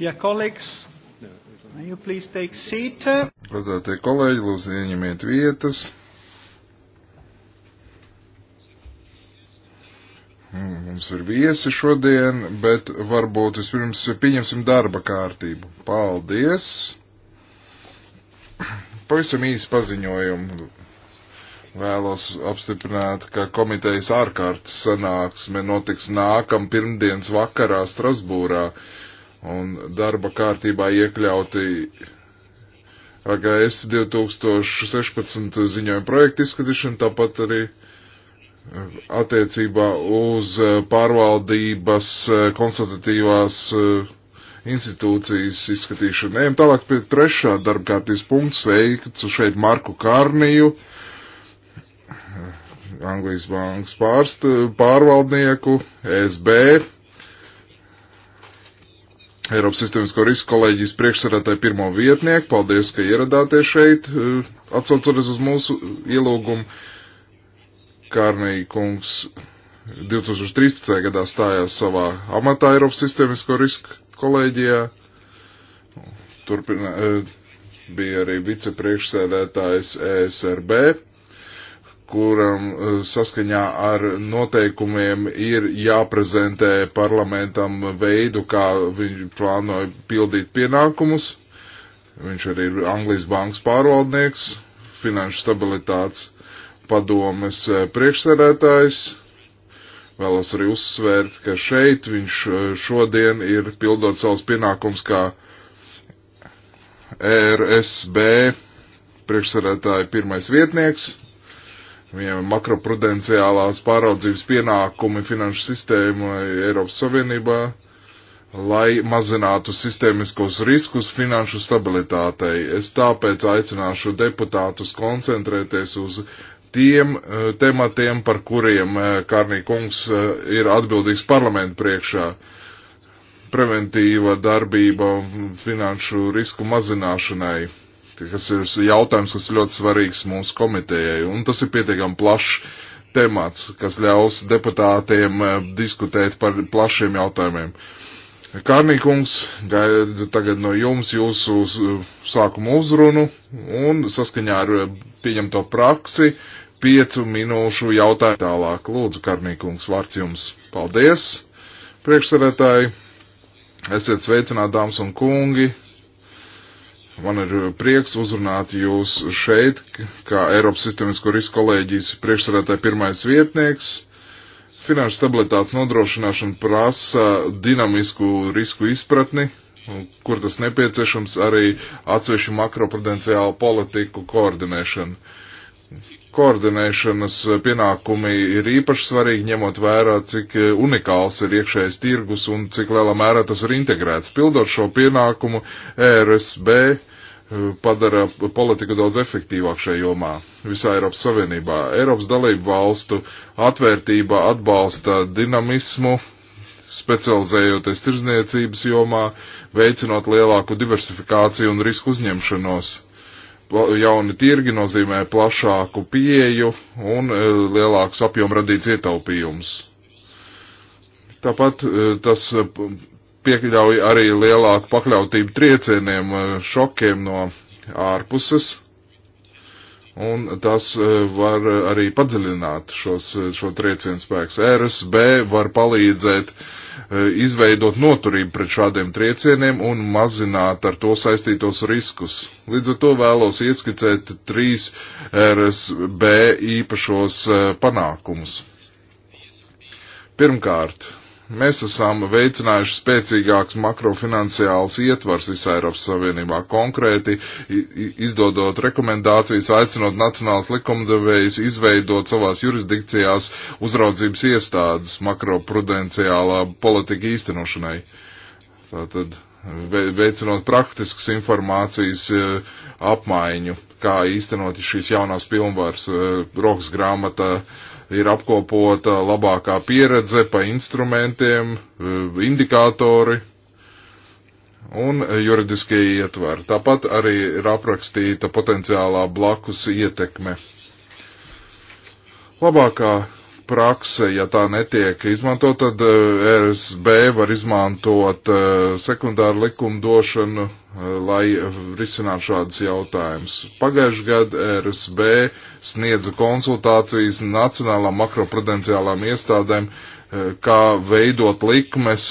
Dear colleagues, may you please take seat? Godātie kolēģi, lūdzu ieņemiet vietas. Hmm, mums ir viesi šodien, bet varbūt vispirms pieņemsim darba kārtību. Paldies! Pavisam īsi paziņojumu vēlos apstiprināt, ka komitejas ārkārtas sanāksme notiks nākam pirmdienas vakarā Strasbūrā un darba kārtībā iekļauti AGS 2016 ziņojuma projektu izskatīšanu, tāpat arī attiecībā uz eh, pārvaldības eh, konsultatīvās eh, institūcijas izskatīšanu. Ejam tālāk pie trešā darba kārtības punkts. Sveicu šeit Marku Kārniju, Anglijas bankas pārst, pārvaldnieku, SB, Eiropas Sistemisko Risku kolēģijas priekšsarētāji pirmo vietnieku. Paldies, ka ieradāties šeit, e, atsaucoties uz mūsu ielūgumu. Kārnī kungs 2013. gadā stājās savā amatā Eiropas Sistemisko Risku kolēģijā. Turpinā, e, bija arī vicepriekšsēdētājs ESRB kuram eh, saskaņā ar noteikumiem ir jāprezentē parlamentam veidu, kā viņi plānoja pildīt pienākumus. Viņš arī ir Anglijas bankas pārvaldnieks, finanšu stabilitātes padomes eh, priekšsēdētājs. Vēlos arī uzsvērt, ka šeit viņš eh, šodien ir pildot savus pienākumus kā ERSB priekšsēdētāja pirmais vietnieks Viņam makroprudenciālās pāraudzības pienākumi finanšu sistēmu Eiropas Savienībā, lai mazinātu sistēmiskos riskus finanšu stabilitātei. Es tāpēc aicināšu deputātus koncentrēties uz tiem uh, tematiem, par kuriem uh, Kārnī kungs uh, ir atbildīgs parlamentu priekšā. Preventīva darbība finanšu risku mazināšanai kas ir jautājums, kas ir ļoti svarīgs mūsu komitejai. Un tas ir pietiekami plašs temats, kas ļaus deputātiem eh, diskutēt par plašiem jautājumiem. Kārnīkungs, gaidu tagad no jums jūsu sākumu uzrunu un saskaņā ar eh, pieņemto praksi piecu minūšu jautājumu tālāk. Lūdzu, Kārnīkungs, vārds jums. Paldies, priekšsarētāji. Esiet sveicināti, dāmas un kungi. Man ir uh, prieks uzrunāt jūs šeit, kā Eiropas Sistemisko risku kolēģijas priekšsarētāja pirmais vietnieks. Finanšu stabilitātes nodrošināšana prasa dinamisku risku izpratni, kur tas nepieciešams arī atsevišķu makroprudenciālu politiku koordinēšanu. Koordinēšanas pienākumi ir īpaši svarīgi, ņemot vērā, cik uh, unikāls ir iekšējais tirgus un cik lielā mērā tas ir integrēts. Pildot šo pienākumu, ERSB padara politiku daudz efektīvāk šajā jomā visā Eiropas Savienībā. Eiropas dalību valstu atvērtība atbalsta dinamismu, specializējoties tirzniecības jomā, veicinot lielāku diversifikāciju un risku uzņemšanos. Jauni tirgi nozīmē plašāku pieeju un e, lielāks apjom radīts ietaupījums. Tāpat e, tas piekļauj arī lielāku pakļautību triecieniem, eh, šokiem no ārpuses, un tas eh, var arī padziļināt šos, eh, šo triecienu spēks. RSB var palīdzēt izveidot noturību pret šādiem triecieniem un mazināt ar to saistītos riskus. Līdz ar to vēlos ieskicēt trīs RSB īpašos panākumus. Pirmkārt, Mēs esam veicinājuši spēcīgāks makrofinanciāls ietvars visā Eiropas Savienībā, konkrēti izdodot rekomendācijas, aicinot nacionāls likumdevējs izveidot savās jurisdikcijās uzraudzības iestādes makroprudenciālā politika īstenošanai. Tātad veicinot praktiskas informācijas e, apmaiņu, kā īstenot šīs jaunās pilnvaras e, rokas grāmatā ir apkopota labākā pieredze pa instrumentiem, eh, indikātori un juridiskie ietvari. Tāpat arī ir aprakstīta potenciālā blakus ietekme. Labākā prakse, ja tā netiek izmantot, tad eh, RSB var izmantot eh, sekundāru likumu došanu, eh, lai risinātu šādus jautājumus. Pagājušajā gadā RSB sniedza konsultācijas nacionālām makroprudenciālām iestādēm, kā veidot likmes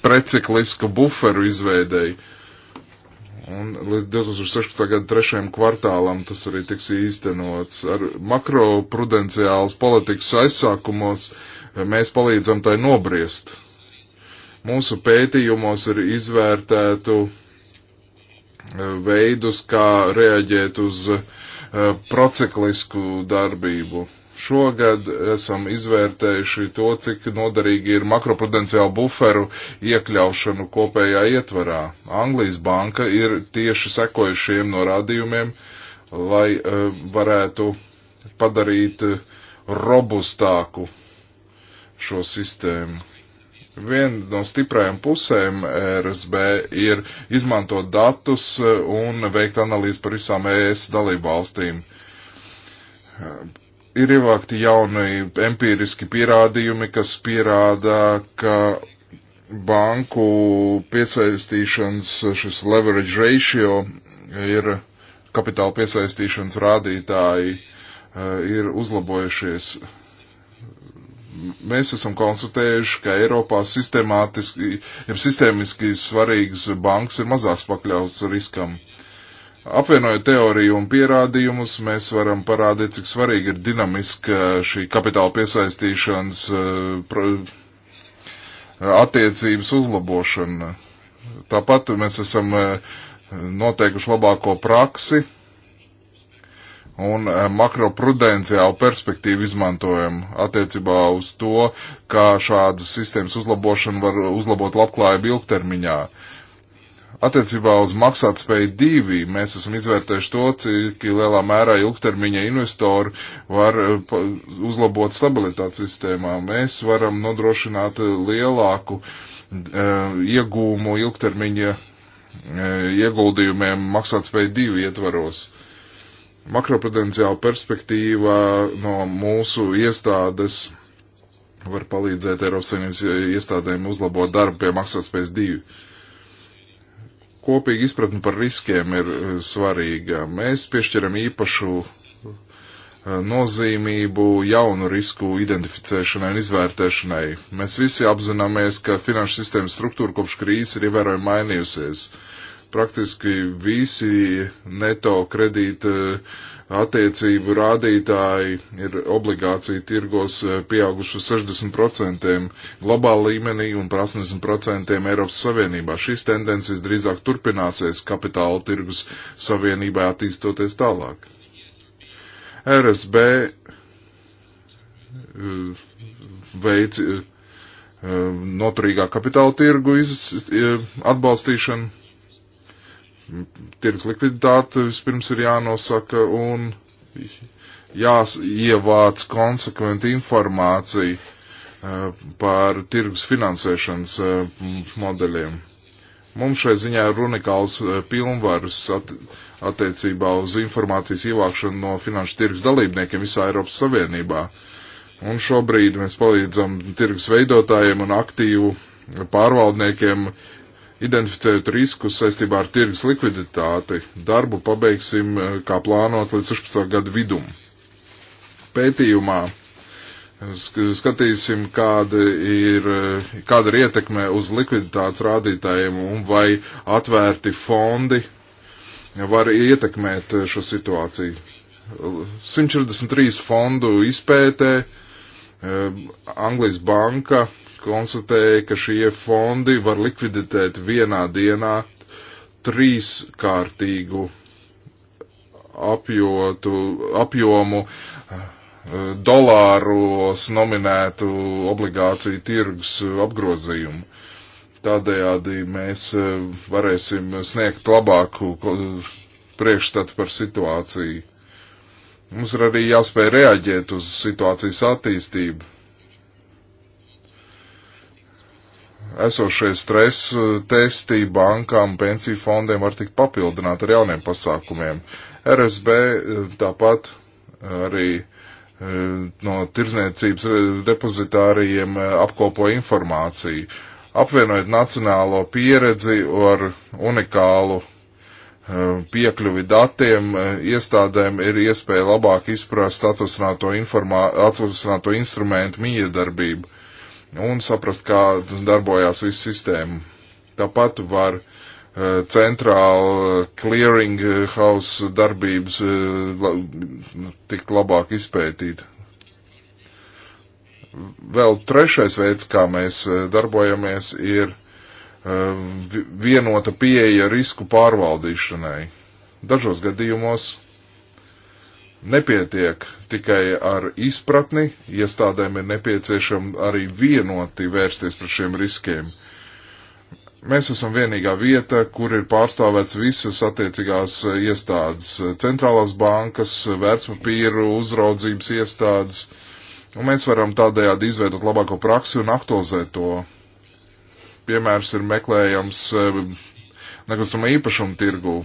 precikliska buferu izveidēji Un līdz 2016. gada trešajam kvartālam tas arī tiks īstenots. Ar makroprudenciālas politikas aizsākumos eh, mēs palīdzam tai nobriest. Mūsu pētījumos ir izvērtētu eh, veidus, kā reaģēt uz eh, prociklisku darbību. Šogad esam izvērtējuši to, cik noderīgi ir makroprudenciālu buferu iekļaušanu kopējā ietvarā. Anglijas banka ir tieši sekojušiem norādījumiem, lai uh, varētu padarīt e, robustāku šo sistēmu. Viena no stiprajām pusēm RSB ir izmantot datus e, un veikt analīzi par visām ES dalību valstīm ir ievākti jauni empīriski pierādījumi, kas pierāda, ka banku piesaistīšanas šis leverage ratio ir kapitāla piesaistīšanas rādītāji eh, ir uzlabojušies. Mēs esam konstatējuši, ka Eiropā sistemātiski, ja sistēmiski svarīgas bankas ir mazāks pakļauts riskam. Uh, Apvienojot teoriju un pierādījumus, mēs varam parādīt, cik svarīgi ir dinamiska šī kapitāla piesaistīšanas eh, attiecības uzlabošana. Tāpat mēs esam eh, noteikuši labāko praksi un eh, makroprudenciālu perspektīvu izmantojam attiecībā uz to, kā šādas sistēmas uzlabošana var uzlabot labklājību ilgtermiņā. Uh, Attiecībā uz maksātspēju divi mēs esam izvērtējuši to, cik lielā mērā ilgtermiņa investori var eh, uzlabot stabilitāti sistēmā. Mēs varam nodrošināt lielāku eh, iegūmu ilgtermiņa eh, ieguldījumiem maksātspēju divi ietvaros. Makroprudenciāla perspektīva no mūsu iestādes var palīdzēt Eiropas Savienības iestādēm uzlabot darbu pie maksātspējas divi kopīga izpratne par riskiem ir eh, svarīga. Mēs piešķiram īpašu eh, nozīmību jaunu risku identificēšanai un izvērtēšanai. Mēs visi apzināmies, ka finanšu sistēmas struktūra kopš krīzes ir ievērojami mainījusies. Uh, praktiski visi neto kredīta eh, attiecību rādītāji ir obligācija tirgos eh, pieauguši 60% globāla līmenī un par 80% Eiropas Savienībā. Šīs tendences drīzāk turpināsies kapitāla tirgus savienībā attīstoties tālāk. RSB eh, veic noturīgā kapitāla tirgu atbalstīšanu tirgus likviditāte vispirms ir jānosaka un jāievāc konsekventi informācija eh, par tirgus finansēšanas eh, modeļiem. Mums šai ziņā ir unikāls eh, pilnvaras attiecībā uz informācijas ievākšanu no finanšu tirgus dalībniekiem visā Eiropas Savienībā. Un šobrīd mēs palīdzam tirgus veidotājiem un aktīvu pārvaldniekiem identificējot riskus saistībā ar tirgus likviditāti, darbu pabeigsim eh, kā plānots līdz 16. gadu vidum. Pētījumā skatīsim, kāda ir, eh, kāda ir ietekme uz likviditātes rādītājiem un vai atvērti fondi var ietekmēt eh, šo situāciju. 143 fondu izpētē, Anglijas banka konstatēja, ka šie fondi var likviditēt vienā dienā trīskārtīgu apjotu, apjomu eh, dolāros nominētu obligāciju tirgus apgrozījumu. Tādējādi mēs eh, varēsim sniegt labāku priekšstatu par situāciju. Mums ir arī jāspēj reaģēt uz situācijas attīstību esošie stres eh, testi bankām, pensiju fondiem var tikt papildināti ar jauniem pasākumiem. RSB eh, tāpat arī eh, no tirzniecības depozitārijiem apkopo informāciju, apvienojot nacionālo pieredzi ar unikālu piekļuvi datiem, iestādēm ir iespēja labāk izprast atrasināto, informā... atrasināto instrumentu miedarbību Nu, un saprast, kā darbojās viss sistēma. Tāpat var eh, centrāla eh, clearing house darbības eh, tikt labāk izpētīt. Vēl trešais veids, kā mēs darbojamies, ir vienota pieeja risku pārvaldīšanai. Dažos gadījumos Nepietiek tikai ar izpratni, iestādēm ir nepieciešama arī vienoti vērsties pret šiem riskiem. Mēs esam vienīgā vieta, kur ir pārstāvēts visas attiecīgās iestādes - centrālās bankas, vērtspapīru, uzraudzības iestādes, un mēs varam tādējādi izveidot labāko praksi un aktualizēt to. Piemērs ir meklējams eh, nekustamā īpašuma tirgū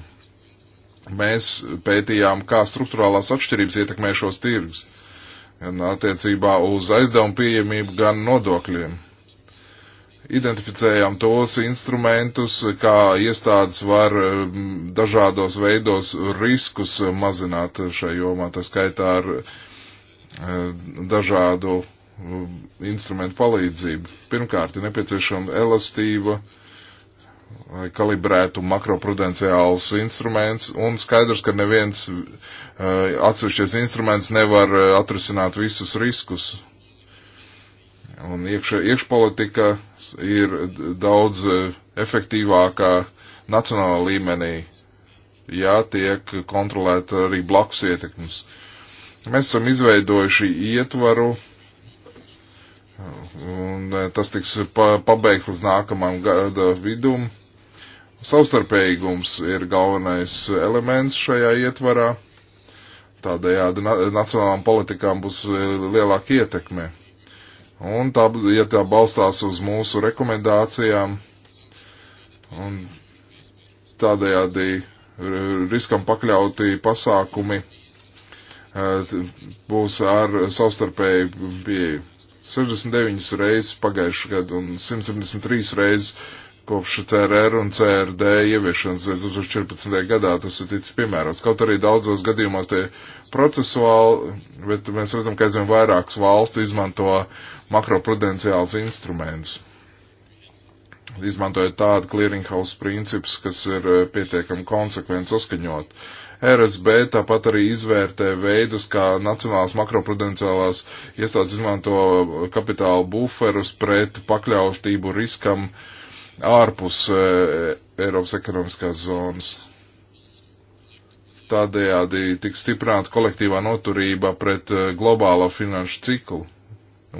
mēs pētījām, kā struktūrālās atšķirības ietekmē šos tirgus, gan attiecībā uz aizdevumu pieejamību, gan nodokļiem. Identificējām tos instrumentus, kā iestādes var mm, dažādos veidos riskus mazināt šajā jomā, tā skaitā ar eh, dažādu mm, instrumentu palīdzību. Pirmkārt, ir nepieciešama elastība, uh, kalibrētu makroprudenciāls instruments, un skaidrs, ka neviens eh, atsevišķies instruments nevar eh, atrisināt visus riskus. Un iekšē, iekšpolitika ir daudz eh, efektīvākā nacionālā līmenī, ja tiek kontrolēta arī blakus ietekmes. Mēs esam izveidojuši ietvaru, un tas tiks pabeigts līdz nākamam gada vidum Savstarpējīgums ir galvenais elements šajā ietvarā. Tādējādi nacionālām politikām būs e, lielāka ietekme. Un tā, ja tā balstās uz mūsu rekomendācijām, un tādējādi riskam pakļauti pasākumi e, būs ar savstarpēju pieeju. 69 reizes pagājušajā gadā un 173 reizes kopš CRR un CRD ieviešanas 2014. gadā tas ir ticis piemērots. Kaut arī daudzos gadījumos tie procesuāli, bet mēs redzam, ka aizvien vairākas valstu izmanto makroprudenciāls instruments. Izmantojot tādu clearinghouse principus, kas ir eh, pietiekami konsekventi saskaņot. RSB tāpat arī izvērtē veidus, kā nacionālās makroprudenciālās iestādes izmanto kapitāla buferus pret pakļautību riskam uh, ārpus e, e, Eiropas ekonomiskās zonas. Tādējādi tik stiprināta kolektīvā noturība pret e, globālo finanšu ciklu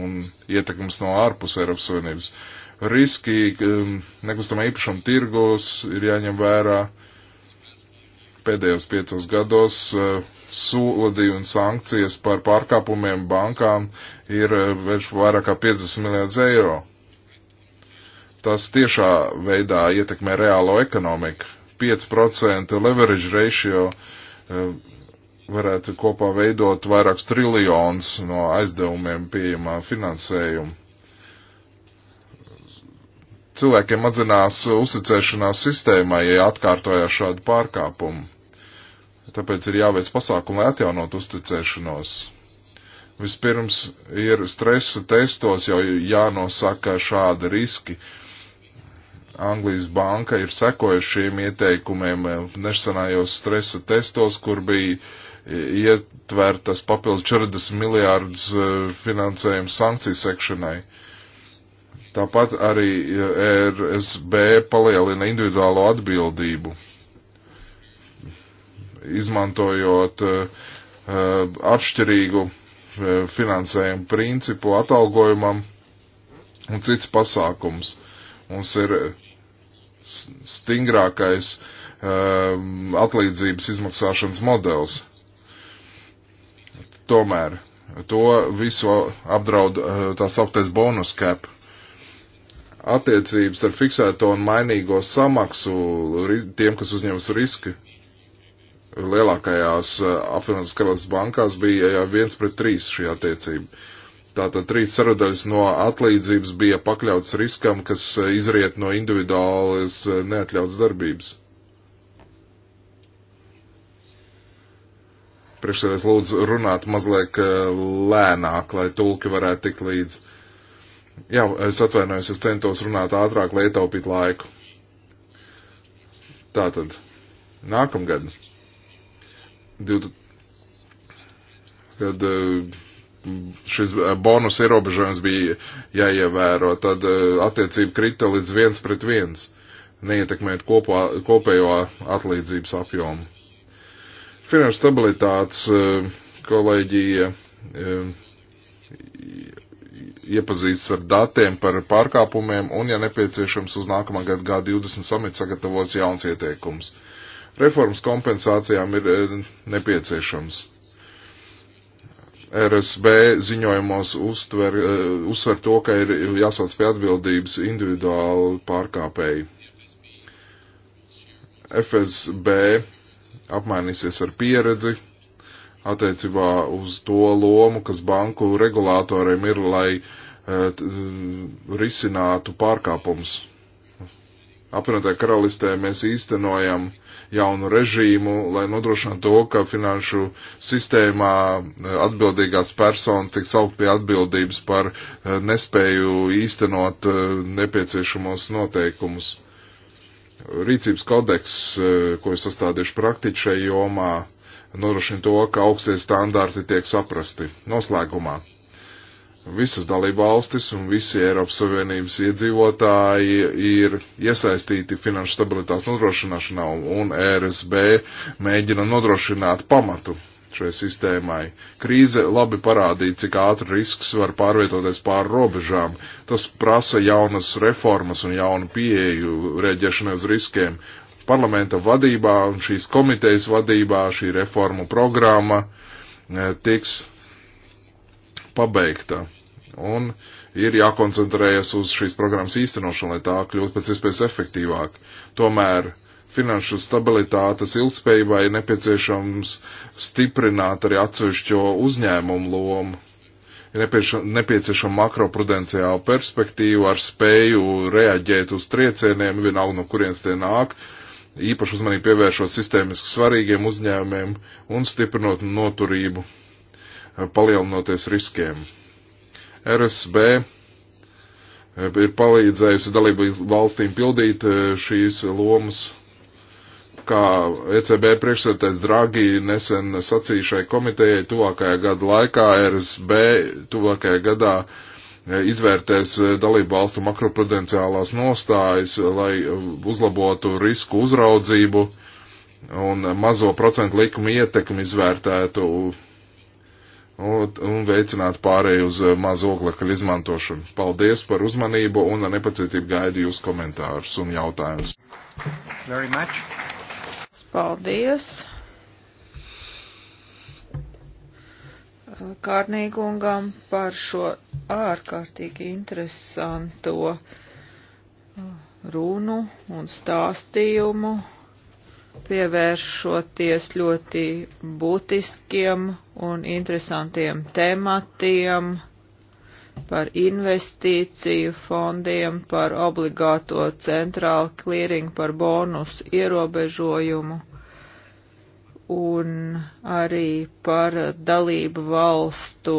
un ietekmes no ārpus Eiropas Savienības. Riski nekustamā īpašuma tirgos ir jāņem vērā pēdējos piecos gados sodi un sankcijas par pārkāpumiem bankām ir vērš vairāk kā 50 miljardus eiro tas tiešā veidā ietekmē reālo ekonomiku. 5% leverage ratio eh, varētu kopā veidot vairākus triljonus no aizdevumiem pieejamā finansējuma. Cilvēkiem mazinās uzticēšanās sistēmai, ja atkārtojās šādi pārkāpumi. Tāpēc ir jāveic pasākumi, lai atjaunot uzticēšanos. Vispirms ir stresa testos jau jānosaka šādi riski, uh, Anglijas banka ir sekojuši šiem ieteikumiem eh, nesenājos stresa testos, kur bija ietvērtas papildus 40 miljārdus eh, finansējumu sankciju sekšanai. Tāpat arī eh, RSB palielina individuālo atbildību, izmantojot atšķirīgu finansējumu principu atalgojumam un cits pasākums. Mums ir stingrākais um, atlīdzības izmaksāšanas modelis. Tomēr to visu apdraud uh, tā sauktais bonus cap. Attiecības ar fiksēto un mainīgo samaksu tiem, kas uzņemas riski, lielākajās uh, apvienotās karalists bankās bija 1 pret 3 šī attiecība. Tātad trīs saradaļas no atlīdzības bija pakļauts riskam, kas eh, izriet no individuālas eh, neatļauts darbības. Priekšsēdēs lūdzu runāt mazliet eh, lēnāk, lai tulki varētu tikt līdz. Jā, es atvainojos, es centos runāt ātrāk, lai ietaupītu laiku. Tātad, nākamgad, 20, kad uh, šis eh, bonus ierobežojums bija jāievēro, tad eh, attiecība krita līdz viens pret viens, neietekmēt kopā, kopējo atlīdzības apjomu. Finanšu stabilitātes eh, kolēģija iepazīstas ar datiem par pārkāpumiem un, ja nepieciešams, uz nākamā gada G20 samita sagatavos jauns ieteikums. Reformas kompensācijām ir nepieciešams RSB ziņojumos uztver, eh, uzsver to, ka ir jāsauc pie atbildības individuāli pārkāpēji. FSB apmainīsies ar pieredzi attiecībā uz to lomu, kas banku regulātoriem ir, lai eh, risinātu pārkāpumus. Apvienotajā karalistē mēs īstenojam uh, jaunu režīmu, lai nodrošinātu to, ka finanšu sistēmā e, atbildīgās personas tiks saukt pie atbildības par e, nespēju īstenot e, nepieciešamos noteikumus. Rīcības kodeks, ko es sastādīšu praktiķi šai jomā, nodrošina to, ka augstie standarti tiek saprasti. Noslēgumā visas dalībvalstis un visi Eiropas Savienības iedzīvotāji ir iesaistīti finanšu stabilitātes nodrošināšanā un ERSB mēģina nodrošināt pamatu šai sistēmai. Krīze labi parādīja, cik ātri risks var pārvietoties pāri robežām. Tas prasa jaunas reformas un jaunu pieeju rēģēšanai uz riskiem. Parlamenta vadībā un šīs komitejas vadībā šī reformu programma eh, tiks pabeigta Un ir jākoncentrējas uz šīs programmas īstenošanu, lai tā kļūtu pēc iespējas efektīvāk. Tomēr finanšu stabilitātes ilgspējībai ir nepieciešams stiprināt arī atsevišķo uzņēmumu lomu. Ir nepieciešama makroprudenciāla perspektīva ar spēju reaģēt uz triecieniem, vienalga no kurienes tie nāk, īpaši uzmanību pievēršot sistēmiski svarīgiem uzņēmumiem un stiprinot noturību, palielinoties riskiem. RSB eh, ir palīdzējusi dalību valstīm pildīt eh, šīs lomas, kā ECB priekšsēdētājs Dragi nesen sacīja šai komitejai, tuvākajā gada laikā RSB tuvākajā gadā eh, izvērtēs dalību valstu makroprudenciālās nostājas, lai uzlabotu risku uzraudzību un mazo procentu likumu ietekmi izvērtētu un, un veicināt pārēju uz eh, mazu oglekļu izmantošanu. Paldies par uzmanību un ar nepacietību gaidu jūs komentārus un jautājumus. Paldies. Kārnīgungam par šo ārkārtīgi interesanto uh, runu un stāstījumu pievēršoties ļoti būtiskiem un interesantiem tematiem par investīciju fondiem, par obligāto centrālu klīringu, par bonusu ierobežojumu un arī par dalību valstu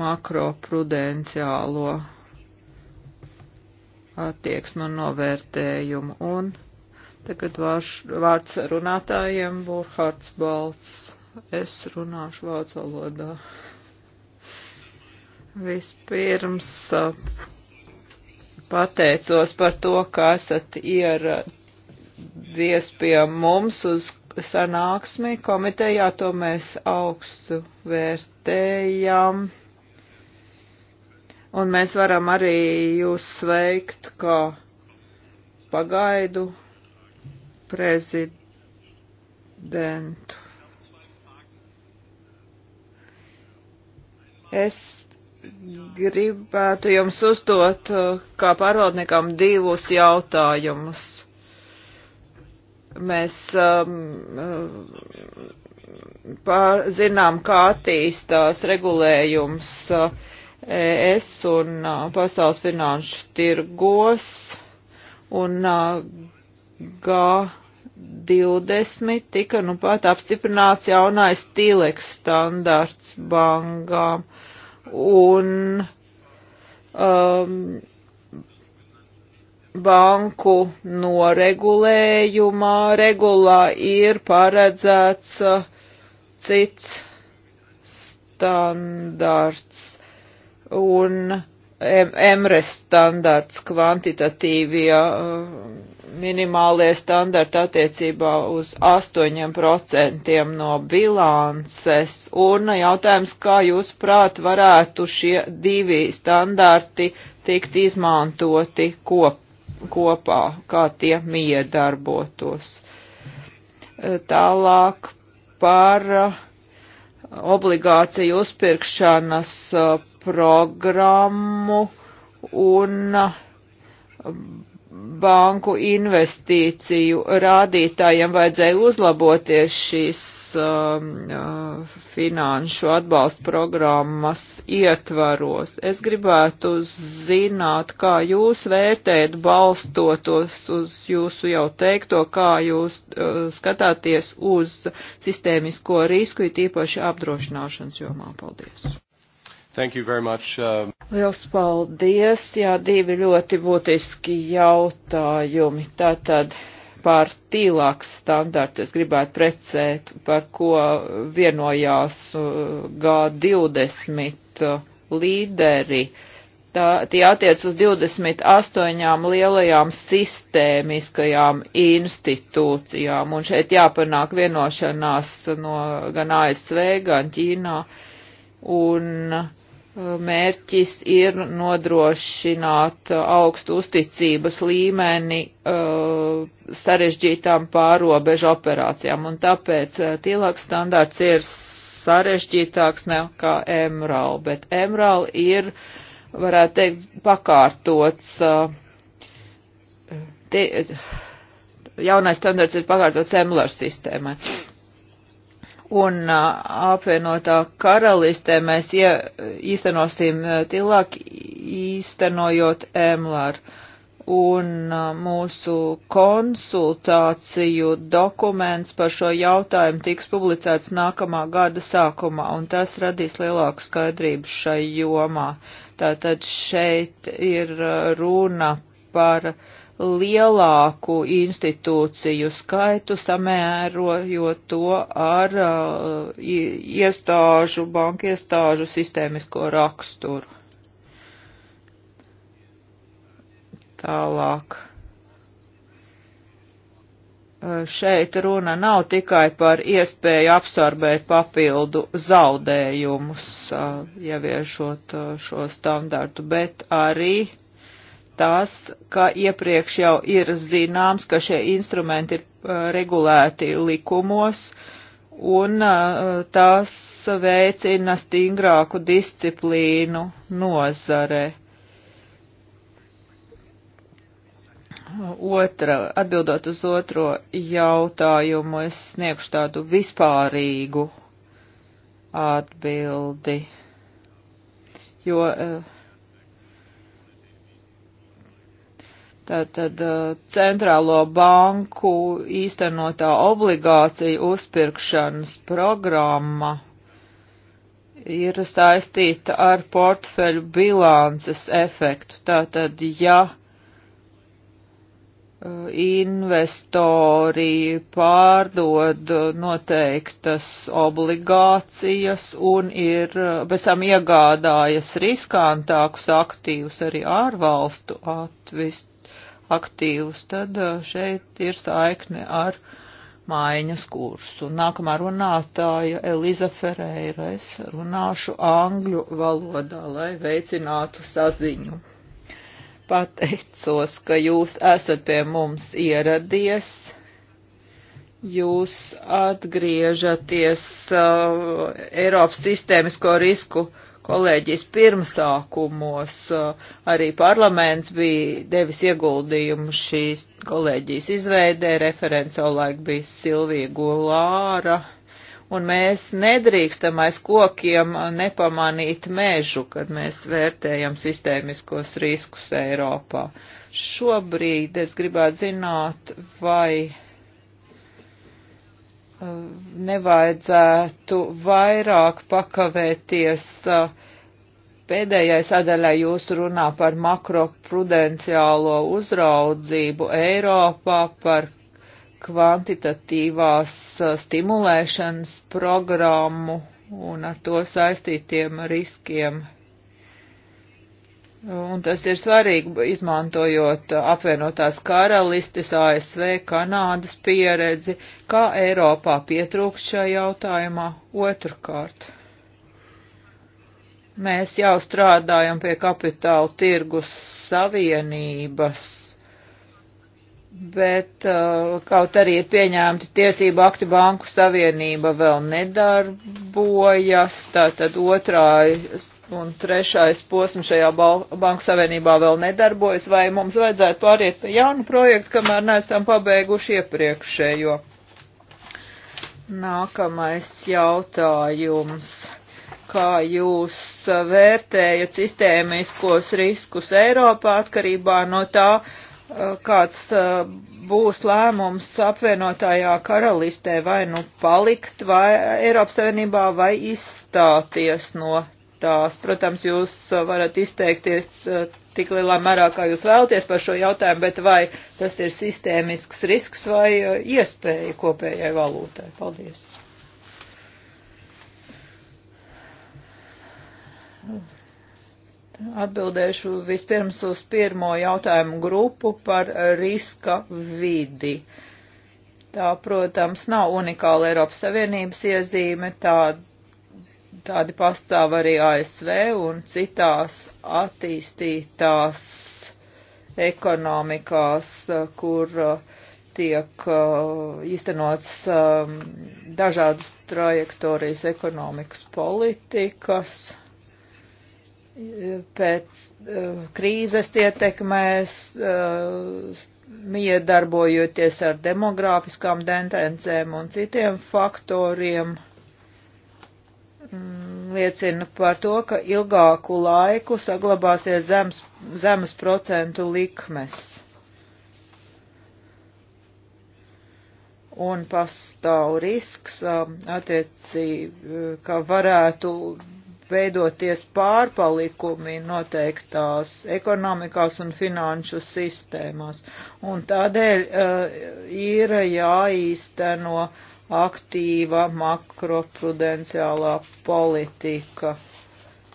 makroprudenciālo attieksmu un novērtējumu. Un Tagad vārš, vārds runātājiem Burhards Balts. Es runāšu vācu valodā. Vispirms uh, pateicos par to, ka esat ieradies pie mums uz sanāksmi komitejā, to mēs augstu vērtējam. Un mēs varam arī jūs sveikt kā pagaidu prezidentu. Es gribētu jums uzdot uh, kā pārvaldniekam divus jautājumus. Mēs um, uh, pār, zinām, kā attīstās regulējums uh, es un pasaules finanšu tirgos un G20 tika nu pat apstiprināts jaunais tīleks standārts bankām un um, banku noregulējumā regulā ir paredzēts uh, cits standārts un emres standārts kvantitatīvie. Uh, minimālie standarti attiecībā uz 8% no bilances. Un jautājums, kā jūs prāt varētu šie divi standarti tikt izmantoti kop, kopā, kā tie miedarbotos. E, tālāk par e, obligāciju uzpirkšanas e, programmu un banku investīciju rādītājiem vajadzēja uzlaboties šīs um, uh, finanšu atbalsta programmas ietvaros. Es gribētu zināt, kā jūs vērtējat balstotos uz jūsu jau teikto, kā jūs uh, skatāties uz sistēmisko risku, it īpaši apdrošināšanas jomā. Paldies! Thank you very much. Um... Liels paldies. Jā, divi ļoti būtiski jautājumi. Tātad par tīlāks standartu es gribētu precēt, par ko vienojās uh, G20 uh, līderi. Tā, tie attiec uz 28 lielajām sistēmiskajām institūcijām, un šeit jāpanāk vienošanās no gan ASV, gan Ķīnā. Un uh, mērķis ir nodrošināt augstu uzticības līmeni uh, sarežģītām pārobežu operācijām, un tāpēc uh, tīlāks standārts ir sarežģītāks nekā MRAL, bet MRAL ir, varētu teikt, pakārtots, uh, tie, jaunais standārts ir pakārtots MLR sistēmai un apvienotā karalistē mēs ie, īstenosim tilāk īstenojot Emlar. Un mūsu konsultāciju dokuments par šo jautājumu tiks publicēts nākamā gada sākumā, un tas radīs lielāku skaidrību šai jomā. Tātad šeit ir runa par uh, lielāku institūciju skaitu, samērojot to ar uh, iestāžu, banka iestāžu sistēmisko raksturu. Tālāk. Uh, šeit runa nav tikai par iespēju absorbēt papildu zaudējumus, uh, ieviešot uh, šo standartu, bet arī uh, tas, ka iepriekš jau ir zināms, ka šie instrumenti ir uh, regulēti likumos, un uh, tas veicina stingrāku disciplīnu nozare. Otra, atbildot uz otro jautājumu, es sniegšu tādu vispārīgu atbildi, jo uh, tātad uh, centrālo banku īstenotā obligācija uzpirkšanas programma ir saistīta ar portfeļu bilances efektu. Tātad, ja uh, investori pārdod noteiktas obligācijas un ir uh, bez tam iegādājas riskantākus aktīvus arī ārvalstu atvis, aktīvus, tad uh, šeit ir saikne ar maiņas kursu. Nākamā runātāja Eliza Ferreira. Es runāšu angļu valodā, lai veicinātu saziņu. Pateicos, ka jūs esat pie mums ieradies. Jūs atgriežaties uh, Eiropas sistēmisko risku uh, kolēģis pirmsākumos uh, arī parlaments bija devis ieguldījumu šīs kolēģijas izveidē, referents savulaik bija Silvija Golāra, un mēs nedrīkstam aiz kokiem nepamanīt mežu, kad mēs vērtējam sistēmiskos riskus Eiropā. Šobrīd es gribētu zināt, vai Ehm, nevajadzētu vairāk pakavēties. Ehm, pēdējai sadaļai jūs runā par makroprudenciālo uzraudzību Eiropā, par kvantitatīvās ehm, stimulēšanas programmu un ar to saistītiem riskiem Un tas ir svarīgi, izmantojot apvienotās karalistes, ASV, Kanādas pieredzi, kā Eiropā pietrūkst šajā jautājumā otrkārt. Mēs jau strādājam pie kapitāla tirgus savienības, bet uh, kaut arī ir pieņēmti tiesību akti banku savienība vēl nedarbojas, tātad otrā un trešais posms šajā banku savienībā vēl nedarbojas, vai mums vajadzētu pāriet pie jaunu projektu, kamēr neesam pabeiguši iepriekšējo. Nākamais jautājums. Kā jūs vērtējat sistēmiskos riskus Eiropā atkarībā no tā, eh, kāds eh, būs lēmums apvienotājā karalistē vai nu palikt vai Eiropas Savienībā vai izstāties no tās. Protams, jūs uh, varat izteikties uh, tik lielā mērā, kā jūs vēlaties par šo jautājumu, bet vai tas ir sistēmisks risks vai uh, iespēja kopējai valūtai? Paldies. Atbildēšu vispirms uz pirmo jautājumu grupu par riska vidi. Tā, protams, nav unikāla Eiropas Savienības iezīme, tā Tādi pastāv arī ASV un citās attīstītās ekonomikās, kur uh, tiek uh, īstenots um, dažādas trajektorijas ekonomikas politikas pēc uh, krīzes ietekmēs, uh, miedarbojoties ar demogrāfiskām tendencēm un citiem faktoriem, Mm, liecina par to, ka ilgāku laiku saglabāsies zemes, zemes procentu likmes. Un pastāv risks, attiecīgi, ka varētu veidoties pārpalikumi noteiktās ekonomikās un finanšu sistēmās. Un tādēļ uh, ir jāīsteno uh, aktīva makroprudenciālā politika,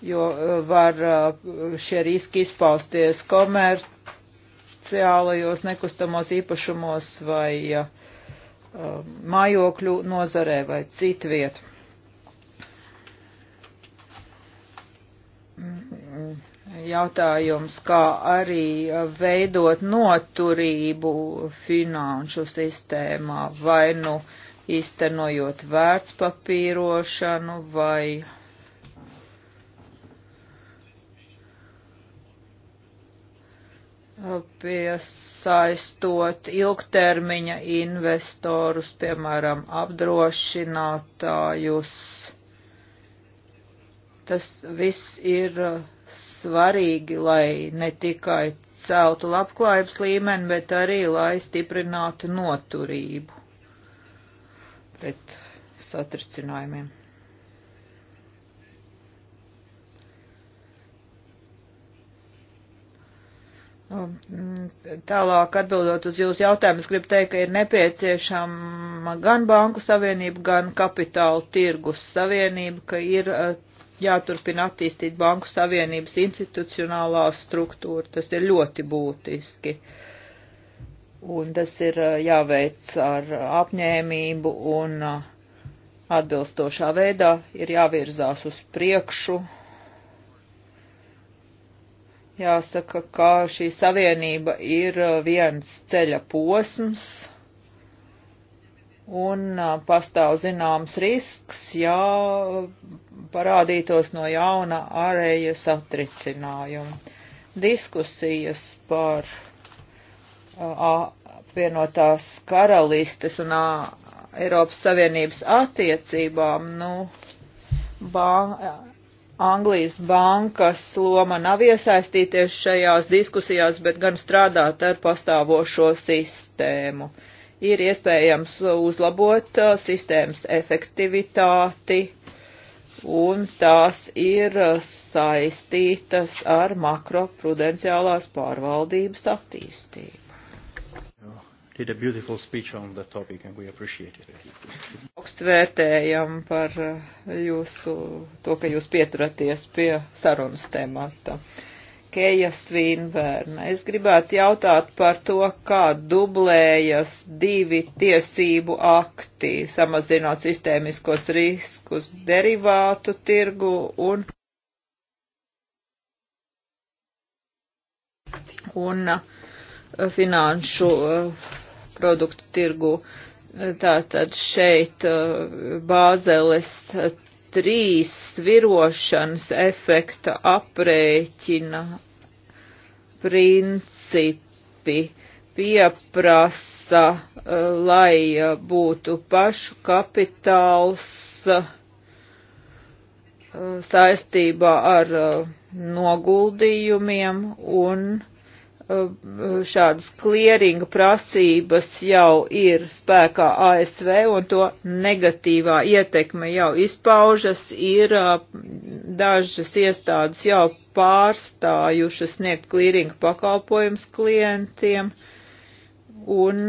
jo eh, var eh, šie riski izpausties komerciālajos nekustamos īpašumos vai eh, mājokļu nozarē vai citviet. Jautājums, kā arī veidot noturību finanšu sistēmā vai nu uh, īstenojot vērtspapīrošanu vai piesaistot ilgtermiņa investorus, piemēram, apdrošinātājus. Tas viss ir svarīgi, lai ne tikai celtu labklājības līmeni, bet arī, lai stiprinātu noturību pret satricinājumiem. Nu, mm, tālāk atbildot uz jūsu jautājumu, es gribu teikt, ka ir nepieciešama gan banku savienība, gan kapitāla tirgus savienība, ka ir eh, jāturpina attīstīt banku savienības institucionālā struktūra. Tas ir ļoti būtiski. Uh, un tas ir jāveic ar apņēmību un atbilstošā veidā ir jāvirzās uz priekšu. Jāsaka, ka šī savienība ir viens ceļa posms un pastāv zināms risks, ja parādītos no jauna ārēja satricinājuma. Diskusijas par apvienotās karalistes un Eiropas Savienības attiecībām, nu, ban Anglijas bankas loma nav iesaistīties šajās diskusijās, bet gan strādāt ar pastāvošo sistēmu. Ir iespējams uzlabot uh, sistēmas efektivitāti, un tās ir uh, saistītas ar makroprudenciālās pārvaldības attīstību did a beautiful speech on the topic and we appreciate it. Augstu vērtējam par eh, jūsu, to, ka jūs pieturaties pie sarunas temata. Keja Svinvērna. Es gribētu jautāt par to, kā dublējas divi tiesību akti, samazinot sistēmiskos riskus derivātu tirgu un. un eh, finanšu uh, produktu tirgu. Tātad šeit uh, bāzeles trīs virošanas efekta aprēķina principi pieprasa, uh, lai uh, būtu pašu kapitāls saistībā ar noguldījumiem un šādas klieringa prasības jau ir spēkā ASV un to negatīvā ietekme jau izpaužas, ir dažas iestādes jau pārstājušas sniegt klieringa pakalpojums klientiem un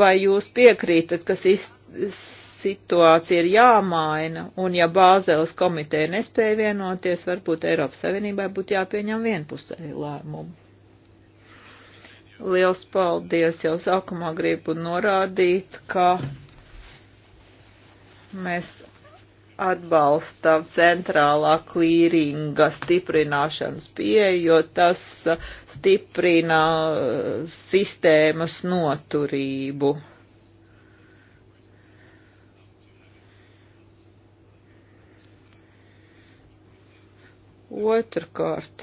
vai jūs piekrītat, kas iz, situācija ir jāmaina, un ja Bāzeles komiteja nespēja vienoties, varbūt Eiropas Savienībai būtu jāpieņem vienpusēji lēmumu. Liels paldies! Jau sākumā gribu norādīt, ka mēs atbalstam centrālā klīringa stiprināšanas pieeju, jo tas stiprina uh, sistēmas noturību Otrkārt,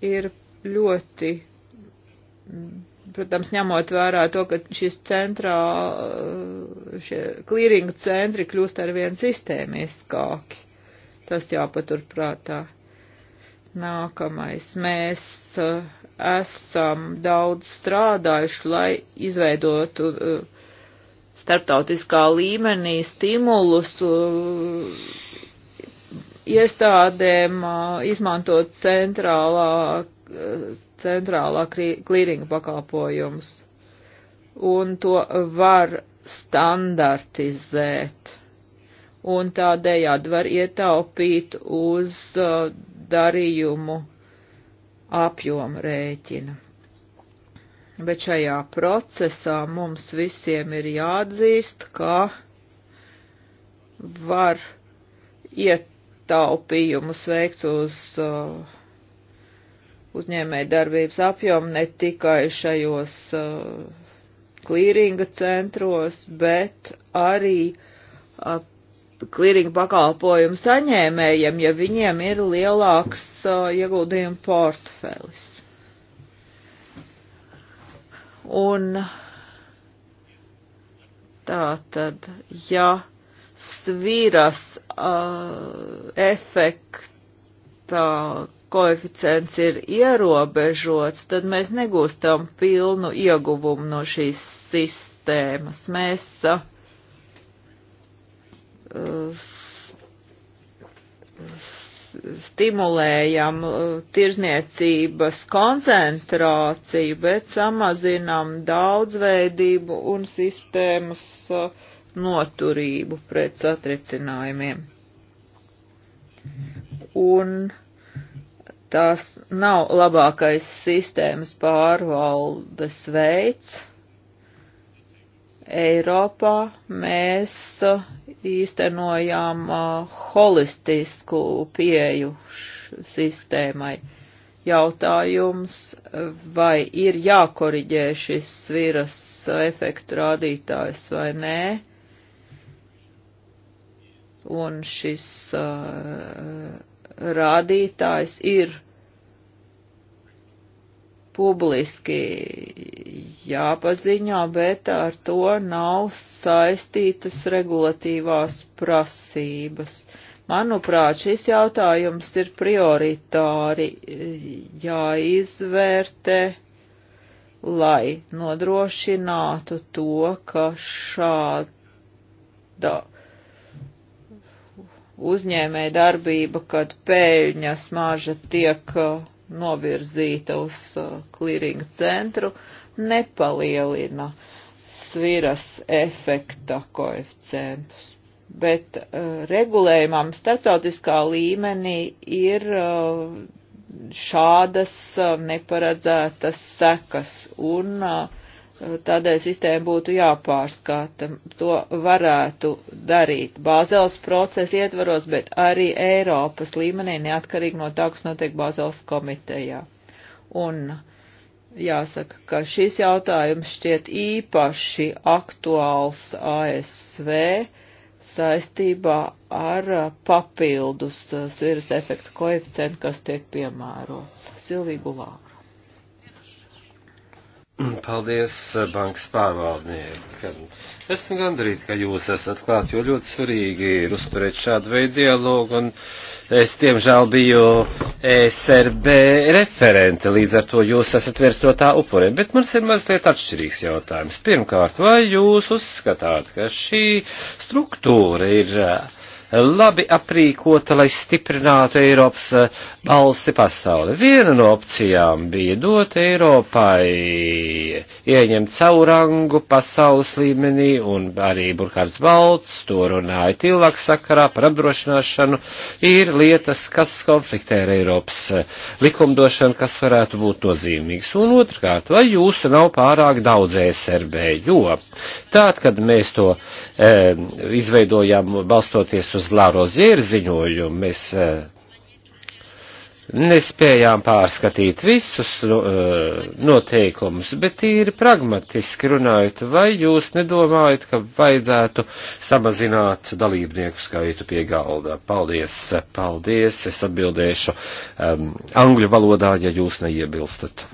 ir ļoti, protams, ņemot vērā to, ka šis centrā, šie klīringa centri kļūst ar vien sistēmiskāki. Tas jāpatur prātā. Nākamais. Mēs eh, esam daudz strādājuši, lai izveidotu uh, starptautiskā līmenī stimulus uh, iestādēm uh, izmantot centrālā, uh, centrālā klīringa pakalpojumus. Un to var standartizēt. Un tādējādi var ietaupīt uz darījumu apjomu rēķina bet šajā procesā mums visiem ir jāatzīst, ka var ietaupījumus veikt uz uh, uzņēmēja darbības apjomu ne tikai šajos uh, klīringa centros, bet arī uh, klīringa pakalpojumu saņēmējiem, ja viņiem ir lielāks uh, ieguldījumu portfelis. Un tā tad, ja sviras uh, efekta koeficients ir ierobežots, tad mēs negūstam pilnu ieguvumu no šīs sistēmas. Mēs uh, s, s, stimulējam uh, tirzniecības koncentrāciju, bet samazinam daudzveidību un sistēmas uh, noturību pret satricinājumiem. Un tas nav labākais sistēmas pārvaldes veids Eiropā mēs uh, īstenojām uh, holistisku pieju sistēmai. Jautājums, vai ir jākoriģē šis viras efektu rādītājs vai nē, un šis uh, rādītājs ir publiski jāpaziņo, bet ar to nav saistītas regulatīvās prasības. Manuprāt, šis jautājums ir prioritāri jāizvērtē, lai nodrošinātu to, ka šāda uzņēmē darbība, kad pēļņas maža tiek uh, novirzīta uz klīringa uh, centru, nepalielina sviras efekta koeficientus. Bet uh, regulējumam starptautiskā līmenī ir uh, šādas uh, neparedzētas sekas un uh, Eh, tādēļ sistēma būtu jāpārskata. To varētu darīt Bāzeles procesa ietvaros, bet arī Eiropas līmenī neatkarīgi no tā, kas notiek Bāzeles komitejā. Un jāsaka, ka šis jautājums šķiet īpaši aktuāls ASV saistībā ar papildus eh, sviras efektu koeficientu, kas tiek piemērots. Silvija Gulāra. Paldies, eh, bankas pārvaldnieki. Esmu gandrīt, ka jūs esat klāt, jo ļoti svarīgi ir uzturēt šādu veidu dialogu, un es, tiemžēl, biju e SRB referente, līdz ar to jūs esat vērstotā upurē. Bet mums ir mazliet atšķirīgs jautājums. Pirmkārt, vai jūs uzskatāt, ka šī struktūra ir. Uh, labi aprīkota, lai stiprinātu Eiropas eh, balsi pasauli. Viena no opcijām bija dot Eiropai ieņemt savu rangu pasaules līmenī, un arī Burkhards Balts to runāja tilvāk sakarā par apdrošināšanu, ir lietas, kas konfliktē ar Eiropas eh, likumdošanu, kas varētu būt nozīmīgs. Un otrkārt, vai jūsu nav pārāk daudz SRB, jo tād, kad mēs to e, eh, izveidojām balstoties uz uz Lārozieru ziņojumu, mēs eh, nespējām pārskatīt visus nu, eh, noteikumus, bet ir pragmatiski runājot, vai jūs nedomājat, ka vajadzētu samazināt dalībnieku skaitu pie galda? Paldies, paldies, es atbildēšu um, angļu valodā, ja jūs neiebilstat.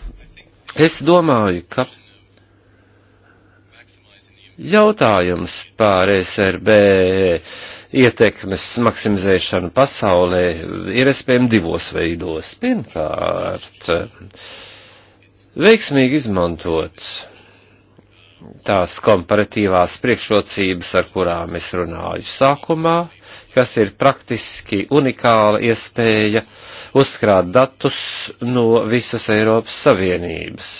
Es domāju, ka jautājums par SRB ietekmes maksimizēšana pasaulē ir iespējama divos veidos. Pirmkārt, veiksmīgi izmantot tās komparatīvās priekšrocības, ar kurām es runāju sākumā, kas ir praktiski unikāla iespēja uzkrāt datus no visas Eiropas Savienības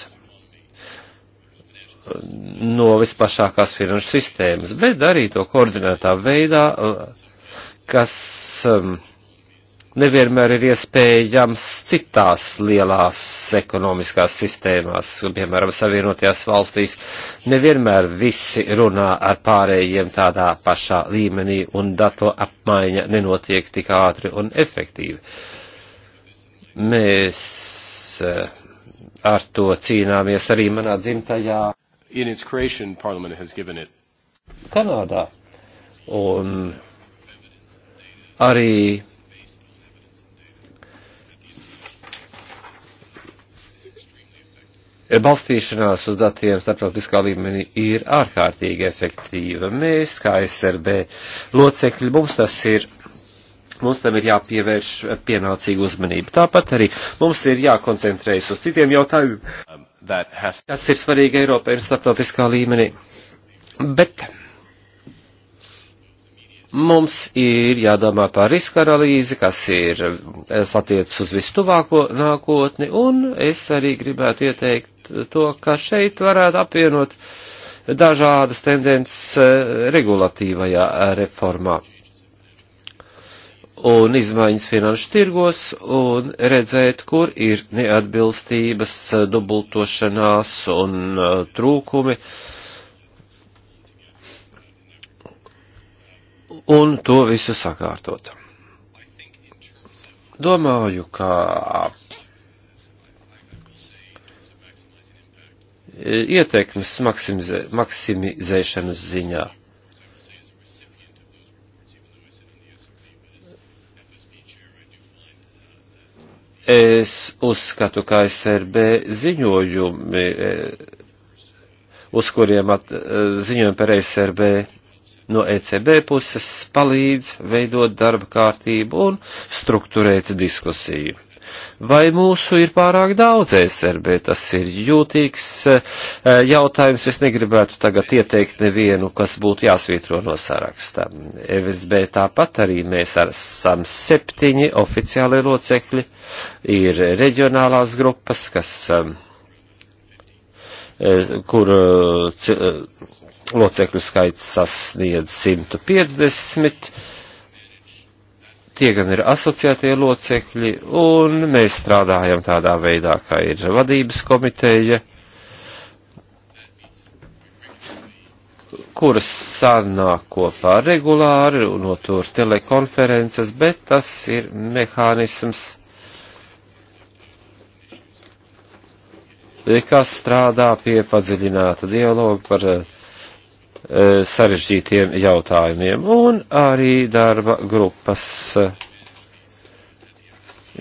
no visplašākās finanšu sistēmas, bet arī to koordinētā veidā, kas um, nevienmēr ir iespējams citās lielās ekonomiskās sistēmās, piemēram, Savienotajās valstīs. Nevienmēr visi runā ar pārējiem tādā pašā līmenī un dato apmaiņa nenotiek tik ātri un efektīvi. Mēs eh, ar to cīnāmies arī manā dzimtajā in its creation, Parliament has given it. Kanādā. Un arī balstīšanās uz datiem starptautiskā līmenī ir ārkārtīgi efektīva. Mēs, kā SRB locekļi, mums tas ir. Mums tam ir jāpievērš pienācīga uzmanība. Tāpat arī mums ir jākoncentrējas uz citiem jautājumiem um, Has... Tas ir svarīgi Eiropai un starptautiskā līmenī. Bet mums ir jādomā par riska analīzi, kas ir satiecas uz vistuvāko nākotni, un es arī gribētu ieteikt to, ka šeit varētu apvienot dažādas tendences eh, regulatīvajā eh, reformā un izmaiņas finanšu tirgos un redzēt, kur ir neatbilstības, eh, dubultošanās un eh, trūkumi. Un to visu sakārtot. Domāju, ka eh, ietekmes maksimizēšanas ziņā Es uzskatu, ka SRB ziņojumi, eh, uz kuriem at, eh, ziņojumi par SRB no ECB puses palīdz veidot darba kārtību un strukturēt diskusiju. Vai mūsu ir pārāk daudz ESRB? Tas ir jūtīgs eh, jautājums. Es negribētu tagad ieteikt nevienu, kas būtu jāsvītro no sarakstā. ESB tāpat arī mēs esam septiņi oficiāli locekļi. Ir reģionālās grupas, kas eh, eh, kur locekļu skaits sasniedz 150 tie gan ir asociētie locekļi, un mēs strādājam tādā veidā, kā ir vadības komiteja, kuras sanāk kopā regulāri, notur telekonferences, bet tas ir mehānisms, kas strādā pie padziļināta dialoga par uh, E, sarežģītiem jautājumiem, un arī darba grupas, e,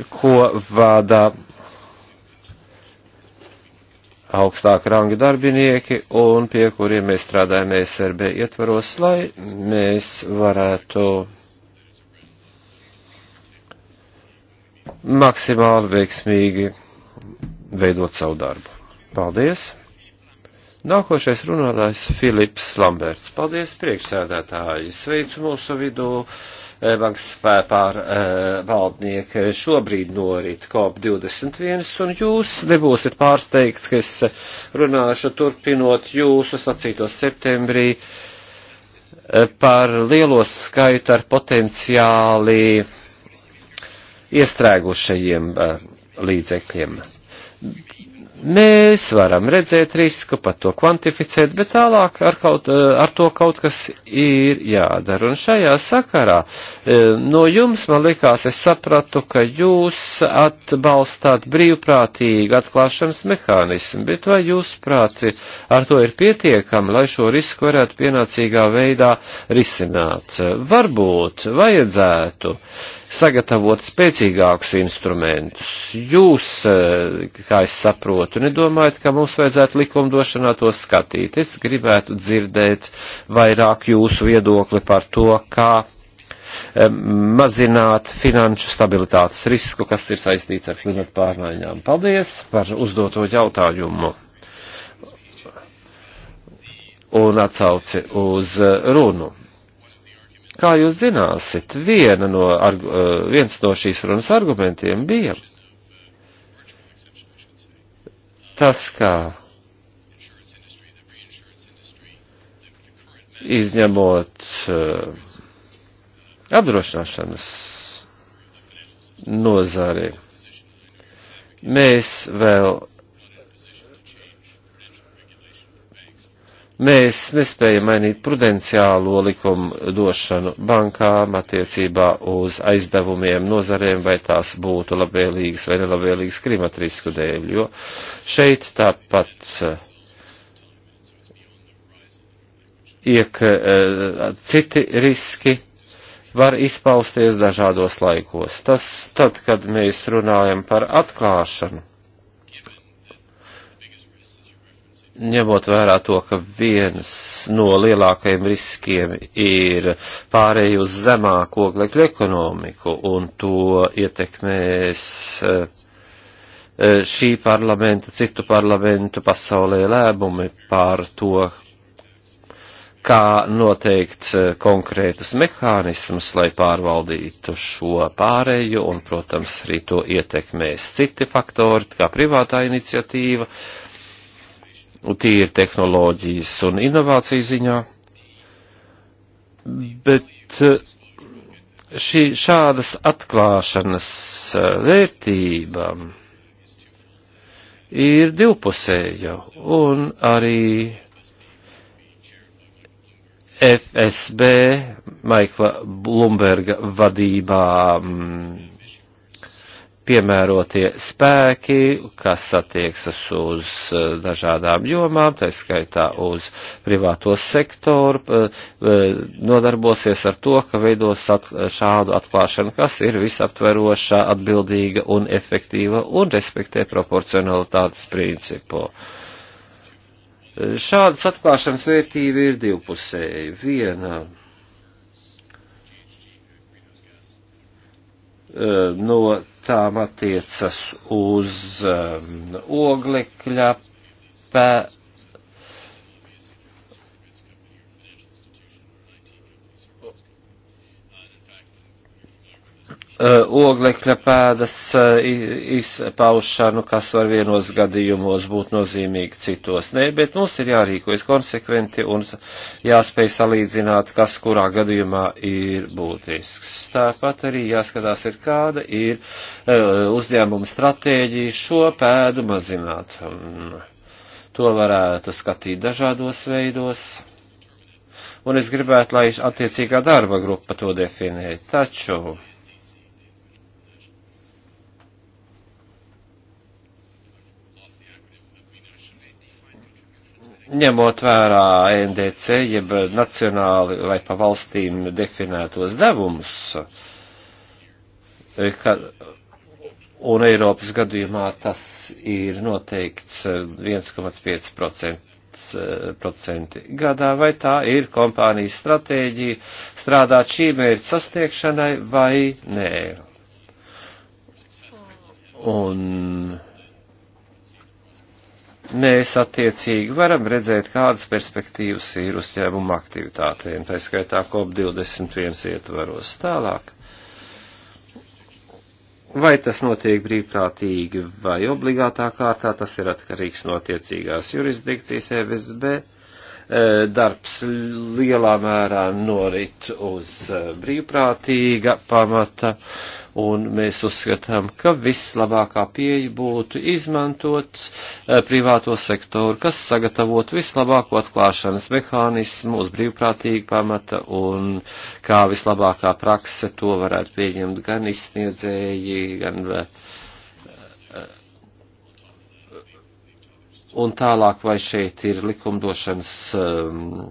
ko vada augstāka ranga darbinieki un pie kuriem mēs strādājam e SRB ietvaros, lai mēs varētu maksimāli veiksmīgi veidot savu darbu. Paldies! Nākošais runātājs Filips Lamberts. Paldies priekšsēdētāji. Sveicu mūsu vidū eh, bankas pārvaldnieki. Eh, Šobrīd norit COP21 un jūs nebūsiet pārsteigts, ka es runāšu turpinot jūsu sacīto septembrī eh, par lielo skaitu ar potenciāli iestrēgušajiem līdzekļiem Mēs varam redzēt risku, pat to kvantificēt, bet tālāk ar, kaut, eh, ar to kaut kas ir jādara. Un šajā sakarā eh, no jums, man likās, es sapratu, ka jūs atbalstāt brīvprātīgu atklāšanas mehānismu, bet vai jūs prāci ar to ir pietiekami, lai šo risku varētu pienācīgā veidā risināt? Varbūt vajadzētu sagatavot spēcīgākus instrumentus. Jūs, eh, kā es saprotu, nedomājat, ka mums vajadzētu likumdošanā to skatīt. Es gribētu dzirdēt vairāk jūsu viedokli par to, kā eh, mazināt finanšu stabilitātes risku, kas ir saistīts ar klimatu pārmaiņām. Paldies par uzdoto jautājumu un atsauci uz eh, runu. Kā jūs zināsit, viena no, argu, eh, viens no šīs runas argumentiem bija tas, kā izņemot eh, apdrošināšanas nozari, mēs vēl Mēs nespējam mainīt prudenciālo likumu došanu bankām attiecībā uz aizdevumiem nozarēm, vai tās būtu labvēlīgas vai nelabvēlīgas klimatrisku dēļ, jo šeit tāpat eh, iek eh, citi riski var izpausties dažādos laikos. Tas tad, kad mēs runājam par atklāšanu ņemot vērā to, ka viens no lielākajiem riskiem ir pārēj uz zemāku oglekļu ekonomiku, un to ietekmēs eh, eh, šī parlamenta, citu parlamentu pasaulē lēmumi par to, kā noteikt eh, konkrētus mehānismus, lai pārvaldītu šo pārēju, un, protams, arī to ietekmēs citi faktori, kā privātā iniciatīva, uh, tīri tehnoloģijas un inovāciju ziņā, bet eh, šī šādas atklāšanas eh, vērtībām ir divpusēja un arī FSB Maikla Blumberga vadībām mm, piemērotie spēki, kas attieksas uz e, dažādām jomām, tā skaitā uz privāto sektoru, e, nodarbosies ar to, ka veidos šādu atklāšanu, kas ir visaptverošā, atbildīga un efektīva un respektē proporcionalitātes principu. E, šādas atklāšanas vērtība ir divpusēja. Viena no lietām attiecas uz um, oglekļa pē, Uh, oglekļa pēdas uh, izpaušanu, kas var vienos gadījumos būt nozīmīgi citos. Nē, bet mums ir jārīkojas konsekventi un jāspēj salīdzināt, kas kurā gadījumā ir būtisks. Tāpat arī jāskatās, ir kāda ir uh, uzņēmuma stratēģija šo pēdu mazināt. To varētu skatīt dažādos veidos un es gribētu, lai attiecīgā darba grupa to definē. Taču ņemot vērā NDC, jeb nacionāli vai pa valstīm definētos devumus, e, ka, un Eiropas gadījumā tas ir noteikts 1,5% e, gadā, vai tā ir kompānijas stratēģija strādāt šī mērķa sasniegšanai vai nē. Un mēs attiecīgi varam redzēt, kādas perspektīvas ir uzņēmuma aktivitātēm, tā skaitā COP21 ietvaros tālāk. Vai tas notiek brīvprātīgi vai obligātā kārtā, tas ir atkarīgs no attiecīgās jurisdikcijas EVSB E, darbs lielā mērā norit uz e, brīvprātīga pamata, un mēs uzskatām, ka vislabākā pieeja būtu izmantot e, privāto sektoru, kas sagatavot vislabāko atklāšanas mehānismu uz brīvprātīga pamata, un kā vislabākā prakse to varētu pieņemt gan izsniedzēji, gan. Uh, Un tālāk, vai šeit ir likumdošanas, um,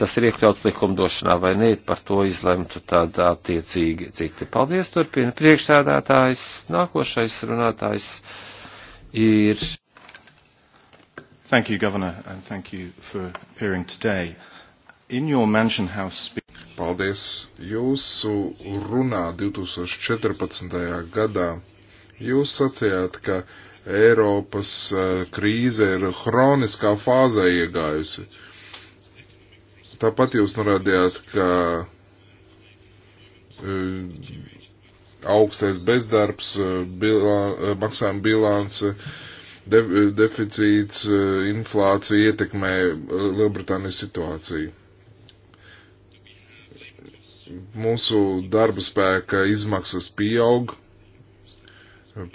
tas ir iekļauts likumdošanā vai nē, par to izlemtu tad attiecīgi citi. Paldies, turpina priekšsēdētājs. Nākošais runātājs ir. Thank you, Governor, and thank you for appearing today. In your Mansion House speech. Paldies. Jūsu runā 2014. gadā jūs sacījāt, ka Eiropas eh, krīze ir hroniskā fāzē iegājusi. Tāpat jūs norādījāt, ka eh, augstais bezdarbs, eh, bilā, maksājuma bilance, de, deficīts, inflācija ietekmē Lielbritānijas situāciju. Mūsu darba spēka izmaksas pieaug,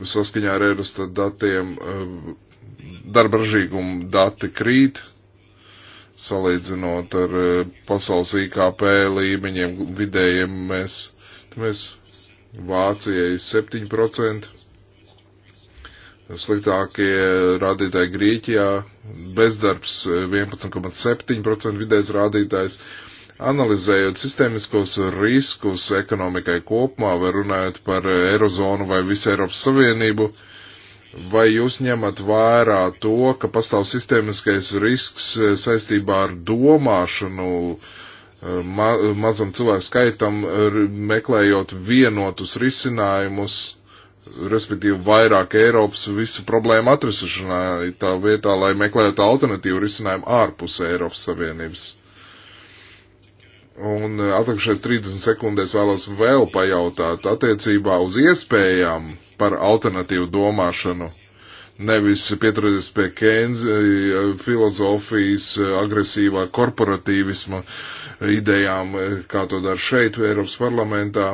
saskaņā ar Eurostat datiem eh, darba ražīguma dati krīt, salīdzinot ar eh, pasaules IKP līmeņiem vidējiem mēs, mēs Vācijai 7%, sliktākie rādītāji Grieķijā, bezdarbs 11,7% eh, vidējs rādītājs, Analizējot sistēmiskos riskus ekonomikai kopumā vai runājot par Eirozonu vai visu Eiropas Savienību, vai jūs ņemat vērā to, ka pastāv sistēmiskais risks eh, saistībā ar domāšanu eh, ma mazam cilvēku skaitam, meklējot vienotus risinājumus, respektīvi vairāk Eiropas visu problēmu atrisašanā, tā vietā, lai meklētu alternatīvu risinājumu ārpus Eiropas Savienības? Un eh, atlikušais 30 sekundēs vēlos vēl pajautāt attiecībā uz iespējām par alternatīvu domāšanu. Nevis pieturēties pie Keynes eh, filozofijas, eh, agresīvā korporatīvisma idejām, kā to dara šeit, Eiropas parlamentā.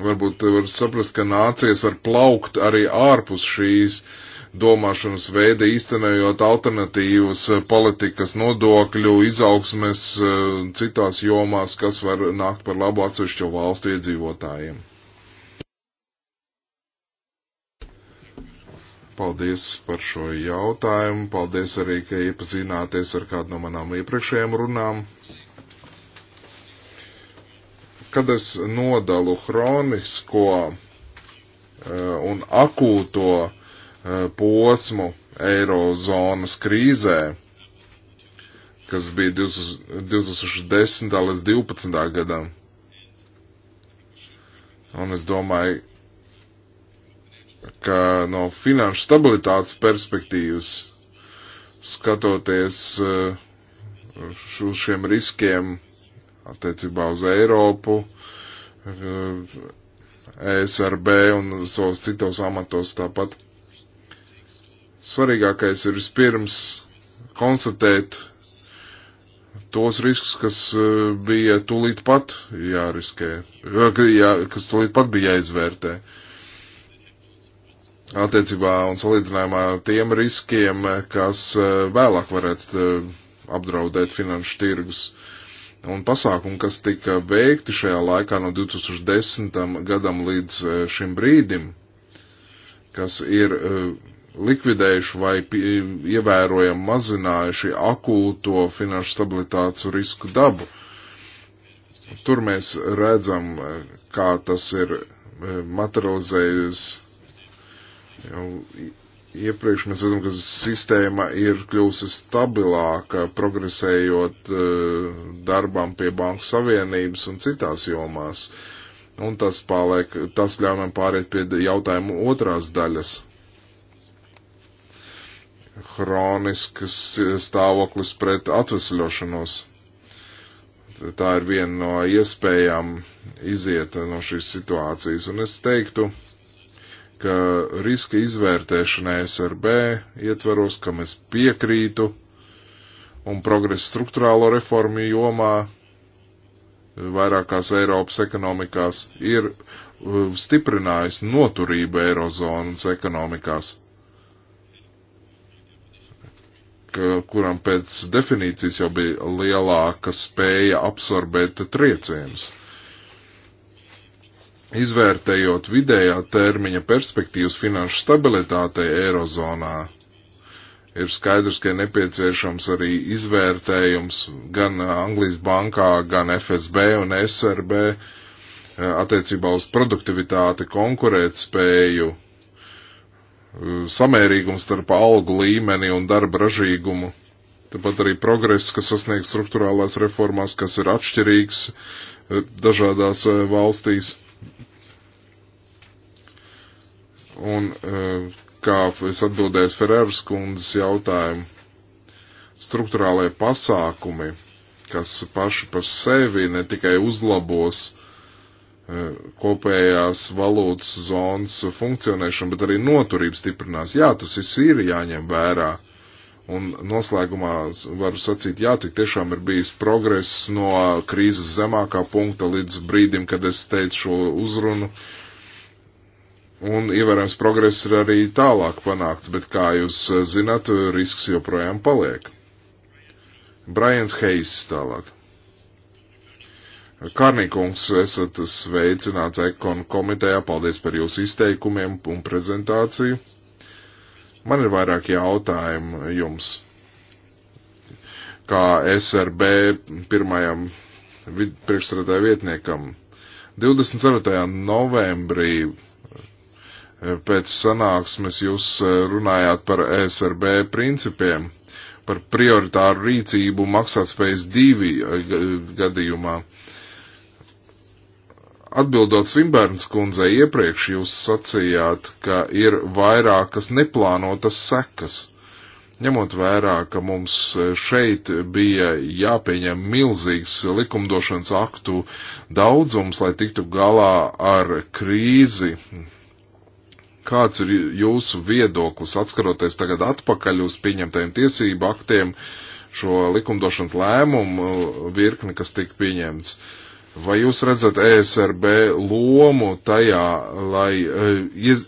Varbūt var saprast, ka nācies var plaukt arī ārpus šīs uh, domāšanas veida, īstenējot alternatīvas eh, politikas nodokļu, izaugsmes eh, citās jomās, kas var nākt par labu atsevišķo valstu iedzīvotājiem. Paldies par šo jautājumu, paldies arī, ka iepazināties ar kādu no manām iepriekšējām runām kad es nodalu hronisko eh, un akūto Eh, posmu eirozonas krīzē, kas bija 2010. līdz 2012. gadam. Un es domāju, ka no finanšu stabilitātes perspektīvas, skatoties eh, uz šiem riskiem attiecībā uz Eiropu, ESRB eh, e un savos citos amatos tāpat svarīgākais ir vispirms konstatēt tos riskus, kas e, bija tūlīt pat jāriskē, e, jā, kas tūlīt pat bija jāizvērtē. Attiecībā un salīdzinājumā tiem riskiem, e, kas vēlāk varētu apdraudēt finanšu tirgus un pasākumi, kas tika veikti šajā laikā no 2010. gadam līdz šim brīdim, kas ir uh, likvidējuši vai ievērojami mazinājuši akūto finanšu stabilitātes risku dabu. Tur mēs redzam, kā tas ir e, materializējies. Jau iepriekš mēs redzam, ka sistēma ir kļūsi stabilāka, progresējot e, darbām pie Banku Savienības un citās jomās. Un tas, paliek, tas ļauj man pāriet pie jautājumu otrās daļas hronisks stāvoklis pret atvesļošanos. Tā ir viena no iespējām iziet no šīs situācijas. Un es teiktu, ka riska izvērtēšana SRB ietvaros, kam es piekrītu, un progresa struktūrālo reformu jomā vairākās Eiropas ekonomikās ir uh, stiprinājusi noturību Eirozonas ekonomikās. kuram pēc definīcijas jau bija lielāka spēja absorbēt triecienus. Izvērtējot vidējā termiņa perspektīvas finanšu stabilitātei Eirozonā, ir skaidrs, ka ir nepieciešams arī izvērtējums gan Anglijas bankā, gan FSB un SRB eh, attiecībā uz produktivitāti, konkurētspēju Mm, samērīgums starp algu līmeni un darba ražīgumu. Tāpat arī progress, kas sasniegts struktūrālās reformās, kas ir atšķirīgs e, dažādās e, valstīs. Un e, kā es atbildēju Ferēras kundzes jautājumu, struktūrālajie pasākumi, kas paši par sevi ne tikai uzlabos kopējās valūtas zonas funkcionēšanu, bet arī noturību stiprinās. Jā, tas viss ir jāņem vērā. Un noslēgumā varu sacīt, jā, tik tiešām ir bijis progress no krīzes zemākā punkta līdz brīdim, kad es teicu šo uzrunu. Un ievērams progress ir arī tālāk panākts, bet kā jūs zināt, risks joprojām paliek. Brians Heis tālāk. Kārnīkungs, esat sveicināts Ekonu komitejā. Paldies par jūsu izteikumiem un prezentāciju. Man ir vairāk jautājumu jums. Kā SRB pirmajam priekšsredāja vietniekam. 24. novembrī eh, pēc sanāksmes jūs eh, runājāt par SRB principiem, par prioritāru rīcību maksātspējas divi eh, gadījumā. Uh, Atbildot Svimbērns kundzei iepriekš, jūs sacījāt, ka ir vairākas neplānotas sekas. Ņemot vērā, ka mums šeit bija jāpieņem milzīgs likumdošanas aktu daudzums, lai tiktu galā ar krīzi, kāds ir jūsu viedoklis, atskaroties tagad atpakaļ uz pieņemtajiem tiesību aktiem, šo likumdošanas lēmumu virkni, kas tika pieņemts? Uh, Vai jūs redzat ESRB lomu tajā, lai eh, ies,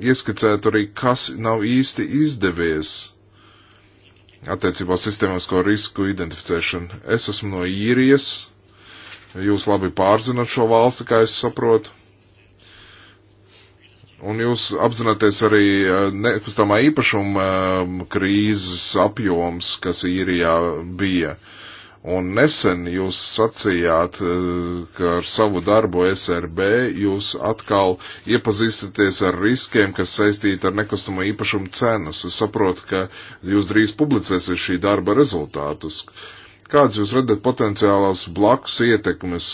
ieskicētu arī, kas nav īsti izdevies attiecībā sistēmisko risku identificēšanu? Es esmu no īrijas, jūs labi pārzinat šo valsti, kā es saprotu. Un jūs apzināties arī eh, nekustamā īpašuma eh, krīzes apjoms, kas īrijā bija. Uh, Un nesen jūs sacījāt, eh, ka ar savu darbu SRB jūs atkal iepazīstaties ar riskiem, kas saistīti ar nekustamo īpašumu cenas. Es saprotu, ka jūs drīz publicēsiet šī darba rezultātus. Kāds jūs redzat potenciālās blakus ietekmes,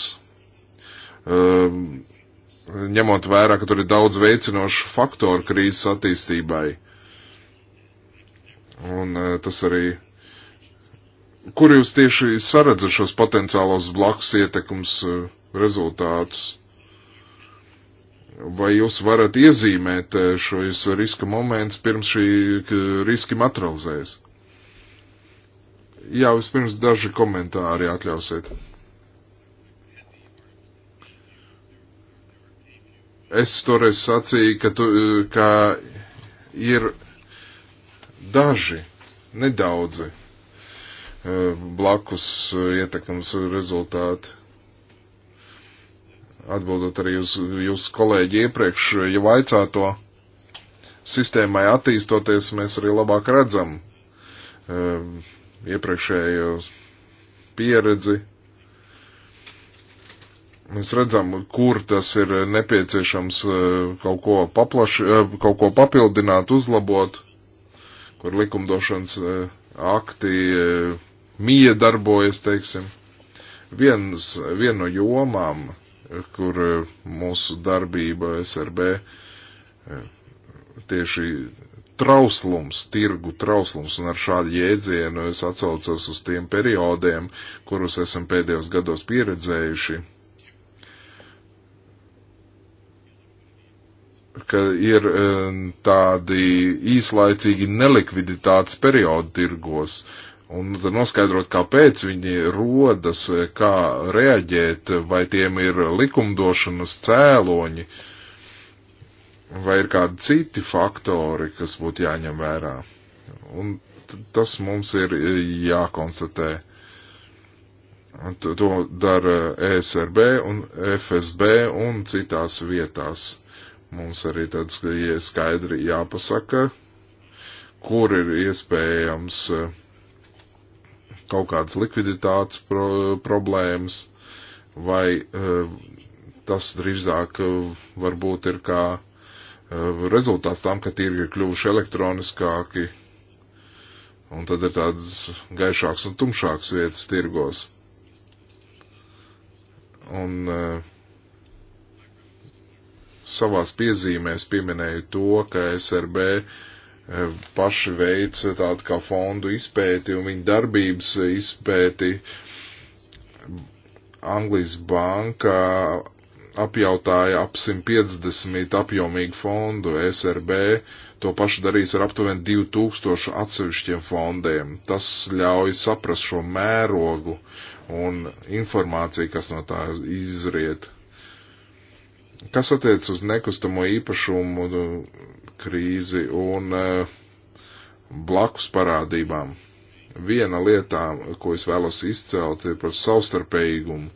eh, ņemot vērā, ka tur ir daudz veicinošu faktoru krīzes attīstībai? Un eh, tas arī Kur jūs tieši saredzat šos potenciālos blakus ietekums eh, rezultātus? Vai jūs varat iezīmēt eh, šos riska momentus pirms šī eh, riski materializējas? Jā, vispirms daži komentāri atļausiet. Es toreiz sacīju, ka, tu, ka ir daži, nedaudzi Eh, blakus eh, ietekmes rezultāti. Atbildot arī uz jūsu kolēģi iepriekš, eh, ja vaicāto sistēmai attīstoties, mēs arī labāk redzam iepriekšējo pieredzi. Mēs redzam, kur tas ir nepieciešams kaut ko, paplaš, kaut ko papildināt, uzlabot, kur likumdošanas akti mija darbojas, teiksim. Viens, viena no jomām, kur eh, mūsu darbība SRB eh, tieši trauslums, tirgu trauslums, un ar šādu jēdzienu es atsaucos uz tiem periodiem, kurus esam pēdējos gados pieredzējuši, ka ir eh, tādi īslaicīgi nelikviditātes periodi tirgos, uh, un noskaidrot, kāpēc viņi rodas, kā reaģēt, vai tiem ir likumdošanas cēloņi, vai ir kādi citi faktori, kas būtu jāņem vērā. Un tas mums ir jākonstatē. To, to dara ESRB un FSB un citās vietās. Mums arī tāds skaidri jāpasaka, kur ir iespējams uh, kaut kādas likviditātes pro problēmas, vai eh, tas drīzāk eh, varbūt ir kā eh, rezultāts tam, ka tirgi ir kļuvuši elektroniskāki, un tad ir tādas gaišākas un tumšākas vietas tirgos. Un savās piezīmēs pieminēju to, ka SRB uh, paši veic tādu kā fondu izpēti un viņu darbības izpēti. Anglijas banka apjautāja ap 150 apjomīgu fondu SRB, to pašu darīs ar aptuveni 2000 atsevišķiem fondiem. Tas ļauj saprast šo mērogu un informāciju, kas no tā izriet. Kas attiec uz nekustamo īpašumu krīzi un eh, blakus parādībām. Viena lietā, ko es vēlos izcelt, ir par savstarpējumu.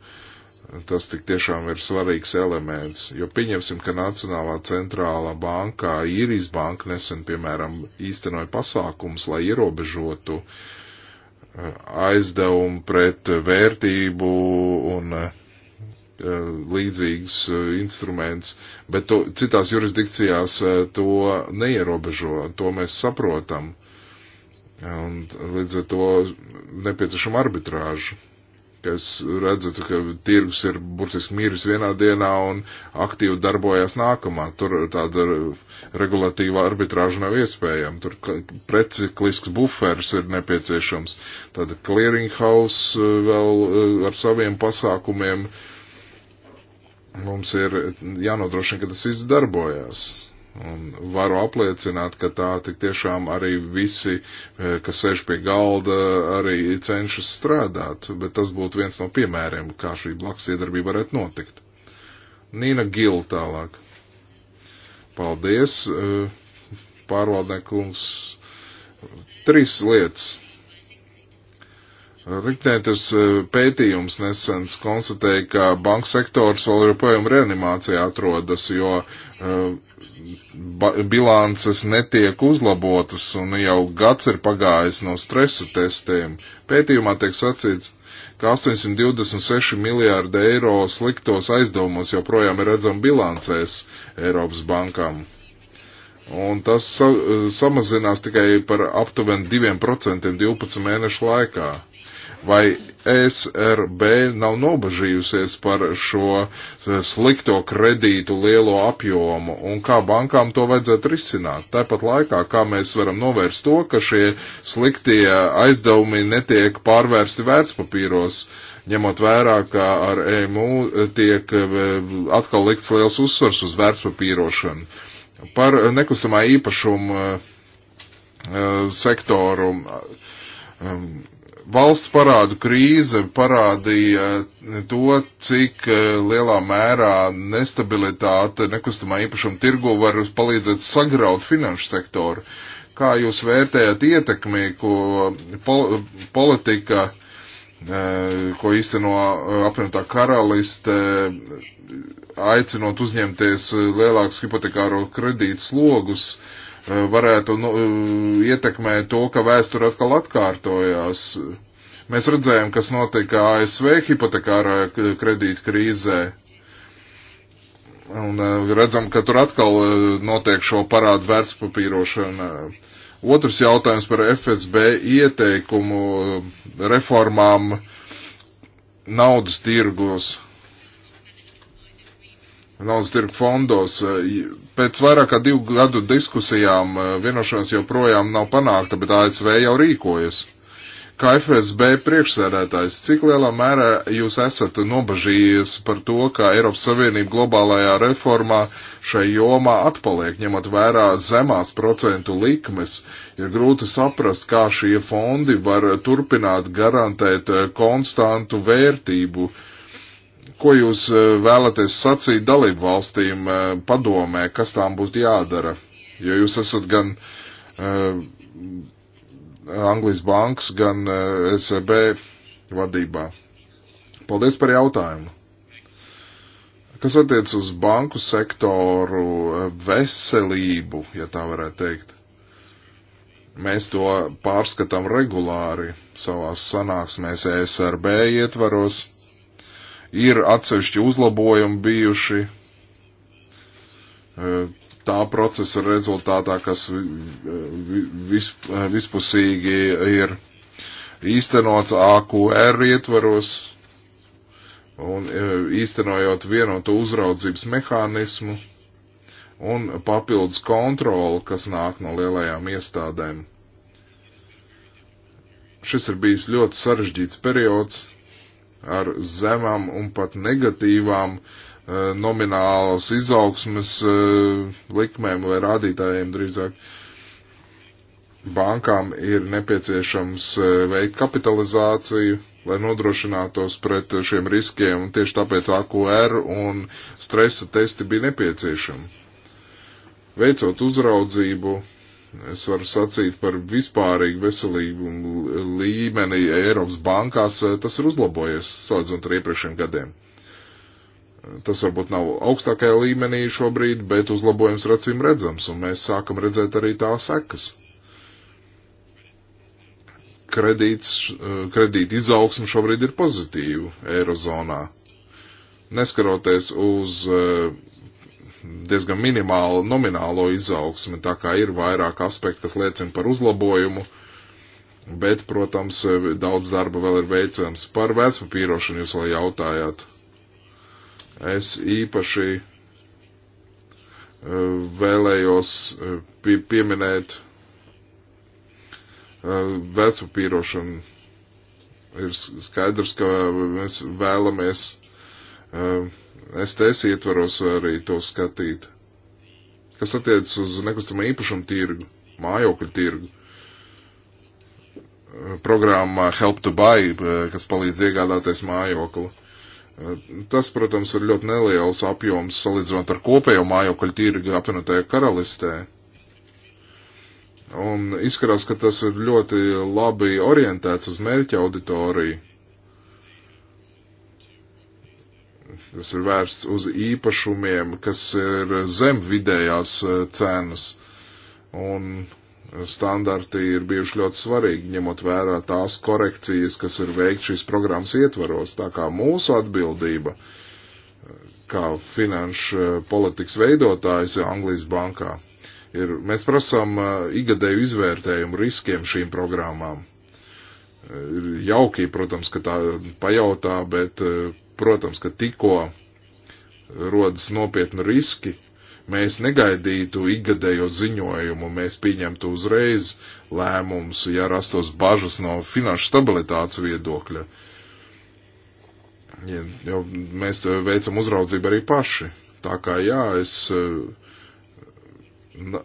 Tas tik tiešām ir svarīgs elements, jo pieņemsim, ka Nacionālā centrālā bankā īrijas banka nesen, piemēram, īstenoja pasākums, lai ierobežotu eh, aizdevumu pret vērtību un uh, Eh, līdzīgs eh, instruments, bet to, citās jurisdikcijās eh, to neierobežo, to mēs saprotam. Un līdz ar to nepieciešama arbitrāža, kas redzētu, ka tirgus ir burtiski mīris vienā dienā un aktīvi darbojas nākamā. Tur tāda regulatīva arbitrāža nav iespējama. Tur preciklisks bufers ir nepieciešams. Tāda clearinghouse vēl ar saviem pasākumiem. Uh, Mums ir jānodrošina, ka tas viss darbojās. Un varu apliecināt, ka tā tik tiešām arī visi, eh, kas sēž pie galda, arī cenšas strādāt, bet tas būtu viens no piemēriem, kā šī blakus iedarbība varētu notikt. Nīna Gil tālāk. Paldies, eh, pārvaldniekums. Trīs lietas Liktnētas eh, pētījums nesens konstatēja, ka banku sektors vēl joprojām reanimācijā atrodas, jo uh, bilances netiek uzlabotas un jau gads ir pagājis no stresa testiem. Pētījumā tiek sacīts, ka 826 miljārdi eiro sliktos aizdomos joprojām ir redzami bilancēs Eiropas bankām. Un tas sa samazinās tikai par aptuveni 2% 12 mēnešu laikā Vai SRB nav nobažījusies par šo eh, slikto kredītu lielo apjomu un kā bankām to vajadzētu risināt? Tāpat laikā, kā mēs varam novērst to, ka šie sliktie aizdevumi netiek pārvērsti vērtspapīros, ņemot vērā, ka ar EMU tiek eh, atkal likts liels uzsvars uz vērtspapīrošanu. Par nekustamā īpašuma eh, sektoru Valsts parādu krīze parādīja eh, to, cik eh, lielā mērā nestabilitāte nekustamā īpašuma tirgu var palīdzēt sagraut finanšu sektoru. Kā jūs vērtējat ietekmi, ko pol politika, eh, ko īsteno apvienotā karaliste, aicinot uzņemties lielākus hipotekāro kredītu slogus, uh, Eh, varētu nu, eh, ietekmēt to, ka vēsture atkal atkārtojās. Mēs redzējām, kas notika ASV hipotekārā kredīta krīzē. Un eh, redzam, ka tur atkal notiek šo parādu vērtspapīrošana. Otrs jautājums par FSB ieteikumu reformām naudas tirgos naudas tirgu fondos. Eh, pēc vairāk kā divu gadu diskusijām eh, vienošanās joprojām nav panākta, bet ASV jau rīkojas. Kā FSB priekšsēdētājs, cik lielā mērā jūs esat nobažījies par to, ka Eiropas Savienība globālajā reformā šai jomā atpaliek, ņemot vērā zemās procentu likmes, ir grūti saprast, kā šie fondi var turpināt garantēt eh, konstantu vērtību uh, ko jūs e, vēlaties sacīt dalību valstīm e, padomē, kas tām būtu jādara? Jo jūs esat gan uh, Anglijas bankas, gan uh, SEB vadībā. Paldies par jautājumu. Kas attiec uz banku sektoru veselību, ja tā varētu teikt? Mēs to pārskatām regulāri savās sanāksmēs ESRB ietvaros ir atsevišķi uzlabojumi bijuši tā procesa rezultātā, kas vis, vispusīgi ir īstenots AQR ietvaros un īstenojot vienotu uzraudzības mehānismu un papildus kontroli, kas nāk no lielajām iestādēm. Šis ir bijis ļoti sarežģīts periods, ar zemām un pat negatīvām eh, nominālas izaugsmes eh, likmēm vai rādītājiem drīzāk. Bankām ir nepieciešams eh, veikt kapitalizāciju, lai nodrošinātos pret šiem riskiem, un tieši tāpēc AQR un stresa testi bija nepieciešami. Veicot uzraudzību, es varu sacīt par vispārīgu veselību līmeni Eiropas bankās, tas ir uzlabojies salīdzinot ar iepriekšējiem gadiem. Tas varbūt nav augstākajā līmenī šobrīd, bet uzlabojums ir acīm redzams, un mēs sākam redzēt arī tā sekas. Kredīts, kredīta izaugsme šobrīd ir pozitīva Eirozonā. Neskaroties uz uh, diezgan minimālu nominālo izaugsmi, tā kā ir vairāk aspekti, kas liecina par uzlabojumu, bet, protams, daudz darba vēl ir veicams. Par vērtspapīrošanu jūs vēl jautājāt. Es īpaši eh, vēlējos eh, pie, pieminēt eh, vērtspapīrošanu. Ir skaidrs, ka mēs vēlamies uh, STS ietvaros arī to skatīt. Kas attiec uz nekustamo īpašumu tirgu, mājokļu tirgu, programma Help to Buy, kas palīdz iegādāties mājokli. Tas, protams, ir ļoti neliels apjoms salīdzinot ar kopējo mājokļu tirgu apvienotajā karalistē. Un izskatās, ka tas ir ļoti labi orientēts uz mērķa auditoriju kas ir vērsts uz īpašumiem, kas ir zem vidējās e, cenas. Un standarti ir bijuši ļoti svarīgi, ņemot vērā tās korekcijas, kas ir veikts šīs programmas ietvaros. Tā kā mūsu atbildība, e, kā finanšu e, politikas veidotājs Anglijas bankā, ir, mēs prasām igadēju izvērtējumu riskiem šīm programmām. Ir jauki, protams, ka tā pajautā, bet Protams, ka tikko rodas nopietni riski, mēs negaidītu ikgadējo ziņojumu, mēs pieņemtu uzreiz lēmumus, ja rastos bažas no finanšu stabilitātes viedokļa. Ja, jo mēs veicam uzraudzību arī paši. Tā kā jā, es eh,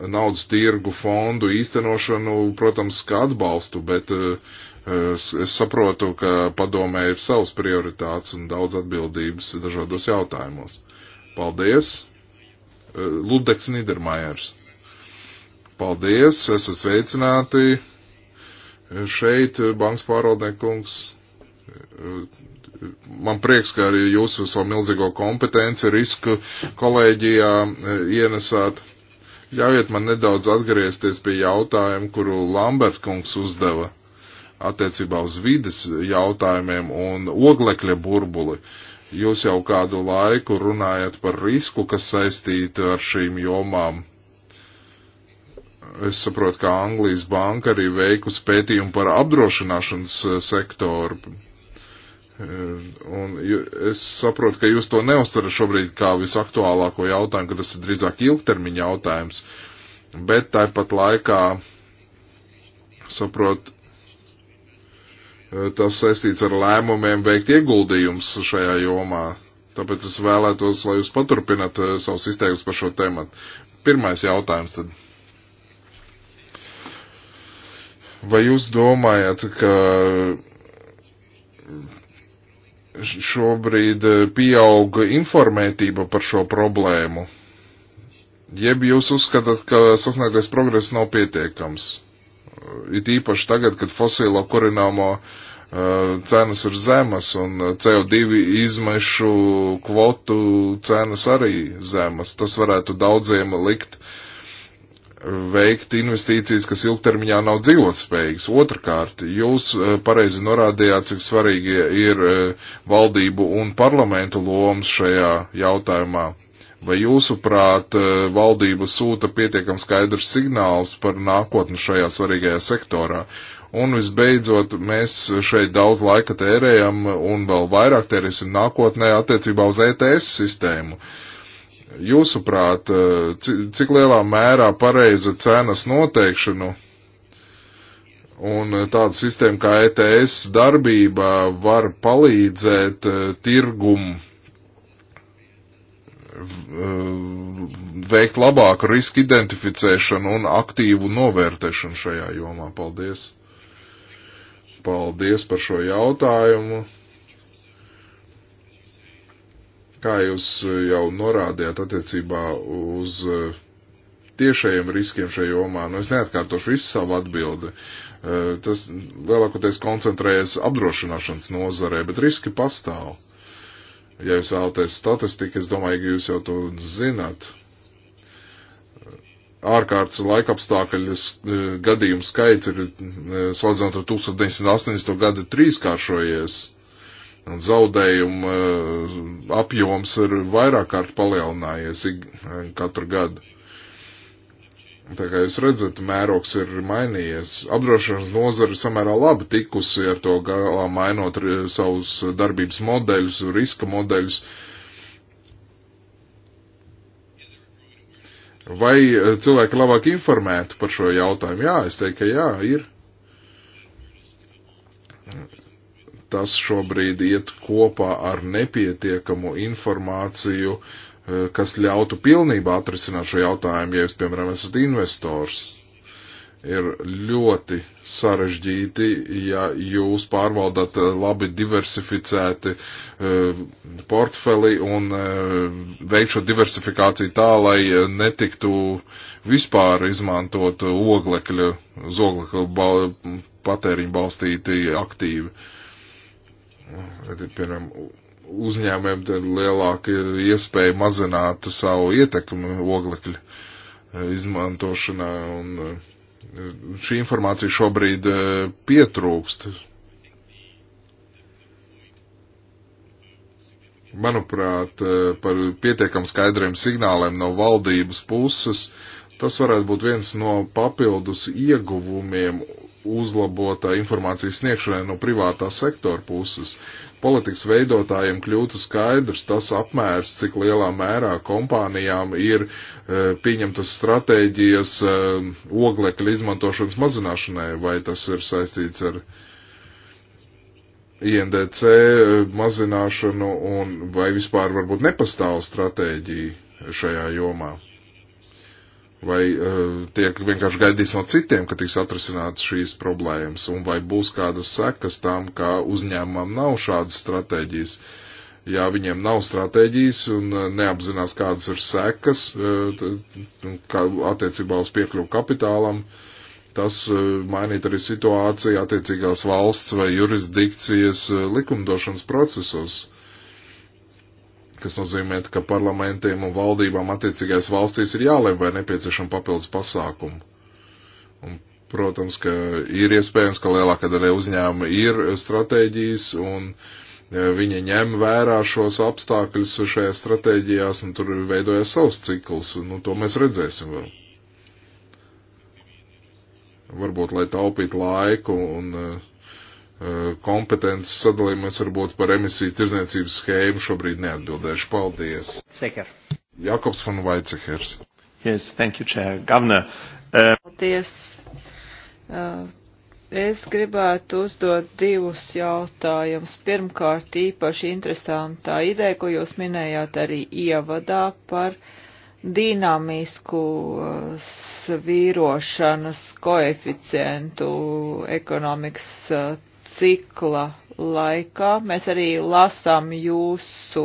naudas tirgu fondu īstenošanu, protams, ka atbalstu, bet uh, Es, es saprotu, ka padomē ir savas prioritātes un daudz atbildības dažādos jautājumos. Paldies! Eh, Ludeks Nidermājers. Paldies, esat sveicināti. Eh, šeit eh, bankas pārvaldniekungs. Man prieks, ka arī jūs savu milzīgo kompetenci risku kolēģijā ienesāt. Ļaujiet man nedaudz atgriezties pie jautājuma, kuru Lambert kungs uzdeva attiecībā uz vides jautājumiem un oglekļa burbuli. Jūs jau kādu laiku runājat par risku, kas saistīta ar šīm jomām. Es saprotu, ka Anglijas banka arī veikusi pētījumu par apdrošināšanas eh, sektoru. Un es saprotu, ka jūs to neuztarat šobrīd kā visaktuālāko jautājumu, ka tas ir drīzāk ilgtermiņa jautājums. Bet tāpat laikā saprot, Eh, tas saistīts ar lēmumiem veikt ieguldījums šajā jomā. Tāpēc es vēlētos, lai jūs paturpinat eh, savus izteikumus par šo tēmu. Pirmais jautājums tad. Vai jūs domājat, ka šobrīd eh, pieauga informētība par šo problēmu? Jeb jūs uzskatāt, ka sasniegtais progress nav pietiekams? Uh, it īpaši tagad, kad fosilo kurināmo uh, cenas ir zemas un uh, CO2 izmešu kvotu cenas arī zemas. Tas varētu daudziem likt veikt investīcijas, kas ilgtermiņā nav dzīvotspējīgas. Otrakārt, jūs pareizi norādījāt, cik svarīgi ir valdību un parlamentu lomas šajā jautājumā Vai jūsuprāt, eh, valdība sūta pietiekam skaidrs signāls par nākotni šajā svarīgajā sektorā? Un visbeidzot, mēs šeit daudz laika tērējam un vēl vairāk tērēsim nākotnē attiecībā uz ETS sistēmu. Jūsuprāt, eh, cik lielā mērā pareiza cenas noteikšanu un tāda sistēma kā ETS darbība var palīdzēt eh, tirgumu Eh, veikt labāku risku identificēšanu un aktīvu novērtēšanu šajā jomā. Paldies! Paldies par šo jautājumu! Kā jūs jau norādījāt attiecībā uz eh, tiešajiem riskiem šajā jomā, nu es neatkārtošu visu savu atbildi. Eh, tas lielākoties koncentrējas apdrošināšanas nozarē, bet riski pastāv Ja jūs vēlaties statistiku, es domāju, ka jūs jau to zināt. Ārkārtas laikapstākļu e, gadījumu skaits ir e, salīdzinot ar 1980. gadu trīskāršojies, un zaudējumu e, apjoms ir vairāk kārt palielinājies katru gadu. Tā kā jūs redzat, mērogs ir mainījies. Apdrošināšanas nozara samērā labi tikusi ar to galā, mainot savus darbības modeļus, riska modeļus. Vai eh, cilvēki labāk informētu par šo jautājumu? Jā, es teiktu, ka jā, ir. Tas šobrīd iet kopā ar nepietiekamu informāciju uh, Eh, kas ļautu pilnībā atrisināt šo jautājumu, ja jūs, piemēram, esat investors. Ir ļoti sarežģīti, ja jūs pārvaldāt eh, labi diversificēti uh, portfeli un uh, veikšot diversifikāciju tā, lai netiktu vispār izmantot oglekļa, uz oglekļa ba patēriņu balstīti aktīvi. Piemēram, uzņēmējiem ir lielāka iespēja mazināt savu ietekmi oglekļu eh, izmantošanā. Un eh, šī informācija šobrīd eh, pietrūkst. Manuprāt, par pietiekam skaidriem signāliem no valdības puses, tas varētu būt viens no papildus ieguvumiem uzlabotā informācijas sniegšanai no privātā sektora puses politikas veidotājiem kļūtu skaidrs tas apmērs, cik lielā mērā kompānijām ir e, pieņemtas stratēģijas e, oglekļa izmantošanas mazināšanai, vai tas ir saistīts ar INDC e, mazināšanu un vai vispār varbūt nepastāv stratēģija šajā jomā. Vai uh, tiek vienkārši gaidīts no citiem, ka tiks atrisināts šīs problēmas, un vai būs kādas sekas tam, ka uzņēmumam nav šādas stratēģijas. Ja viņiem nav stratēģijas un eh, neapzinās, kādas ir sekas eh, kā attiecībā uz piekļuvu kapitālam, tas mainīt arī situāciju attiecīgās valsts vai jurisdikcijas likumdošanas procesos kas nozīmē, ka parlamentiem un valdībām attiecīgais valstīs ir jālem, vai nepieciešama papildus pasākumu. Un, protams, ka ir iespējams, ka lielākā daļa uzņēmuma ir stratēģijas un e, viņi ņem vērā šos apstākļus šajā stratēģijās un tur veidojas savs cikls. Nu, to mēs redzēsim vēl. Varbūt, lai taupītu laiku un uh, Eh, kompetences sadalījumu es varbūt par emisiju tirzniecības schēmu šobrīd neatbildēšu. Paldies. Seker. Jakobs von Weizsekers. Yes, thank you, Chair. Governor. Uh... Paldies. Uh, es gribētu uzdot divus jautājumus. Pirmkārt, īpaši interesantā ideja, ko jūs minējāt arī ievadā par dinamisku svīrošanas koeficientu ekonomikas cikla laikā. Mēs arī lasām jūsu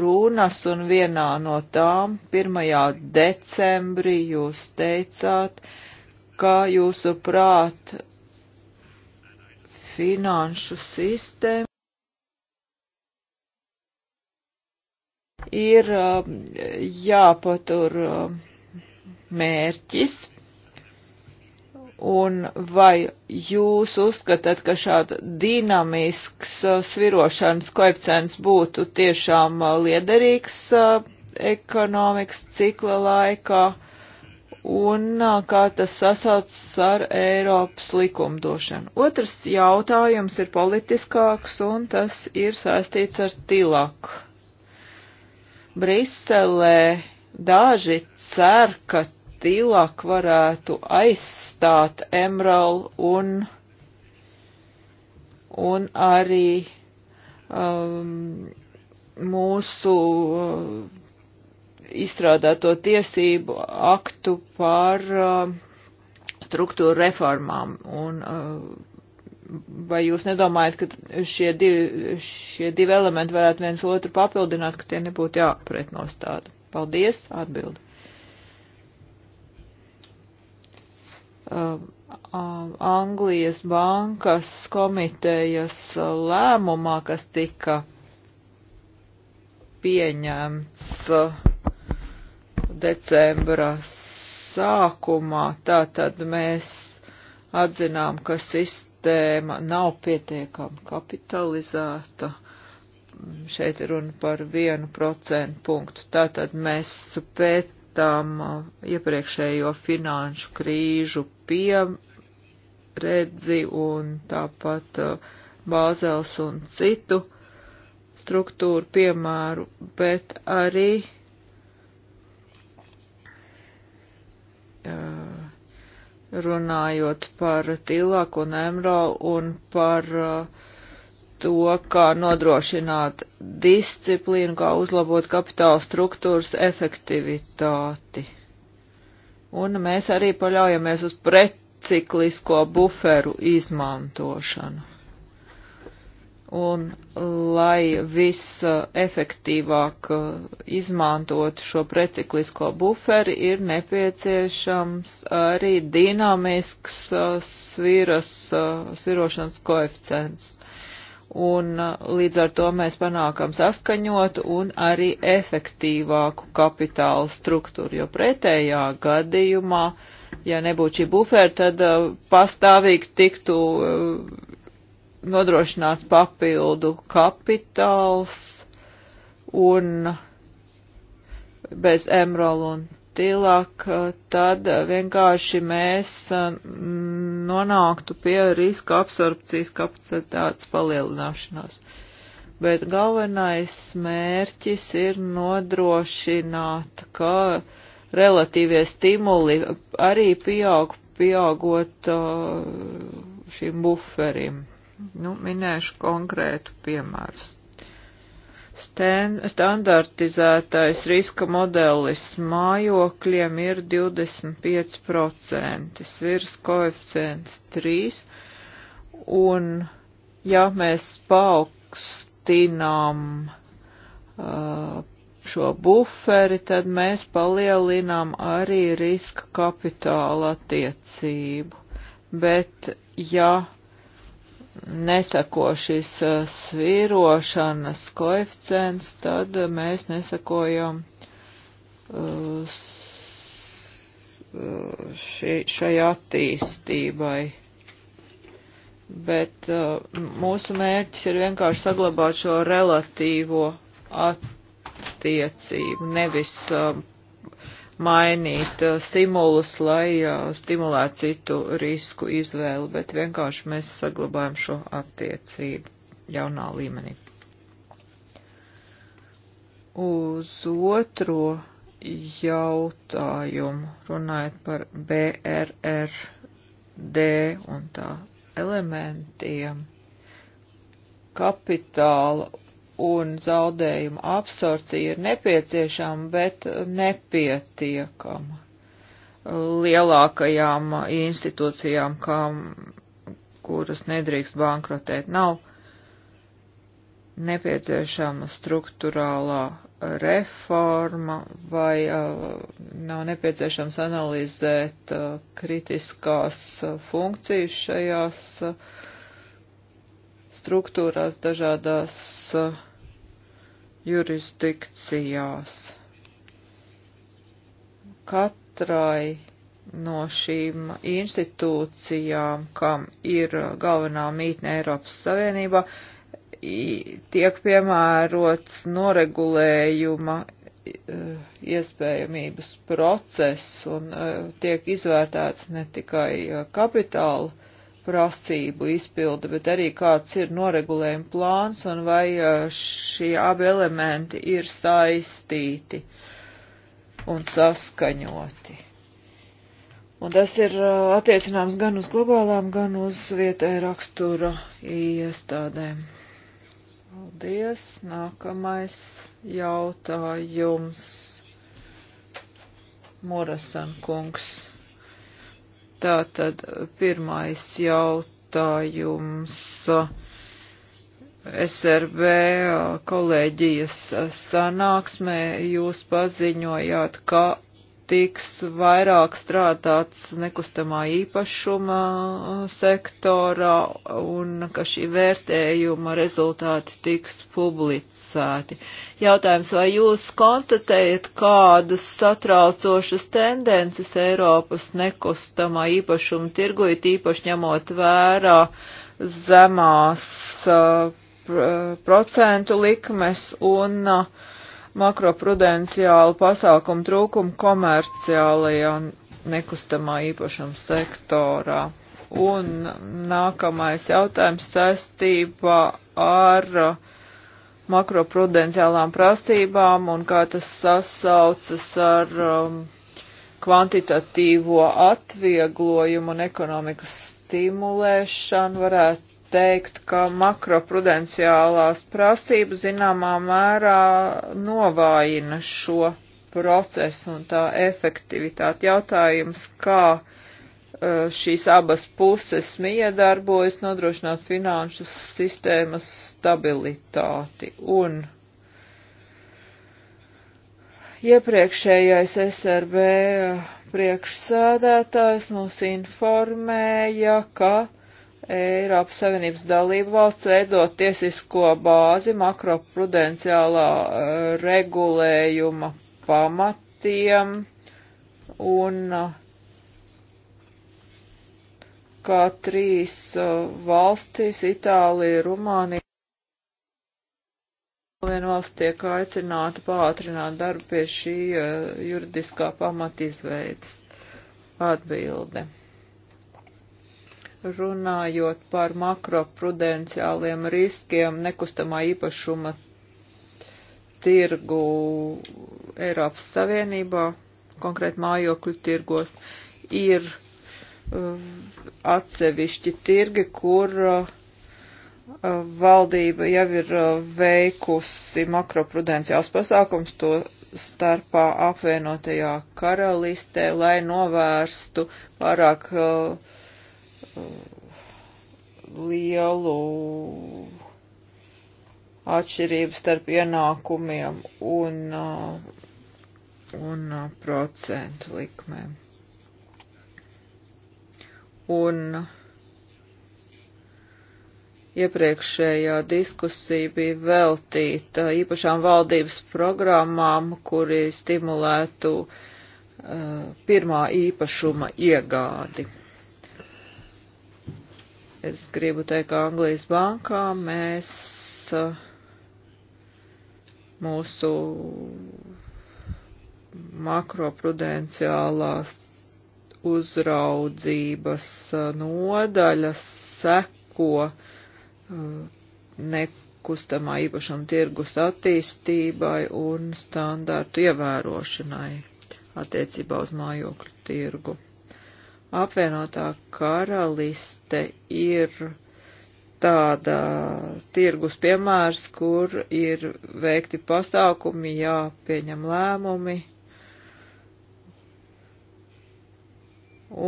runas, un vienā no tām 1. decembrī jūs teicāt, ka jūsu prāt finanšu sistēma ir um, jāpatur um, mērķis Un vai jūs uzskatāt, ka šāda dinamisks uh, svirošanas koeficients būtu tiešām uh, liederīgs uh, ekonomikas cikla laikā? un kā tas sasaucas ar Eiropas likumdošanu. Otrs jautājums ir politiskāks, un tas ir saistīts ar tilaku. Briselē daži cer, ka tilak varētu aizstāt Emerald un, un arī um, mūsu uh, izstrādāto tiesību aktu par uh, struktūra reformām. Un, uh, vai jūs nedomājat, ka šie divi, šie divi elementi varētu viens otru papildināt, ka tie nebūtu jāpretnostāda? Paldies, atbildi. Um, Anglijas bankas komitejas lēmumā, kas tika pieņemts uh, decembra sākumā, tātad mēs atzinām, ka sistēma nav pietiekami kapitalizēta. Šeit ir runa par vienu procentu punktu. Tātad mēs pēt izskatām uh, iepriekšējo finanšu krīžu pieredzi un tāpat uh, Bāzels un citu struktūru piemēru, bet arī uh, runājot par Tilāku un Emro un par uh, to, kā nodrošināt disciplīnu, kā uzlabot kapitāla struktūras efektivitāti. Un mēs arī paļaujamies uz pretciklisko buferu izmantošanu. Un, lai visefektīvāk uh, izmantotu šo preciklisko buferi, ir nepieciešams arī dinamisks uh, sviras, uh, svirošanas koeficients. Uh, un uh, līdz ar to mēs panākam saskaņotu un arī efektīvāku kapitālu struktūru, jo pretējā gadījumā, ja nebūtu šī buferi, tad uh, pastāvīgi tiktu uh, nodrošināts papildu kapitāls un bez Emerald un tilāk, tad vienkārši mēs nonāktu pie riska absorpcijas kapacitātes palielināšanās. Bet galvenais mērķis ir nodrošināt, ka relatīvie stimuli arī pieaug, pieaugot šim buferim. Nu, minēšu konkrētu piemērus. Sten, standartizētais riska modelis mājokļiem ir 25%, virs koeficients 3, un ja mēs paaugstinām uh, šo buferi, tad mēs palielinām arī riska kapitāla attiecību. Bet, ja neseko šis eh, svīrošanas koeficients, tad mēs nesakojam eh, eh, šai attīstībai. Bet mūsu mērķis ir vienkārši saglabāt šo relatīvo attīstību, nevis mainīt uh, stimulus, lai uh, stimulētu citu risku izvēli, bet vienkārši mēs saglabājam šo attiecību jaunā līmenī. Uz otro jautājumu runājot par BRRD un tā elementiem kapitāla un zaudējuma absorpcija ir nepieciešama, bet nepietiekama lielākajām institūcijām, kā, kuras nedrīkst bankrotēt. Nav nepieciešama struktūrālā reforma vai uh, nav nepieciešams analizēt uh, kritiskās uh, funkcijas šajās uh, struktūrās, dažādās uh, jurisdikcijās. Katrai no šīm institūcijām, kam ir galvenā mītne Eiropas Savienībā, tiek piemērots noregulējuma iespējamības process un e, tiek izvērtēts ne tikai e, kapitāla prasību izpilda, bet arī kāds ir noregulējuma plāns un vai šie abi elementi ir saistīti un saskaņoti. Un tas ir attiecināms gan uz globālām, gan uz vietēja rakstura iestādēm. Paldies. Nākamais jautājums. Morasan kungs. Tātad pirmais jautājums. SRB kolēģijas sanāksmē jūs paziņojāt, ka tiks vairāk strādāts nekustamā īpašuma uh, sektorā un ka šī vērtējuma rezultāti tiks publicēti. Jautājums, vai jūs konstatējat kādas satraucošas tendences Eiropas nekustamā īpašuma tirgu, it īpaši ņemot vērā zemās uh, procentu likmes un uh, makroprudenciālu pasākumu trūkumu komerciālajā nekustamā īpašuma sektorā. Un nākamais jautājums saistībā ar makroprudenciālām prasībām un kā tas sasaucas ar um, kvantitatīvo atvieglojumu un ekonomikas stimulēšanu varētu teikt, ka makroprudenciālās prasības zināmā mērā novājina šo procesu un tā efektivitāti. Jautājums, kā e, šīs abas puses miedarbojas nodrošināt finanšu sistēmas stabilitāti un iepriekšējais SRB priekšsēdētājs mūs informēja, ka Eiropas Savienības dalību valsts veidot tiesisko bāzi makroprudenciālā eh, regulējuma pamatiem un eh, kā trīs eh, valstis - Itālija, Rumānija. Viena valsts tiek aicināta pātrināt darbu pie šī juridiskā pamatizveidas atbilde runājot par makroprudenciāliem riskiem nekustamā īpašuma tirgu Eiropas Savienībā, konkrēt mājokļu tirgos, ir uh, atsevišķi tirgi, kur uh, valdība jau ir uh, veikusi makroprudenciāls pasākums, to starpā apvienotajā karalistē, lai novērstu pārāk uh, lielu atšķirību starp ienākumiem un, uh, un uh, procentu likmēm. Un uh, iepriekšējā diskusija bija veltīta īpašām valdības programmām, kuri stimulētu uh, pirmā īpašuma iegādi. Es gribu teikt, ka Anglijas bankā mēs eh, mūsu makroprudenciālās uzraudzības eh, nodaļas seko eh, nekustamā īpašuma tirgus attīstībai un standārtu ievērošanai attiecībā uz mājokļu tirgu apvienotā karaliste ir tāda tirgus piemērs, kur ir veikti pasākumi, jāpieņem lēmumi.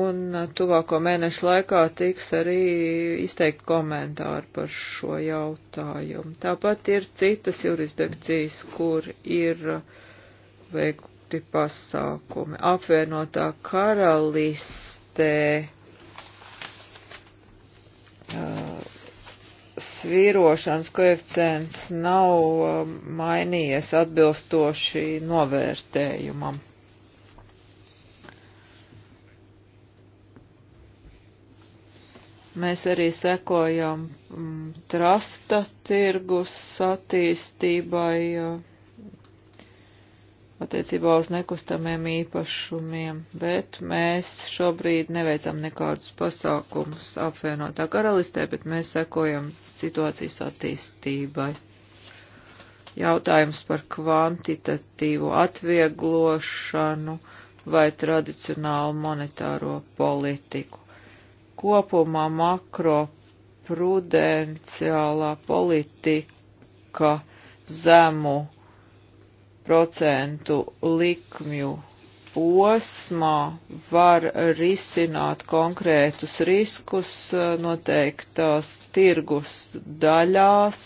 Un tuvāko mēnešu laikā tiks arī izteikti komentāri par šo jautājumu. Tāpat ir citas jurisdikcijas, kur ir veikti pasākumi. Apvienotā karalists vērtē svīrošanas koeficients nav mainījies atbilstoši novērtējumam. Mēs arī sekojam mm, trasta tirgus attīstībai. Uh, attiecībā uz nekustamiem īpašumiem, bet mēs šobrīd neveicam nekādus pasākumus apvienotā karalistē, bet mēs sekojam situācijas attīstībai. Jautājums par kvantitatīvu atvieglošanu vai tradicionālu monetāro politiku. Kopumā makroprudenciālā politika zemu procentu likmju posmā var risināt konkrētus riskus eh, noteiktās tirgus daļās,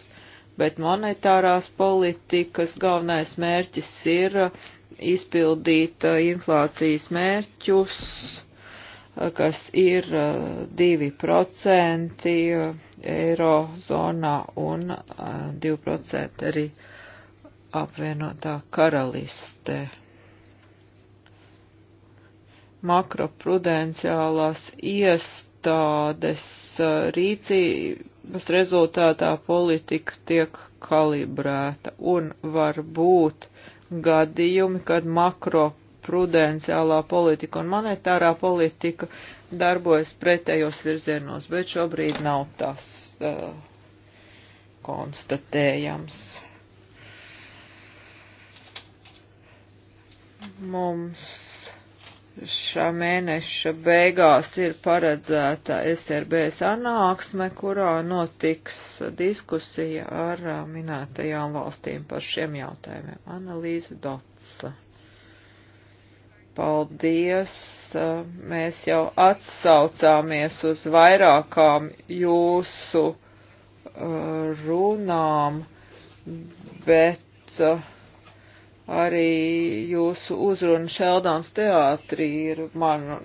bet monetārās politikas galvenais mērķis ir eh, izpildīt eh, inflācijas mērķus, kas ir 2% eirozonā un 2% arī apvienotā karalistē. Makroprudenciālās iestādes rīcības rezultātā politika tiek kalibrēta un var būt gadījumi, kad makroprudenciālā politika un monetārā politika darbojas pretējos virzienos, bet šobrīd nav tas uh, konstatējams. Mums šā mēneša beigās ir paredzēta SRB sanāksme, kurā notiks diskusija ar minētajām valstīm par šiem jautājumiem. Analīze Dotsa. Paldies! Mēs jau atsaucāmies uz vairākām jūsu runām, bet. Uh, Arī jūsu uzruna Šeldāns teātrī ir mana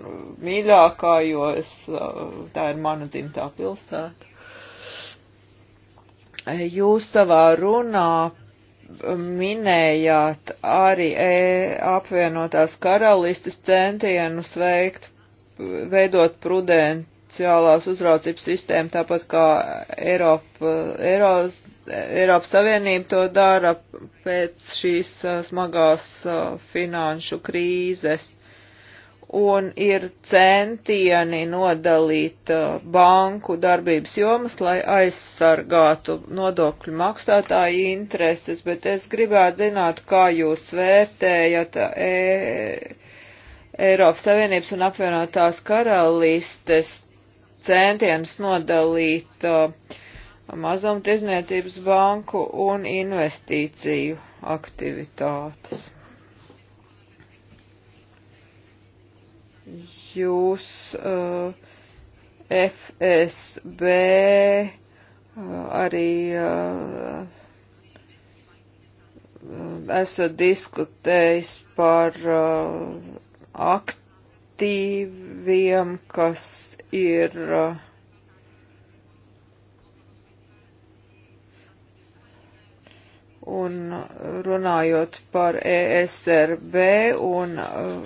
mīļākā, jo es, uh, tā ir mana dzimtā pilsēta. Jūs savā runā um, minējāt arī e, apvienotās karalistes centienus veikt, veidot prudent sociālās uzraudzības sistēma, tāpat kā Eiropa, Eiros, Eiropas Savienība to dara pēc šīs smagās finanšu krīzes. Un ir centieni nodalīt banku darbības jomas, lai aizsargātu nodokļu maksātāju intereses, bet es gribētu zināt, kā jūs vērtējat. E Eiropas Savienības un apvienotās karalistes centienus nodalīt uh, mazumtirdzniecības banku un investīciju aktivitātes. Jūs uh, FSB uh, arī uh, uh, esat diskutējis par uh, aktu aktīviem, kas ir uh, un runājot par ESRB un uh,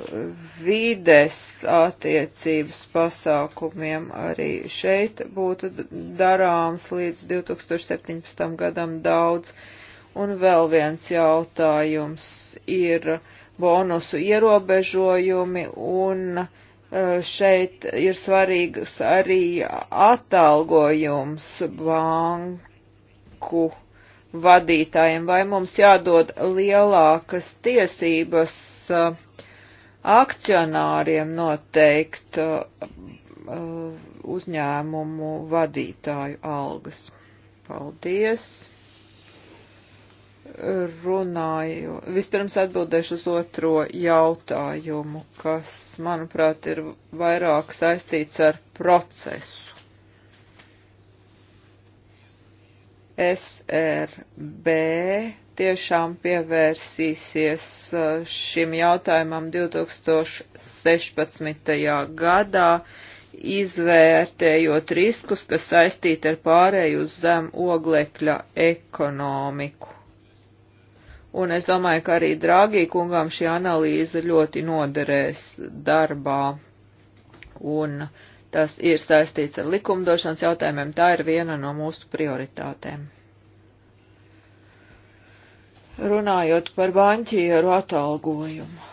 vides attiecības pasākumiem arī šeit būtu darāms līdz 2017. gadam daudz. Un vēl viens jautājums ir bonusu ierobežojumi un e, šeit ir svarīgs arī atalgojums banku vadītājiem, vai mums jādod lielākas tiesības e, akcionāriem noteikt e, uzņēmumu vadītāju algas. Paldies! runāju. Vispirms atbildēšu uz otro jautājumu, kas, manuprāt, ir vairāk saistīts ar procesu. SRB tiešām pievērsīsies uh, šim jautājumam 2016. gadā, izvērtējot riskus, kas saistīti ar pārēju uz zem oglekļa ekonomiku Un es domāju, ka arī Dragī kungam šī analīze ļoti noderēs darbā. Un tas ir saistīts ar likumdošanas jautājumiem. Tā ir viena no mūsu prioritātēm. Runājot par banķieru atalgojumu.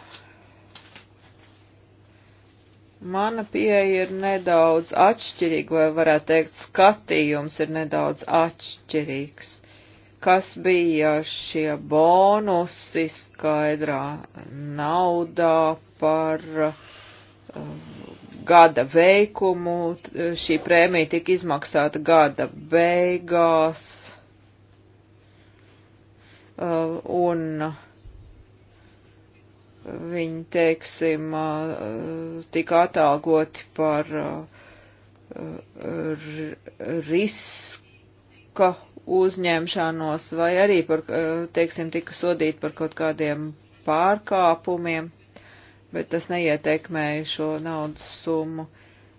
Mana pieeja ir nedaudz atšķirīga, vai varētu teikt, skatījums ir nedaudz atšķirīgs kas bija šie bonusi skaidrā naudā par uh, gada veikumu. Šī prēmija tika izmaksāta gada beigās. Uh, un viņi, teiksim, uh, tika atalgoti par riska uzņemšanos vai arī par, eh, teiksim, tika sodīti par kaut kādiem pārkāpumiem, bet tas neietekmēja šo naudas summu.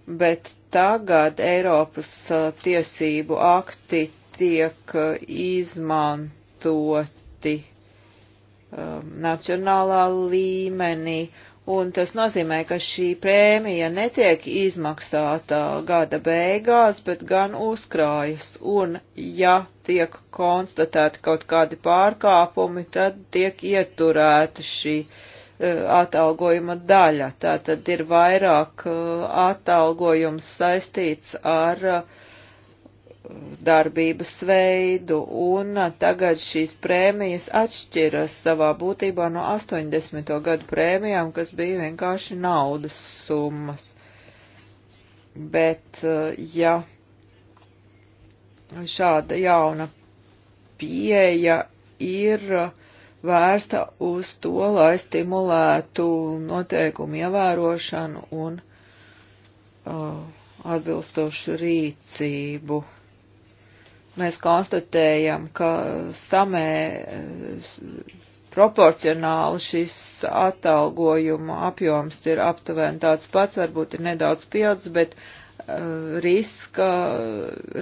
Bet tagad Eiropas eh, tiesību akti tiek eh, izmantoti um, nacionālā līmenī, uh, Un tas nozīmē, ka šī prēmija netiek izmaksāta gada beigās, bet gan uzkrājas. Un ja tiek konstatēti kaut kādi pārkāpumi, tad tiek ieturēta šī uh, atalgojuma daļa. Tā tad ir vairāk uh, atalgojums saistīts ar uh, darbības veidu, un tagad šīs prēmijas atšķiras savā būtībā no 80. gadu prēmijām, kas bija vienkārši naudas summas. Bet, ja šāda jauna pieeja ir vērsta uz to, lai stimulētu noteikumu ievērošanu un uh, atbilstošu rīcību mēs konstatējam, ka samē proporcionāli šis atalgojuma apjoms ir aptuveni tāds pats, varbūt ir nedaudz pieaudzis, bet uh, riska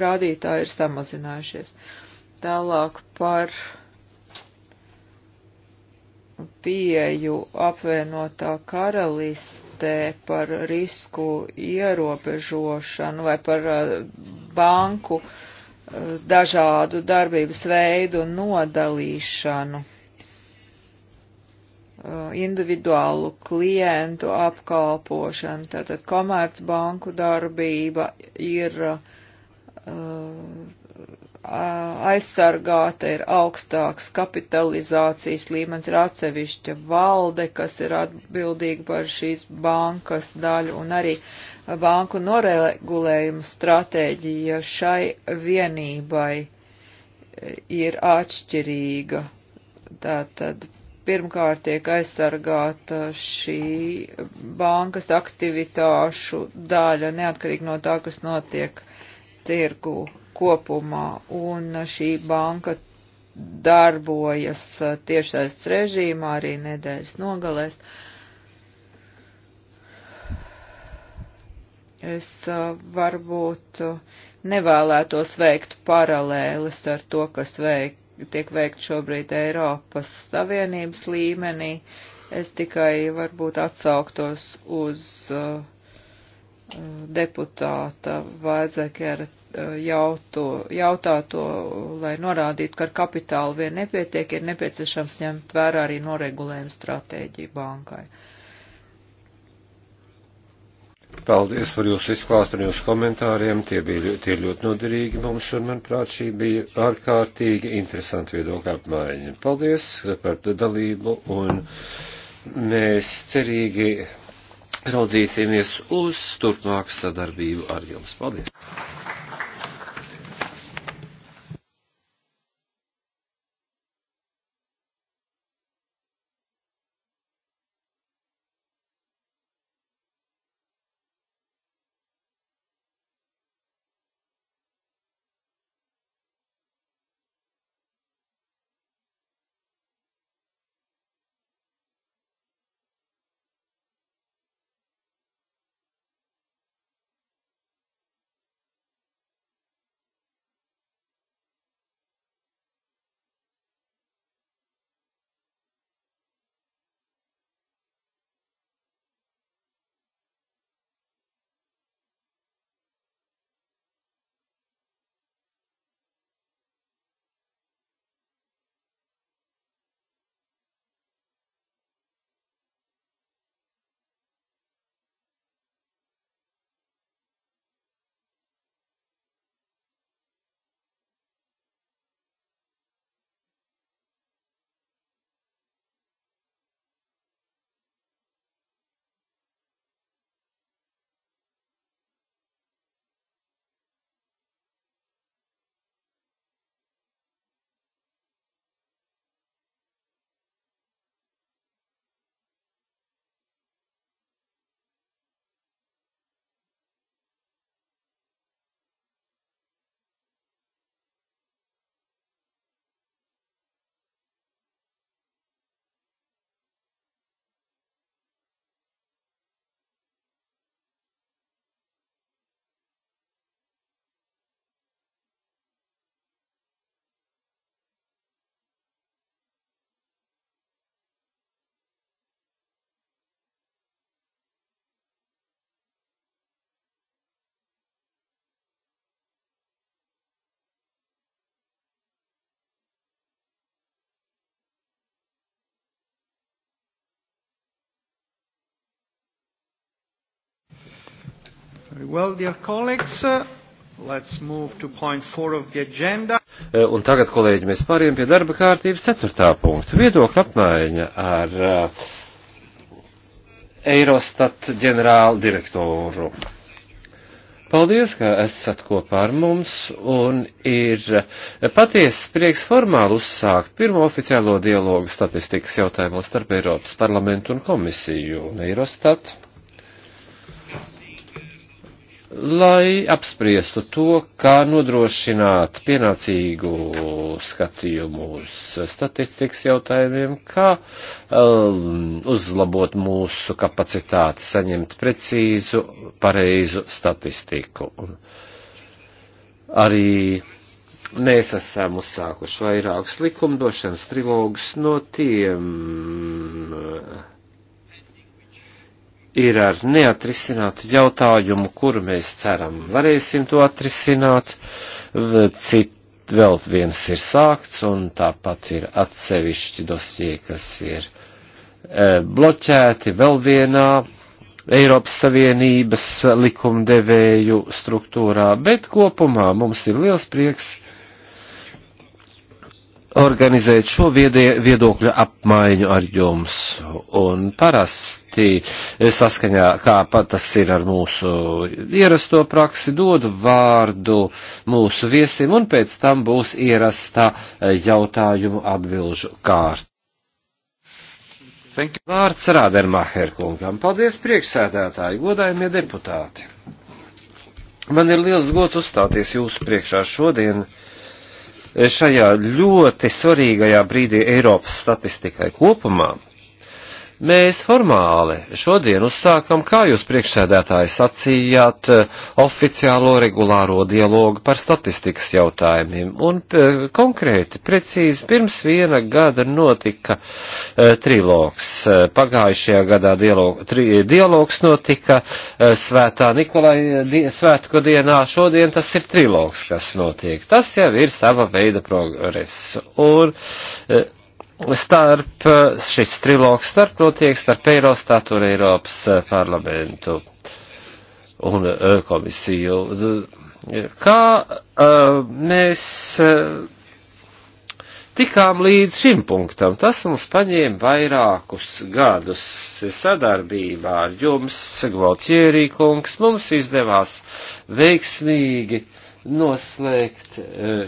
rādītāji ir samazinājušies. Tālāk par pieju apvienotā karalistē par risku ierobežošanu vai par uh, banku uh, dažādu darbības veidu nodalīšanu, eh, individuālu klientu apkalpošanu, tātad komercbanku darbība ir eh, aizsargāta, ir augstāks kapitalizācijas līmenis, ir atsevišķa valde, kas ir atbildīga par šīs bankas daļu un arī uh, banku noregulējumu stratēģija šai vienībai e, ir atšķirīga. Tātad pirmkārt tiek aizsargāta šī bankas aktivitāšu daļa neatkarīgi no tā, kas notiek tirgu kopumā, un šī banka darbojas tiešais režīmā arī nedēļas nogalēs. Uh, Es varbūt nevēlētos veikt paralēlis ar to, kas veik, tiek veikt šobrīd Eiropas Savienības līmenī. Es tikai varbūt atsauktos uz uh, deputāta Vādzekera jauto, jautāto, lai norādītu, ka ar kapitālu vien nepietiek, ir nepieciešams ņemt vērā arī noregulējumu stratēģiju bankai. Uh, Paldies par jūsu izklāstu un jūsu komentāriem. Tie, bija, tie ir ļoti noderīgi mums, un, manuprāt, šī bija ārkārtīgi interesanti viedokļa apmaiņa. Paldies par dalību, un mēs cerīgi raudzīsimies uz turpmāku sadarbību ar jums. Paldies! Very well, dear colleagues, uh, let's move to point four of the agenda. Uh, un tagad, kolēģi, mēs pāriem pie darba kārtības ceturtā punkta. Viedokļa apmaiņa ar uh, Eirostat ģenerālu direktoru. Paldies, ka esat kopā ar mums un ir uh, patiesas prieks formāli uzsākt pirmo oficiālo dialogu statistikas jautājumos starp Eiropas parlamentu un komisiju un Eirostat lai apspriestu to, kā nodrošināt pienācīgu skatījumu uz statistikas jautājumiem, kā um, uzlabot mūsu kapacitāti saņemt precīzu, pareizu statistiku. Arī mēs esam uzsākuši vairākus likumdošanas trilogus no tiem. Uh, ir ar neatrisinātu jautājumu, kuru mēs ceram varēsim to atrisināt. Cit, vēl viens ir sākts, un tāpat ir atsevišķi dosjē, kas ir e, bloķēti vēl vienā Eiropas Savienības likumdevēju struktūrā, bet kopumā mums ir liels prieks organizēt šo viedie, viedokļu apmaiņu ar jums. Un parasti saskaņā, kā pat tas ir ar mūsu ierasto praksi, dodu vārdu mūsu viesim, un pēc tam būs ierastā jautājumu atbilžu kārta. Vārds Rādermaher kungam. Paldies priekšsēdētāji, godājumie deputāti. Man ir liels gods uzstāties jūsu priekšā šodien šajā ļoti svarīgajā brīdī Eiropas statistikai kopumā Mēs formāli šodien uzsākam, kā jūs priekšsēdētāji sacījāt, oficiālo regulāro dialogu par statistikas jautājumiem. Un e, konkrēti, precīzi pirms viena gada notika e, trilogs. E, pagājušajā gadā dialog, tri, dialogs notika e, svētā Nikolai die, svētku dienā. Šodien tas ir trilogs, kas notiek. Tas jau ir sava veida progress. Un, e, starp šis trilogs starp notiek starp Eirostatu un Eiropas eh, parlamentu un eh, komisiju. Kā eh, mēs tikām līdz šim punktam. Tas mums paņēma vairākus gadus sadarbībā ar jums, Gvaltierī kungs. Mums izdevās veiksmīgi noslēgt e,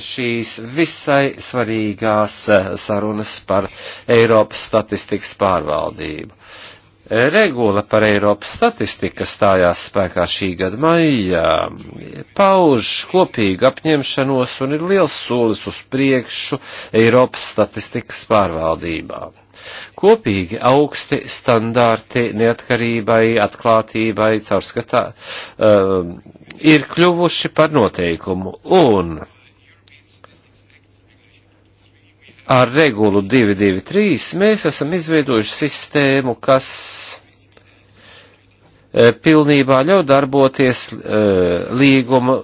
šīs visai svarīgās e, sarunas par Eiropas statistikas pārvaldību. Regula par Eiropas statistiku stājās spēkā šī gada maijā, pauž kopīgu apņemšanos un ir liels solis uz priekšu Eiropas statistikas pārvaldībā. Kopīgi augsti standārti neatkarībai, atklātībai, caurskatā, um, ir kļuvuši par noteikumu un ar regulu 223 mēs esam izveidojuši sistēmu, kas e, pilnībā ļauj darboties e, līguma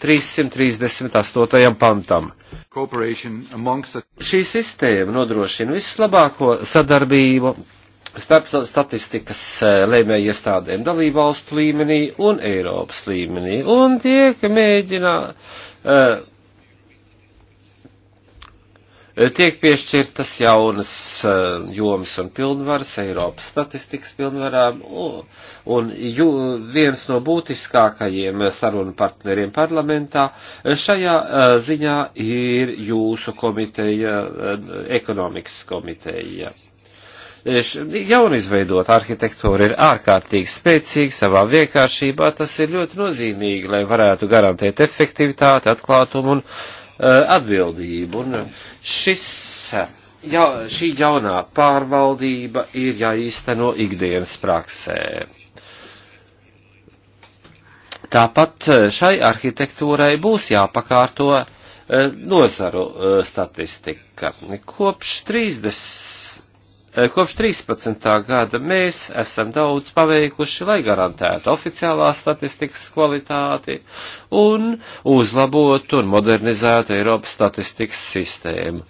338. E, pantam. The... Šī sistēma nodrošina vislabāko sadarbību starp statistikas lēmēju iestādēm dalībvalstu līmenī un Eiropas līmenī, un tiek mēģinā, uh, Tiek piešķirtas jaunas eh, jomas un pilnvaras Eiropas statistikas pilnvarām, un jū, viens no būtiskākajiem sarunu partneriem parlamentā eh, šajā eh, ziņā ir jūsu komiteja, ekonomikas komiteja. Jaunizveidot arhitektūra ir ārkārtīgi spēcīga savā vienkāršībā, tas ir ļoti nozīmīgi, lai varētu garantēt efektivitāti, atklātumu un uh, Eh, atbildību. Un eh, šis, eh, ja, šī jaunā pārvaldība ir jāīsteno ikdienas praksē. Tāpat šai arhitektūrai būs jāpakārto nozaru statistika. Kopš 30. Eh, kopš 13. gada mēs esam daudz paveikuši, lai garantētu oficiālās statistikas kvalitāti un uzlabotu un modernizētu Eiropas statistikas sistēmu.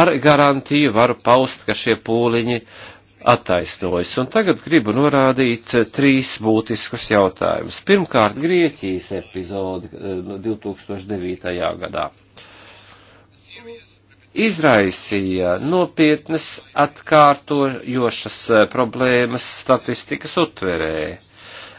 Ar garantiju varu paust, ka šie pūliņi attaisnojas. Un tagad gribu norādīt eh, trīs būtiskus jautājumus. Pirmkārt, Grieķijas epizode 2009. Eh, gadā izraisīja nopietnas atkārtojošas eh, problēmas statistikas utverē.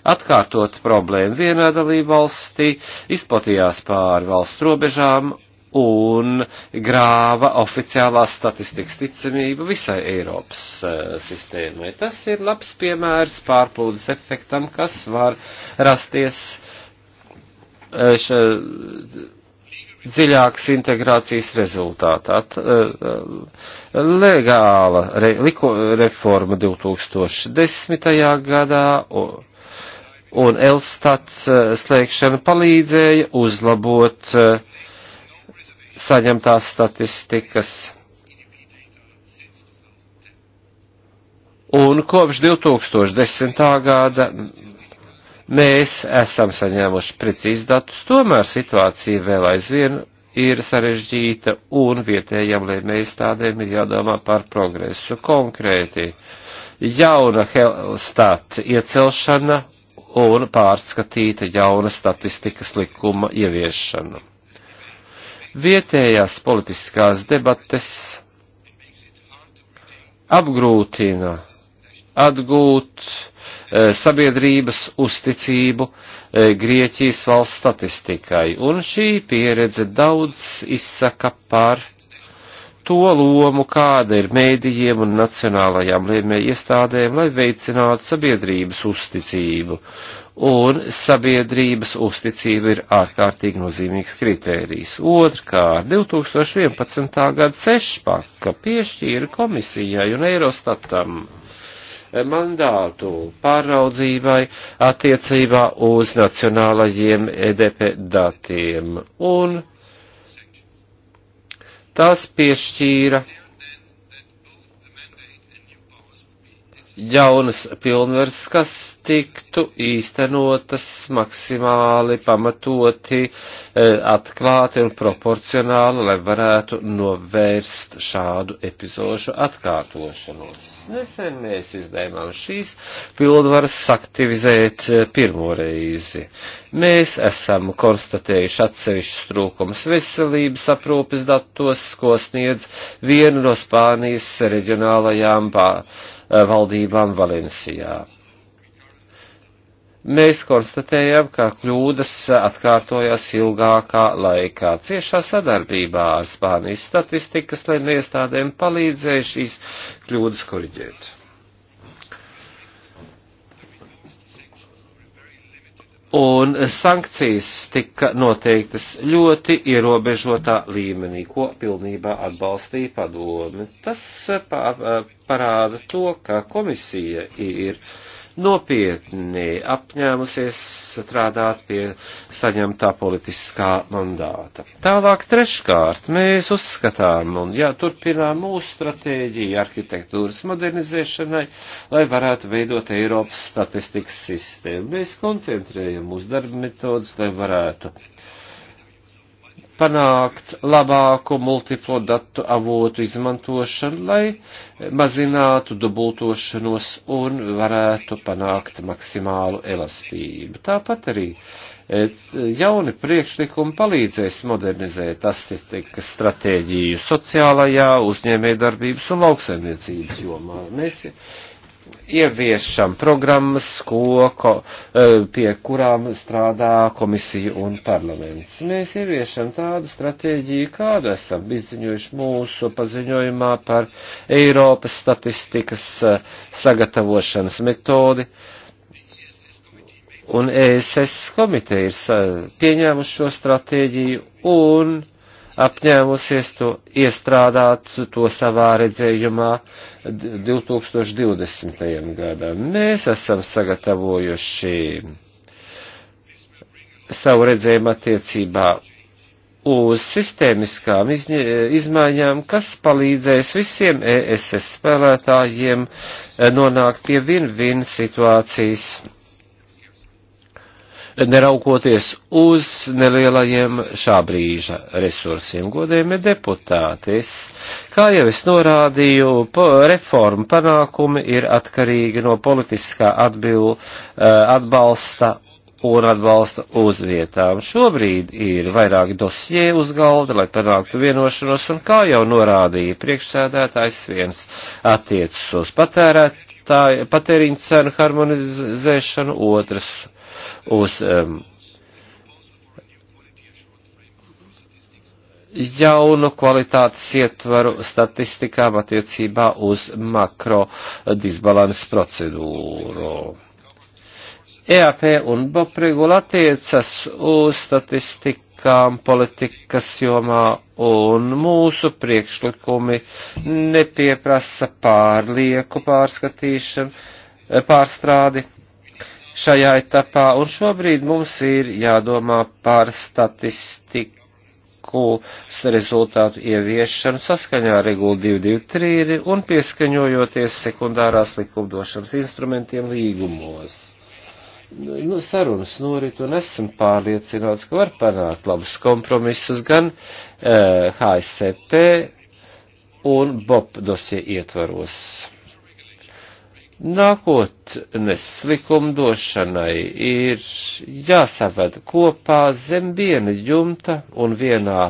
Atkārtot problēmu vienā dalībvalstī izplatījās pāri valsts robežām un grāva oficiālās statistikas ticamību visai Eiropas uh, sistēmai. Tas ir labs piemērs pārplūdes efektam, kas var rasties uh, eh, ša, dziļākas integrācijas rezultātā. Eh, eh, legāla re, liko, reforma 2010. gadā un Elstats eh, slēgšana palīdzēja uzlabot saņemtās statistikas. Un kopš 2010. gada Mēs esam saņēmuši precīzi datus, tomēr situācija vēl aizvien ir sarežģīta un vietējiem lēmējas tādēm ir jādomā par progresu konkrēti. Jauna Helstat iecelšana un pārskatīta jauna statistikas likuma ieviešana. Vietējās politiskās debates apgrūtina atgūt Eh, sabiedrības uzticību eh, Grieķijas valsts statistikai. Un šī pieredze daudz izsaka par to lomu, kāda ir mēdījiem un nacionālajām lēmēju iestādēm, lai veicinātu sabiedrības uzticību. Un sabiedrības uzticība ir ārkārtīgi nozīmīgs kritērijs. Otrkārt, 2011. gada sešpaka piešķīra komisijai un Eirostatam mandātu pāraudzībai attiecībā uz nacionālajiem EDP datiem. Un tas piešķīra jaunas pilnvers, kas tiktu īstenotas maksimāli pamatoti, e, atklāti un proporcionāli, lai varētu novērst šādu epizožu atkārtošanos. Nesen mēs izdēmām šīs pilnvaras aktivizēt e, pirmo reizi. Mēs esam konstatējuši atsevišķus trūkumus veselības aprūpes datos, ko sniedz viena no Spānijas reģionālajām pārējām Eh, valdībām Valencijā. Mēs konstatējam, ka kļūdas atkārtojas ilgākā laikā. Ciešā sadarbībā ar Spānijas statistikas, lai iestādēm palīdzēja šīs kļūdas koriģēt. un sankcijas tika noteiktas ļoti ierobežotā līmenī, ko pilnībā atbalstīja padome. Tas eh, eh, parāda to, ka komisija ir uh, nopietni apņēmusies strādāt pie saņemtā politiskā mandāta. Tālāk treškārt mēs uzskatām un jāturpinām mūsu stratēģiju arhitektūras modernizēšanai, lai varētu veidot Eiropas statistikas sistēmu. Mēs koncentrējam uz darba metodas, lai varētu panākt labāku multiplo datu avotu izmantošanu, lai mazinātu dubultošanos un varētu panākt maksimālu elastību. Tāpat arī e, jauni priekšlikumi palīdzēs modernizēt asistikas stratēģiju sociālajā, uzņēmējdarbības un lauksaimniecības jomā. Mēs ieviešam programmas, ko, ko, e, pie kurām strādā komisija un parlaments. Mēs ieviešam tādu stratēģiju, kādu esam izziņojuši mūsu paziņojumā par Eiropas statistikas e, sagatavošanas metodi. Un ESS komiteja ir pieņēmuši šo stratēģiju un apņēmusies to iestrādāt to savā redzējumā 2020. gadam. Mēs esam sagatavojuši savu redzējumu attiecībā uz sistēmiskām izmaiņām, kas palīdzēs visiem ESS spēlētājiem eh, nonākt pie vin-vin situācijas neraugoties uz nelielajiem šā brīža resursiem. Godējumi deputātis, kā jau es norādīju, reforma panākumi ir atkarīgi no politiskā atbil, eh, atbalsta un atbalsta uz vietām. Šobrīd ir vairāki dosie uz galda, lai panāktu vienošanos, un kā jau norādīja priekšsēdētājs, viens attiecas uz patērētāju, patēriņu cenu harmonizēšanu, otrs uz um, jaunu kvalitātes ietvaru statistikām attiecībā uz makro disbalans procedūru. EAP un BOP regula attiecas uz statistikām politikas jomā un mūsu priekšlikumi nepieprasa pārlieku pārskatīšanu, pārstrādi šajā etapā, un šobrīd mums ir jādomā par statistiku rezultātu ieviešanu saskaņā ar regulu 223 un pieskaņojoties sekundārās likumdošanas instrumentiem līgumos nu, sarunas norit un esam pārliecināts, ka var panākt labus kompromisus gan e, eh, HSCP un BOP dosie ietvaros. Nākotnes likumdošanai ir jāsaved kopā zem viena jumta un vienā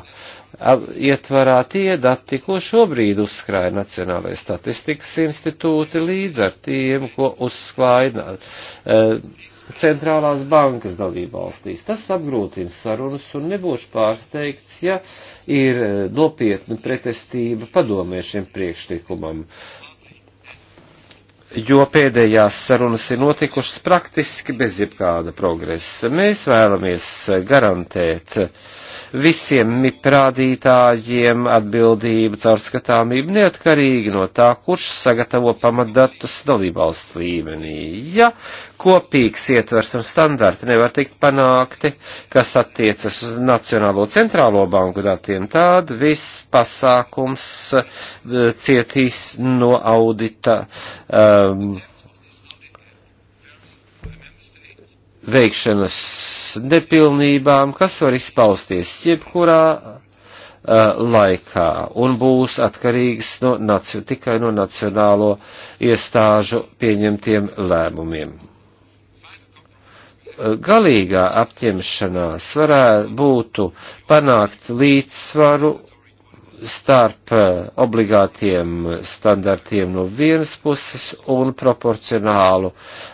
ietvarā tie dati, ko šobrīd uzskrāja Nacionālajai statistikas institūti līdz ar tiem, ko uzsklāja uh, centrālās bankas dalībvalstīs. Tas apgrūtina sarunas un nebūšu pārsteigts, ja ir nopietna pretestība padomiešiem priekšlikumam jo pēdējās sarunas ir notikušas praktiski bez jebkāda progresa. Mēs vēlamies garantēt uh, visiem miprādītājiem atbildību, caurskatāmību neatkarīgi no tā, kurš sagatavo pamatdatus dalībvalsts līmenī. Ja kopīgs ietvers un standarti nevar tikt panākti, kas attiecas uz Nacionālo centrālo banku datiem, tad viss pasākums eh, cietīs no audita. Um, veikšanas nepilnībām, kas var izpausties jebkurā uh, laikā un būs atkarīgs no, naci, tikai no nacionālo iestāžu pieņemtiem lēmumiem. Galīgā apņemšanās varētu būtu panākt līdzsvaru starp eh, obligātiem standartiem no vienas puses un proporcionālu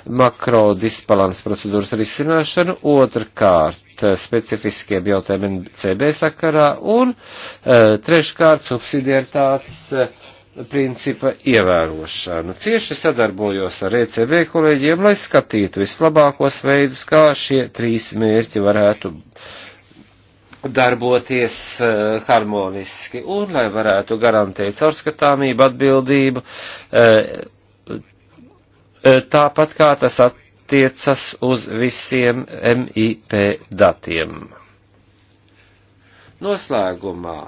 makro disbalans procedūras risināšanu, otrkārt eh, specifiskiem jautājumiem CB sakarā un eh, treškārt subsidiaritātes principa ievērošanu. Cieši sadarbojos ar ECB kolēģiem, lai skatītu vislabākos veidus, kā šie trīs mērķi varētu būt darboties eh, harmoniski un lai varētu garantēt caurskatāmību, atbildību, eh, eh, tāpat kā tas attiecas uz visiem MIP datiem. Noslēgumā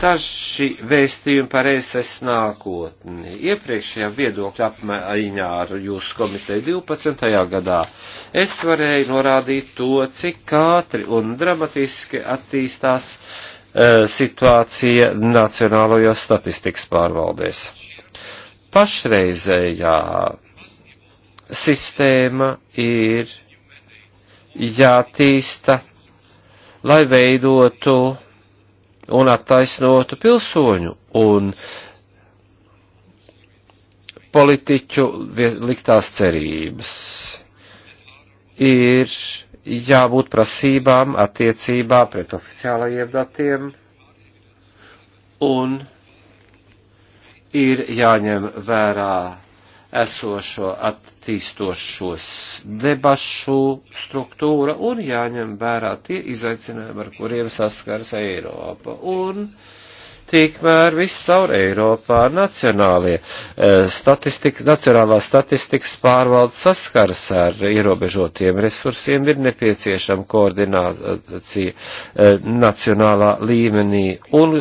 daži vēstījumi par ESS nākotni. Iepriekšējā viedokļa apmaiņā ar jūsu komiteju 12. gadā es varēju norādīt to, cik ātri un dramatiski attīstās uh, situācija nacionālajos statistikas pārvaldēs. Pašreizējā sistēma ir jātīsta, lai veidotu un attaisnotu pilsoņu un politiķu liktās cerības. Ir jābūt prasībām attiecībā pret oficiālajiem datiem un ir jāņem vērā esošo attīstošos debašu struktūra un jāņem vērā tie izaicinājumi, ar kuriem saskars Eiropa. Un tikmēr viscaur Eiropā nacionālie e, statistikas, nacionālā statistikas pārvalde saskars ar ierobežotiem resursiem, ir nepieciešama koordinācija e, nacionālā līmenī un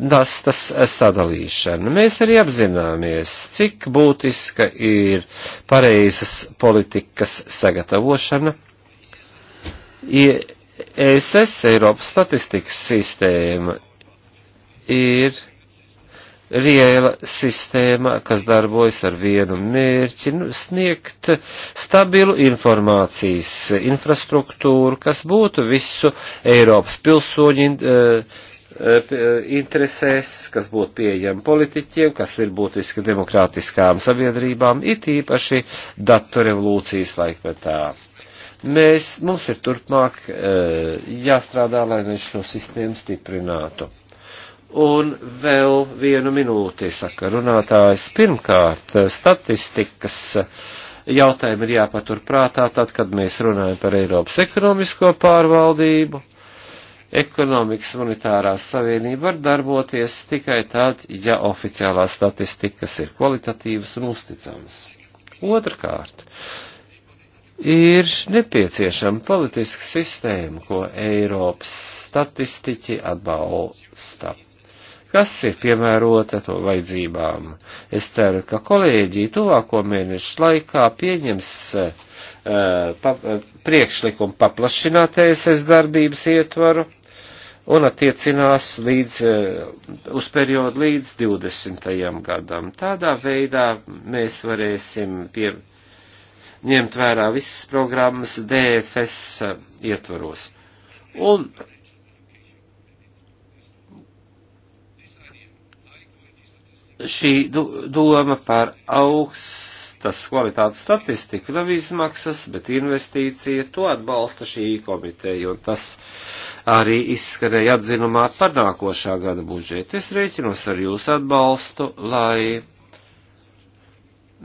nastas sadalīšana. Mēs arī apzināmies, cik būtiska ir pareizas politikas sagatavošana. ESS, Eiropas statistikas sistēma, ir riela sistēma, kas darbojas ar vienu mērķi nu, - sniegt stabilu informācijas infrastruktūru, kas būtu visu Eiropas pilsoņu. Uh, Eh, interesēs, kas būtu pieejami politiķiem, kas ir būtiski demokrātiskām sabiedrībām, it īpaši datu revolūcijas laikmetā. Mēs, mums ir turpmāk eh, jāstrādā, lai mēs šo sistēmu stiprinātu. Un vēl vienu minūti, saka runātājs. Pirmkārt, eh, statistikas jautājumi ir jāpatur prātā tad, kad mēs runājam par Eiropas ekonomisko pārvaldību ekonomikas monetārā savienība var darboties tikai tad, ja oficiālā statistikas ir kvalitatīvas un uzticamas. Otrkārt, ir nepieciešama politiska sistēma, ko Eiropas statistiķi atbalsta kas ir piemērota to vajadzībām. Es ceru, ka kolēģi tuvāko mēnešu laikā pieņems uh, pa, priekšlikumu paplašināt ESS darbības ietvaru un attiecinās līdz, eh, uz periodu līdz 20. gadam. Tādā veidā mēs varēsim pie, ņemt vērā visas programmas DFS eh, ietvaros. Un šī doma par augstu tas kvalitātes statistika nav izmaksas, bet investīcija, to atbalsta šī komiteja, un tas arī izskanēja atzinumā par nākošā gada budžetu. Es rēķinos ar jūsu atbalstu, lai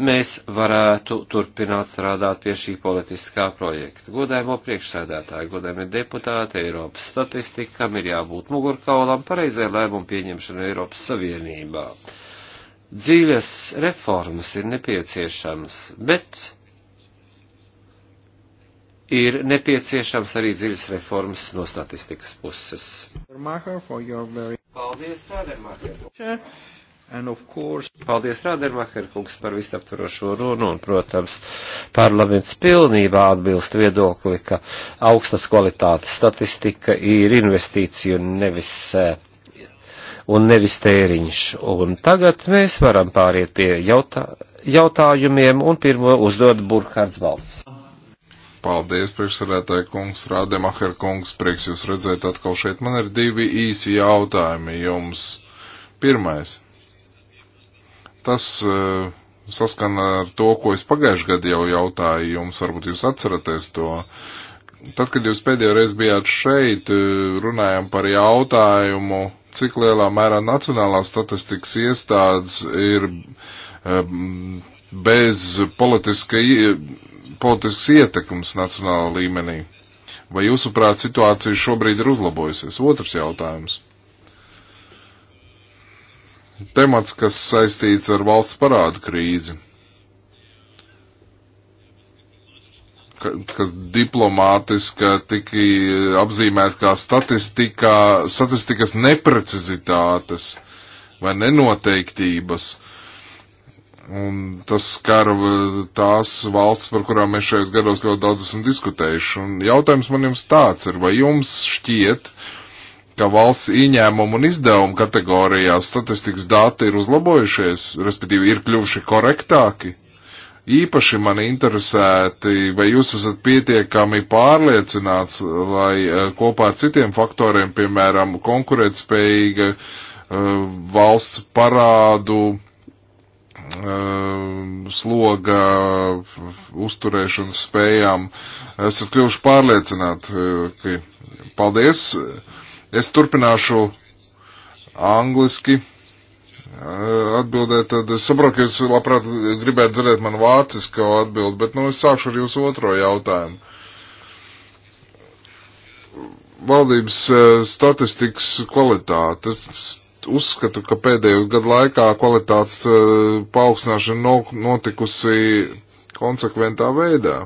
mēs varētu turpināt strādāt pie šī politiskā projekta. Godēmo priekšsēdētāji, godēmie deputāti, Eiropas statistikam ir jābūt mugurkaulam pareizai lēmumu pieņemšanu Eiropas Savienībā. Dzīves reformas ir nepieciešamas, bet ir nepieciešams arī dziļas reformas no statistikas puses. Paldies, Rādermacher! Paldies, Rādermacher kungs, par visaptvarošo runu, un, protams, parlaments pilnībā atbilst viedokli, ka augstas kvalitātes statistika ir investīcija un nevis uh, un nevis tēriņš. Un tagad mēs varam pāriet pie jautā, jautājumiem, un pirmo uzdod Burkhards Valsts. Paldies, priekšsarētāji kungs, Rādemaher kungs, prieks jūs redzēt atkal šeit. Man ir divi īsi jautājumi jums. Pirmais. Tas uh, eh, saskana ar to, ko es pagājušajā gadā jau jautāju jums, varbūt jūs atceraties to. Uh, Tad, kad jūs pēdējo reizi bijāt šeit, eh, runājām par jautājumu, cik lielā mērā nacionālās statistikas iestādes ir um, bez politiska, politiskas ietekmes nacionālā līmenī. Vai jūsuprāt situācija šobrīd ir uzlabojusies? Otrs jautājums. Temats, kas saistīts ar valsts parādu krīzi. kas diplomātiska tika apzīmēta kā statistikā, statistikas neprecizitātes vai nenoteiktības. Un tas skar uh, tās valsts, par kurām mēs šajos gados ļoti daudz esam diskutējuši. Un jautājums man jums tāds ir, vai jums šķiet, ka valsts ieņēmumu un izdevumu kategorijā statistikas dati ir uzlabojušies, respektīvi ir kļuvuši korektāki? Īpaši mani interesēti, vai jūs esat pietiekami pārliecināts, lai eh, kopā ar citiem faktoriem, piemēram, konkurētspējīga eh, valsts parādu eh, sloga uzturēšanas spējām, esat kļuvuši pārliecināti. Paldies! Es turpināšu angliski atbildēt, tad es saprotu, ka jūs labprāt gribētu dzirdēt man vācisko atbildi, bet nu es sākšu ar jūsu otro jautājumu. Valdības eh, statistikas kvalitātes. Uzskatu, ka pēdējo gadu laikā kvalitātes eh, paaugstināšana notikusi konsekventā veidā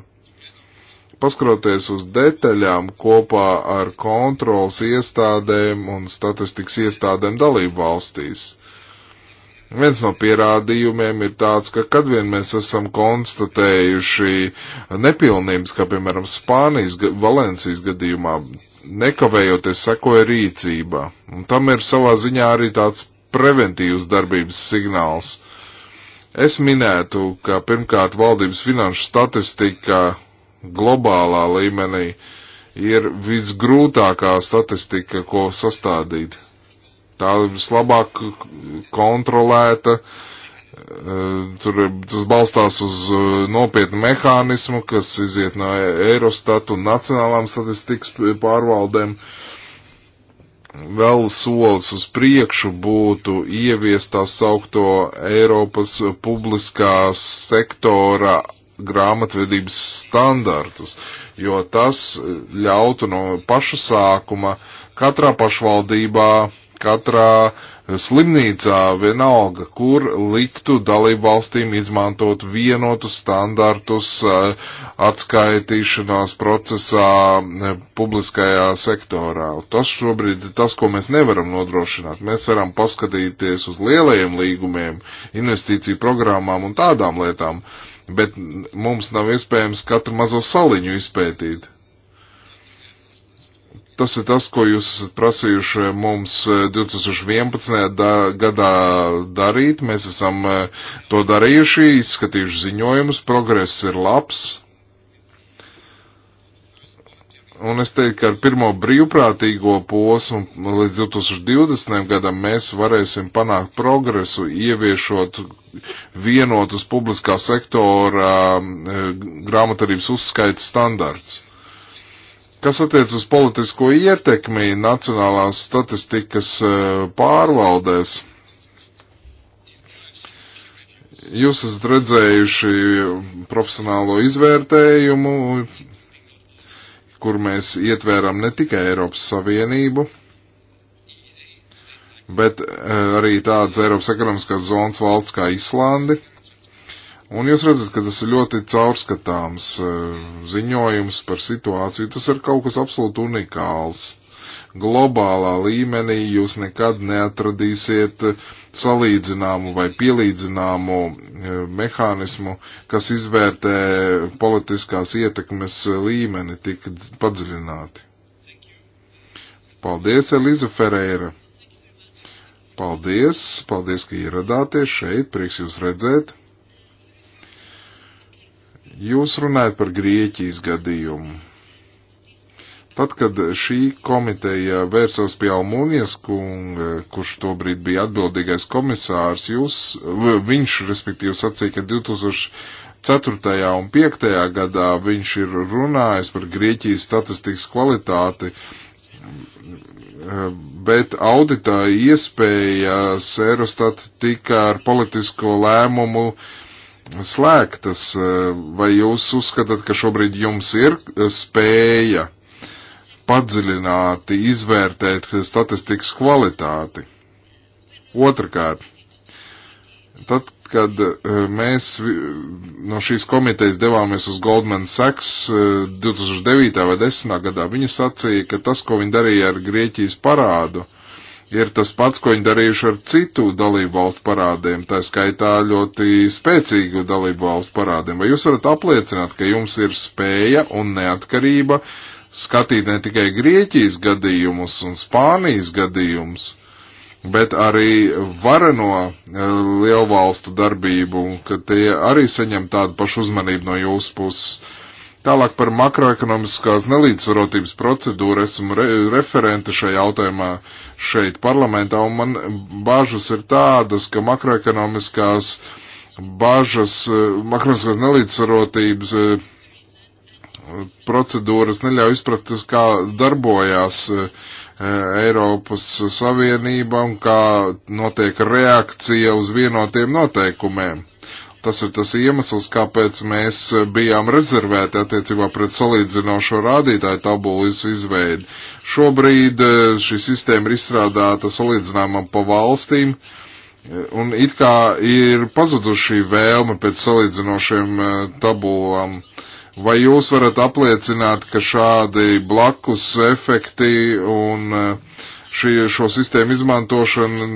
paskroties uz detaļām kopā ar kontrols iestādēm un statistikas iestādēm dalību valstīs. Viens no pierādījumiem ir tāds, ka kad vien mēs esam konstatējuši nepilnības, kā piemēram Spānijas, Valencijas gadījumā, nekavējoties sekoja rīcība. Un tam ir savā ziņā arī tāds preventīvs darbības signāls. Es minētu, ka pirmkārt valdības finanšu statistika globālā līmenī ir visgrūtākā statistika, ko sastādīt tā vislabāk kontrolēta. Eh, tur tas balstās uz eh, nopietnu mehānismu, kas iziet no Eurostatu un nacionālām statistikas pārvaldēm. Vēl solis uz priekšu būtu ieviest tā saukto Eiropas publiskās sektora grāmatvedības standartus, jo tas ļautu no paša sākuma katrā pašvaldībā katrā slimnīcā vienalga, kur liktu dalību valstīm izmantot vienotus standartus eh, atskaitīšanās procesā publiskajā sektorā. Tas šobrīd ir tas, ko mēs nevaram nodrošināt. Mēs varam paskatīties uz lielajiem līgumiem, investīciju programmām un tādām lietām, bet mums nav iespējams katru mazo saliņu izpētīt. Tas ir tas, ko jūs esat prasījuši mums 2011. Eh, da, gadā darīt. Mēs esam eh, to darījuši, izskatījuši ziņojumus, progress ir labs. Un es teiktu, ka ar pirmo brīvprātīgo posmu līdz 2020. gadam mēs varēsim panākt progresu, ieviešot vienotus publiskā sektora eh, grāmatarības uzskaits standarts Kas attiec uz politisko ietekmi nacionālās statistikas eh, pārvaldēs? Jūs esat redzējuši profesionālo izvērtējumu, kur mēs ietvēram ne tikai Eiropas Savienību, bet eh, arī tādas Eiropas ekonomiskās zonas valsts kā Islandi. Un jūs redzat, ka tas ir ļoti caurskatāms e, ziņojums par situāciju. Tas ir kaut kas absolūti unikāls. Globālā līmenī jūs nekad neatradīsiet salīdzināmu vai pielīdzināmu e, mehānismu, kas izvērtē politiskās ietekmes līmeni tik padziļināti. Paldies, Eliza Ferreira! Paldies, paldies, ka ieradāties šeit, prieks jūs redzēt! Jūs runājat par Grieķijas gadījumu. Tad, kad šī komiteja vērsās pie Almūnijas kunga, kurš tobrīd bija atbildīgais komisārs, jūs, viņš, respektīvi, sacīja, ka 2004. un 2005. gadā viņš ir runājis par Grieķijas statistikas kvalitāti, bet auditā iespējas Eurostat tika ar politisko lēmumu uh, slēgtas. Vai jūs uzskatāt, ka šobrīd jums ir spēja padziļināti izvērtēt statistikas kvalitāti? Otrakārt, tad, kad eh, mēs no šīs komitejas devāmies uz Goldman Sachs 2009. Eh, vai 2010. gadā, viņi sacīja, ka tas, ko viņi darīja ar Grieķijas parādu, uh, ir tas pats, ko viņi darījuši ar citu dalību valstu parādiem, tā skaitā ļoti spēcīgu dalību valstu parādiem. Vai jūs varat apliecināt, ka jums ir spēja un neatkarība skatīt ne tikai Grieķijas gadījumus un Spānijas gadījumus, bet arī vareno e, lielvalstu darbību, ka tie arī saņem tādu pašu uzmanību no jūsu puses? Tālāk par makroekonomiskās nelīdzsvarotības procedūru esmu re referente šajā jautājumā šeit parlamentā, un man bažas ir tādas, ka makroekonomiskās bažas, eh, makroekonomiskās nelīdzsvarotības eh, procedūras neļauj izprast, kā darbojās eh, Eiropas Savienība un kā notiek reakcija uz vienotiem noteikumiem Tas ir tas iemesls, kāpēc mēs e, bijām rezervēti attiecībā pret salīdzinošo rādītāju tabulu izveidi. Šobrīd e, šī sistēma ir izstrādāta salīdzināmam pa valstīm, e, un it kā ir pazuduši vēlme pēc salīdzinošiem tabulām. Vai jūs varat apliecināt, ka šādi blakus efekti un šī, šo sistēmu izmantošana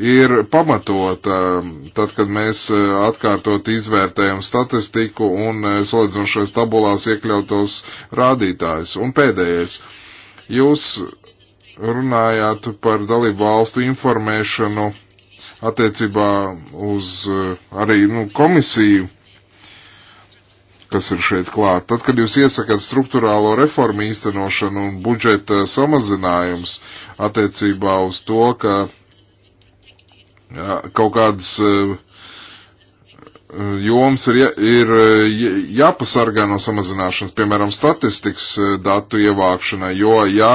ir pamatota, um, tad, kad mēs uh, atkārtot izvērtējam statistiku un uh, salīdzinošais tabulās iekļautos rādītājus. Un pēdējais, jūs runājāt par dalību valstu informēšanu attiecībā uz uh, arī nu, komisiju, kas ir šeit klāt. Tad, kad jūs iesakāt struktūrālo reformu īstenošanu un budžeta samazinājums attiecībā uz to, ka kaut kādas eh, joms ir, ir eh, jāpasargā no samazināšanas, piemēram, statistikas eh, datu ievākšanai, jo ja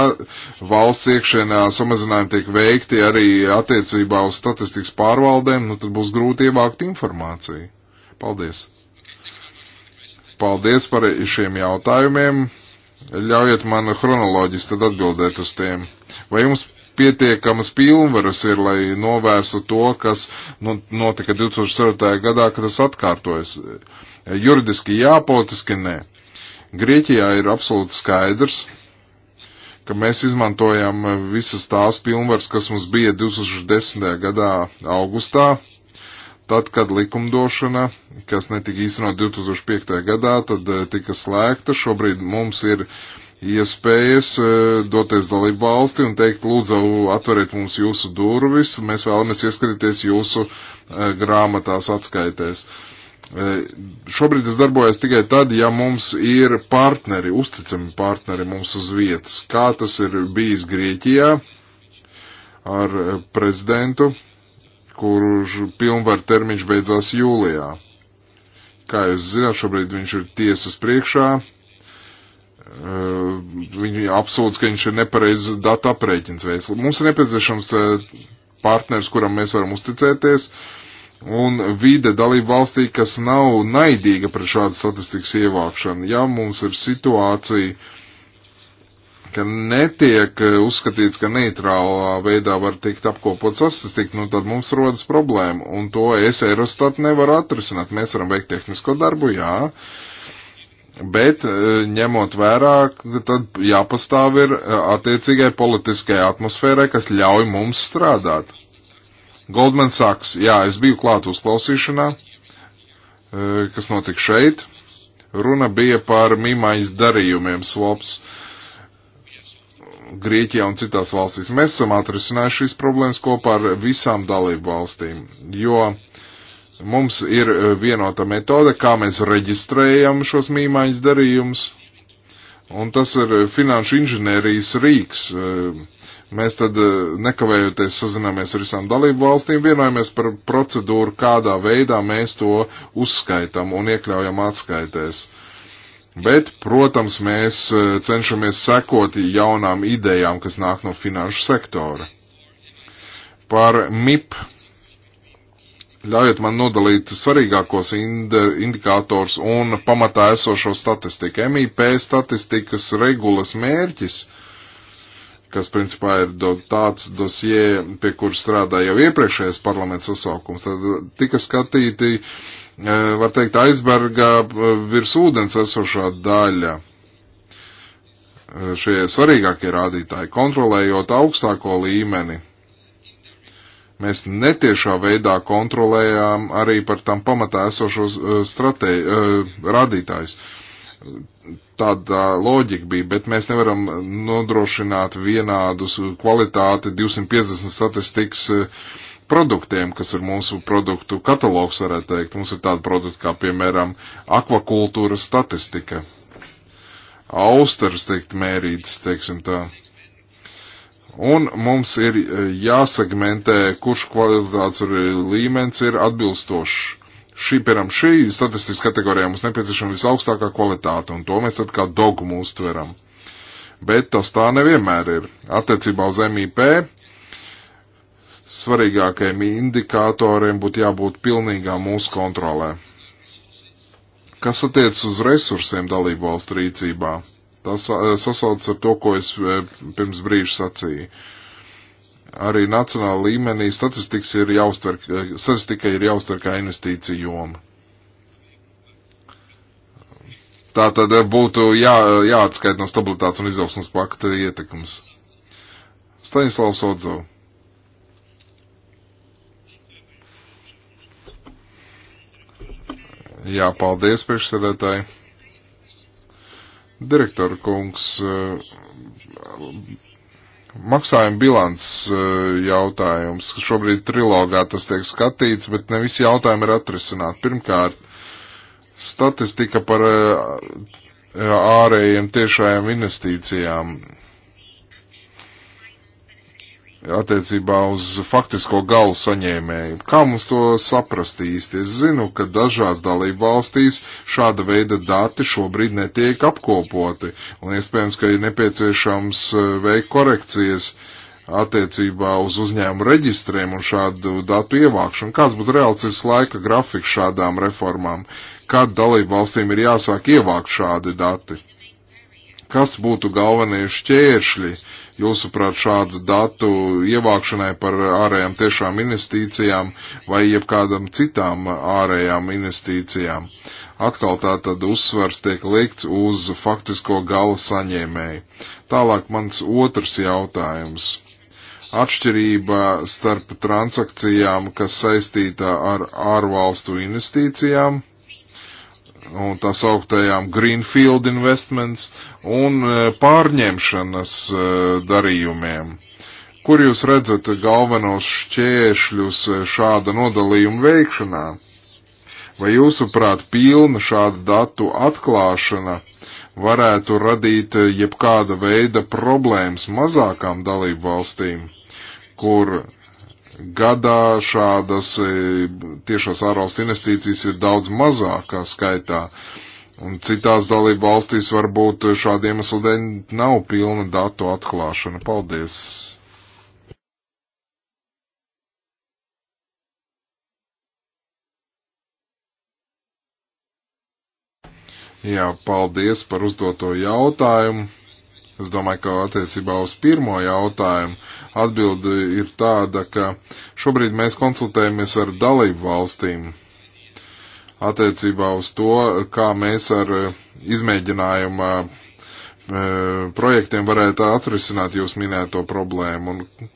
valsts iekšēnā samazinājumi tiek veikti arī attiecībā uz statistikas pārvaldēm, nu tad būs grūti ievākt informāciju. Paldies! Paldies par šiem jautājumiem! Ļaujiet man chronoloģiski tad atbildēt uz tiem. Vai jums pietiekamas pilnvaras ir, lai novērstu to, kas nu, notika 2004. gadā, kad tas atkārtojas. Juridiski jā, politiski nē. Grieķijā ir absolūti skaidrs, ka mēs izmantojam visas tās pilnvaras, kas mums bija 2010. gadā augustā, tad, kad likumdošana, kas netika īstenot 2005. gadā, tad eh, tika slēgta. Šobrīd mums ir uh, iespējas eh, doties dalību valsti un teikt, lūdzu, atveriet mums jūsu durvis, mēs vēlamies ieskrīties jūsu eh, grāmatās atskaitēs. Eh, šobrīd es darbojos tikai tad, ja mums ir partneri, uzticami partneri mums uz vietas, kā tas ir bijis Grieķijā ar prezidentu, kurš pilnvar termiņš beidzās jūlijā. Kā jūs zināt, šobrīd viņš ir tiesas priekšā, viņi apsūdz, ka viņš ir nepareizs datu aprēķins veids. Mums ir nepieciešams partners, kuram mēs varam uzticēties, un vide dalība valstī, kas nav naidīga pret šādu statistikas ievākšanu. Ja mums ir situācija, ka netiek uzskatīts, ka neitrālā veidā var tikt apkopot statistika, nu tad mums rodas problēma, un to es Eurostat nevaru atrisināt. Mēs varam veikt tehnisko darbu, jā. Uh, Bet e, ņemot vērā, ka tad jāpastāv ir e, attiecīgai politiskai atmosfērai, kas ļauj mums strādāt. Goldman Sachs, jā, es biju klāt uzklausīšanā, e, kas notika šeit. Runa bija par mīmais darījumiem swaps Grieķijā un citās valstīs. Mēs esam atrisinājuši šīs problēmas kopā ar visām dalību valstīm, jo uh, Mums ir eh, vienota metode, kā mēs reģistrējam šos mīmaiņas darījumus, un tas ir eh, finanšu inženērijas rīks. Eh, mēs tad nekavējoties sazināmies ar visām dalību valstīm, vienojamies par procedūru, kādā veidā mēs to uzskaitam un iekļaujam atskaitēs. Bet, protams, mēs cenšamies sekot jaunām idejām, kas nāk no finanšu sektora. Par MIP Ļaujiet man nodalīt svarīgākos indikātors un pamatā esošo statistiku. MIP statistikas regulas mērķis, kas principā ir do, tāds dosie, pie kur strādāja jau iepriekšējais parlaments sasaukums, tad tika skatīti, e, var teikt, aizbergā e, virs ūdens esošā daļa e, šie svarīgākie rādītāji, kontrolējot augstāko līmeni, mēs netiešā veidā kontrolējām arī par tam pamatā esošos eh, stratē, eh, radītājus. Tāda loģika bija, bet mēs nevaram nodrošināt vienādus kvalitāti 250 statistikas eh, produktiem, kas ir mūsu produktu katalogs, varētu teikt. Mums ir tāda produkta kā, piemēram, akvakultūras statistika. Austeras, teikt, mērītas, teiksim tā. Uh, Un mums ir e, jāsegmentē, kurš kvalitātes līmenis ir atbilstošs. Šī, piemēram, šī statistiskā kategorijā mums nepieciešama visaugstākā kvalitāte, un to mēs tad kā dogmu uztveram. Bet tas tā nevienmēr ir. Attiecībā uz MIP svarīgākajiem indikatoriem būtu jābūt pilnīgā mūsu kontrolē. Kas attiec uz resursiem dalību valstu rīcībā? Tas eh, sasaucas ar to, ko es eh, pirms brīža sacīju. Arī nacionāla līmenī statistikas ir jāuztver, eh, statistika ir jāuztver kā investīcija joma. Tā tad būtu jā, jāatskait no stabilitātes un izaugsmas pakta ietekmes. Staņislavs Odzovs. Jā, paldies priekšsēdētāji. Direktora kungs, eh, maksājuma bilants eh, jautājums. Šobrīd trilogā tas tiek skatīts, bet ne visi jautājumi ir atrisināti. Pirmkārt, statistika par eh, ārējiem tiešajām investīcijām attiecībā uz faktisko galu saņēmēju. Kā mums to saprast īsti? Es zinu, ka dažās dalību valstīs šāda veida dati šobrīd netiek apkopoti, un iespējams, ka ir nepieciešams e, veikt korekcijas attiecībā uz uzņēmumu reģistriem un šādu datu ievākšanu. Kāds būtu reāls laika grafiks šādām reformām? Kad dalību valstīm ir jāsāk ievākt šādi dati? Kas būtu galvenie šķēršļi? Jūsuprāt, šādu datu ievākšanai par ārējām tiešām investīcijām vai jebkādam citām ārējām investīcijām. Atkal tā tad uzsvars tiek likts uz faktisko gala saņēmēju. Tālāk mans otrs jautājums atšķirība starp transakcijām, kas saistīta ar ārvalstu investīcijām un tā sauktajām Greenfield investments un e, pārņemšanas e, darījumiem. Kur jūs redzat galvenos šķēršļus e, šāda nodalījuma veikšanā? Vai jūsuprāt, pilna šāda datu atklāšana varētu radīt jebkāda veida problēmas mazākām dalību valstīm, kur gadā šādas e, tiešās ārvalstu investīcijas ir daudz mazākā skaitā. Un citās dalību valstīs varbūt šādi iemesli dēļ nav pilna datu atklāšana. Paldies! Jā, paldies par uzdoto jautājumu. Es domāju, ka attiecībā uz pirmo jautājumu Atbilde ir tāda, ka šobrīd mēs konsultējamies ar dalību valstīm attiecībā uz to, kā mēs ar eh, izmēģinājuma eh, projektiem varētu atrisināt jūs minēto problēmu. Un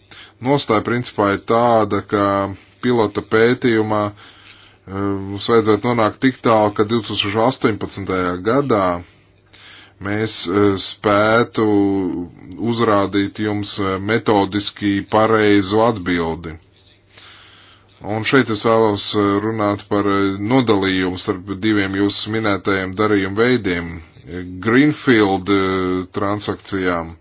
nostāja principā ir tāda, ka pilota pētījumā eh, mums vajadzētu nonākt tik tālu, ka 2018. gadā mēs eh, spētu uzrādīt jums eh, metodiski pareizu atbildi. Un šeit es vēlos eh, runāt par nodalījumu starp diviem jūsu minētajiem darījumu veidiem - Greenfield transakcijām.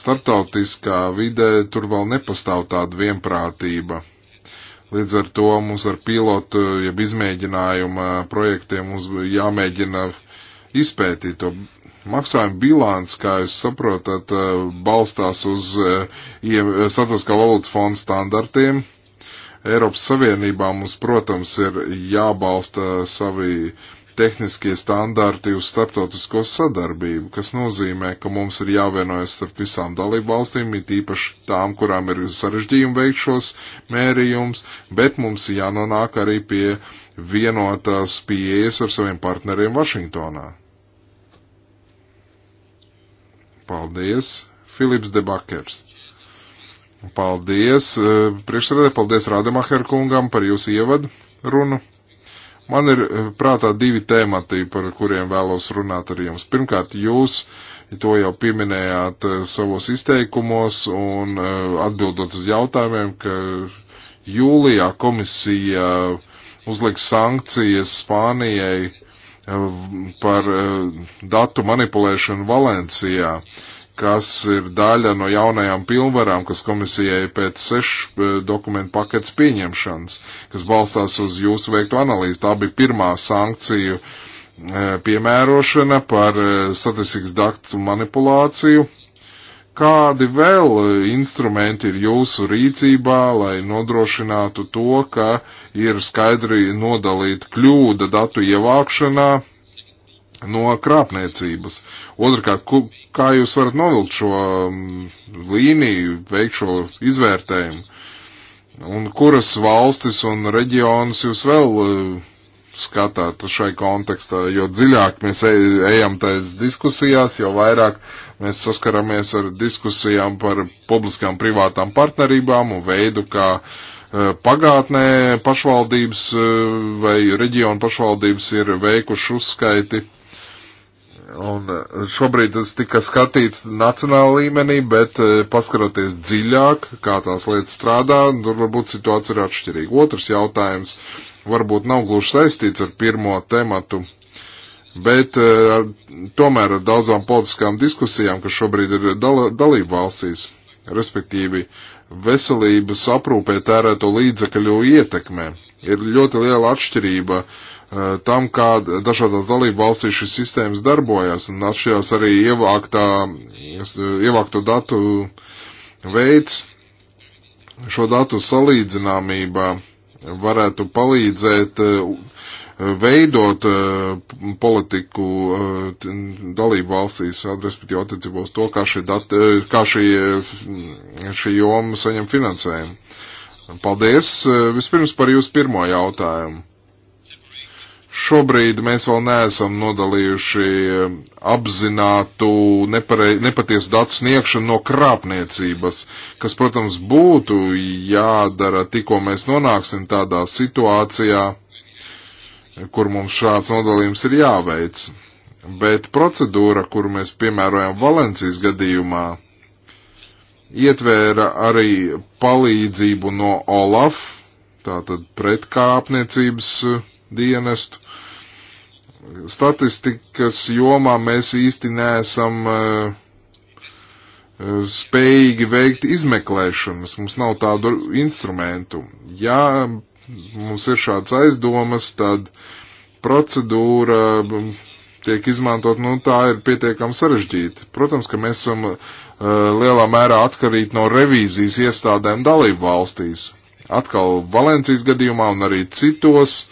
Startautiskā vidē tur vēl nepastāv tāda vienprātība Līdz ar to mums ar pilotu, jeb izmēģinājuma projektiem mums jāmēģina izpētīt to maksājuma bilants, kā jūs saprotat, eh, balstās uz eh, starptautiskā valūtas fonda standartiem. Eiropas Savienībā mums, protams, ir jābalsta savi uh, tehniskie standarti uz starptautisko sadarbību, kas nozīmē, ka mums ir jāvienojas starp visām dalību valstīm, it īpaši tām, kurām ir sarežģījumi veikt šos mērījums, bet mums jānonāk arī pie vienotās pieejas ar saviem partneriem Vašingtonā. Paldies, Filips Debakers. Paldies, eh, priekšsēdē, paldies Rādemaher kungam par jūsu ievadu runu Man ir eh, prātā divi temati, par kuriem vēlos runāt ar jums. Pirmkārt, jūs to jau pieminējāt eh, savos izteikumos un eh, atbildot uz jautājumiem, ka jūlijā komisija uzliks sankcijas Spānijai par datu manipulēšanu Valencijā kas ir daļa no jaunajām pilnvarām, kas komisijai pēc sešu eh, dokumentu paketes pieņemšanas, kas balstās uz jūsu veikto analīzi. Tā bija pirmā sankciju eh, piemērošana par eh, statistikas daktu manipulāciju. Kādi vēl instrumenti ir jūsu rīcībā, lai nodrošinātu to, ka ir skaidri nodalīta kļūda datu ievākšanā no krāpniecības. Otrakārt, kā jūs varat novilkt šo mm, līniju, veikt šo izvērtējumu? Un kuras valstis un reģionas jūs vēl eh, skatāt šai kontekstā, jo dziļāk mēs ejam taisa diskusijās, jo vairāk mēs saskaramies ar diskusijām par publiskām privātām partnerībām un veidu, kā eh, pagātnē pašvaldības eh, vai reģionu pašvaldības ir veikuši uzskaiti Un e, šobrīd tas tika skatīts nacionāla līmenī, bet e, paskaroties dziļāk, kā tās lietas strādā, tur varbūt situācija ir atšķirīga. Otrs jautājums varbūt nav gluži saistīts ar pirmo tematu, bet e, tomēr ar daudzām politiskām diskusijām, kas šobrīd ir dal dalību valstīs, respektīvi veselības aprūpē tērēto līdzekļu ietekmē. Ir ļoti liela atšķirība uh, Eh, tam, kā dažādās dalību valstīs šīs sistēmas darbojas, un atšķirās arī ievāktā, eh, ievākto datu veids, šo datu salīdzināmība varētu palīdzēt eh, veidot politiku dalību valstīs, respektīvi attiecībā uz to, kā šī, dati, kā šī, šī joma saņem finansējumu. Paldies vispirms par jūsu pirmo jautājumu Šobrīd mēs vēl neesam nodalījuši eh, apzinātu nepare, nepatiesu datu sniegšanu no krāpniecības, kas, protams, būtu jādara tikko mēs nonāksim tādā situācijā, kur mums šāds nodalījums ir jāveic. Bet procedūra, kuru mēs piemērojam Valencijas gadījumā, ietvēra arī palīdzību no Olaf, tātad pretkāpniecības dienestu. Statistikas jomā mēs īsti neesam uh, spējīgi veikt izmeklēšanas, mums nav tādu instrumentu. Ja mums ir šāds aizdomas, tad procedūra mm, tiek izmantot, nu tā ir pietiekami sarežģīta. Protams, ka mēs esam uh, lielā mērā atkarīti no revīzijas iestādēm dalību valstīs. Atkal Valencijas gadījumā un arī citos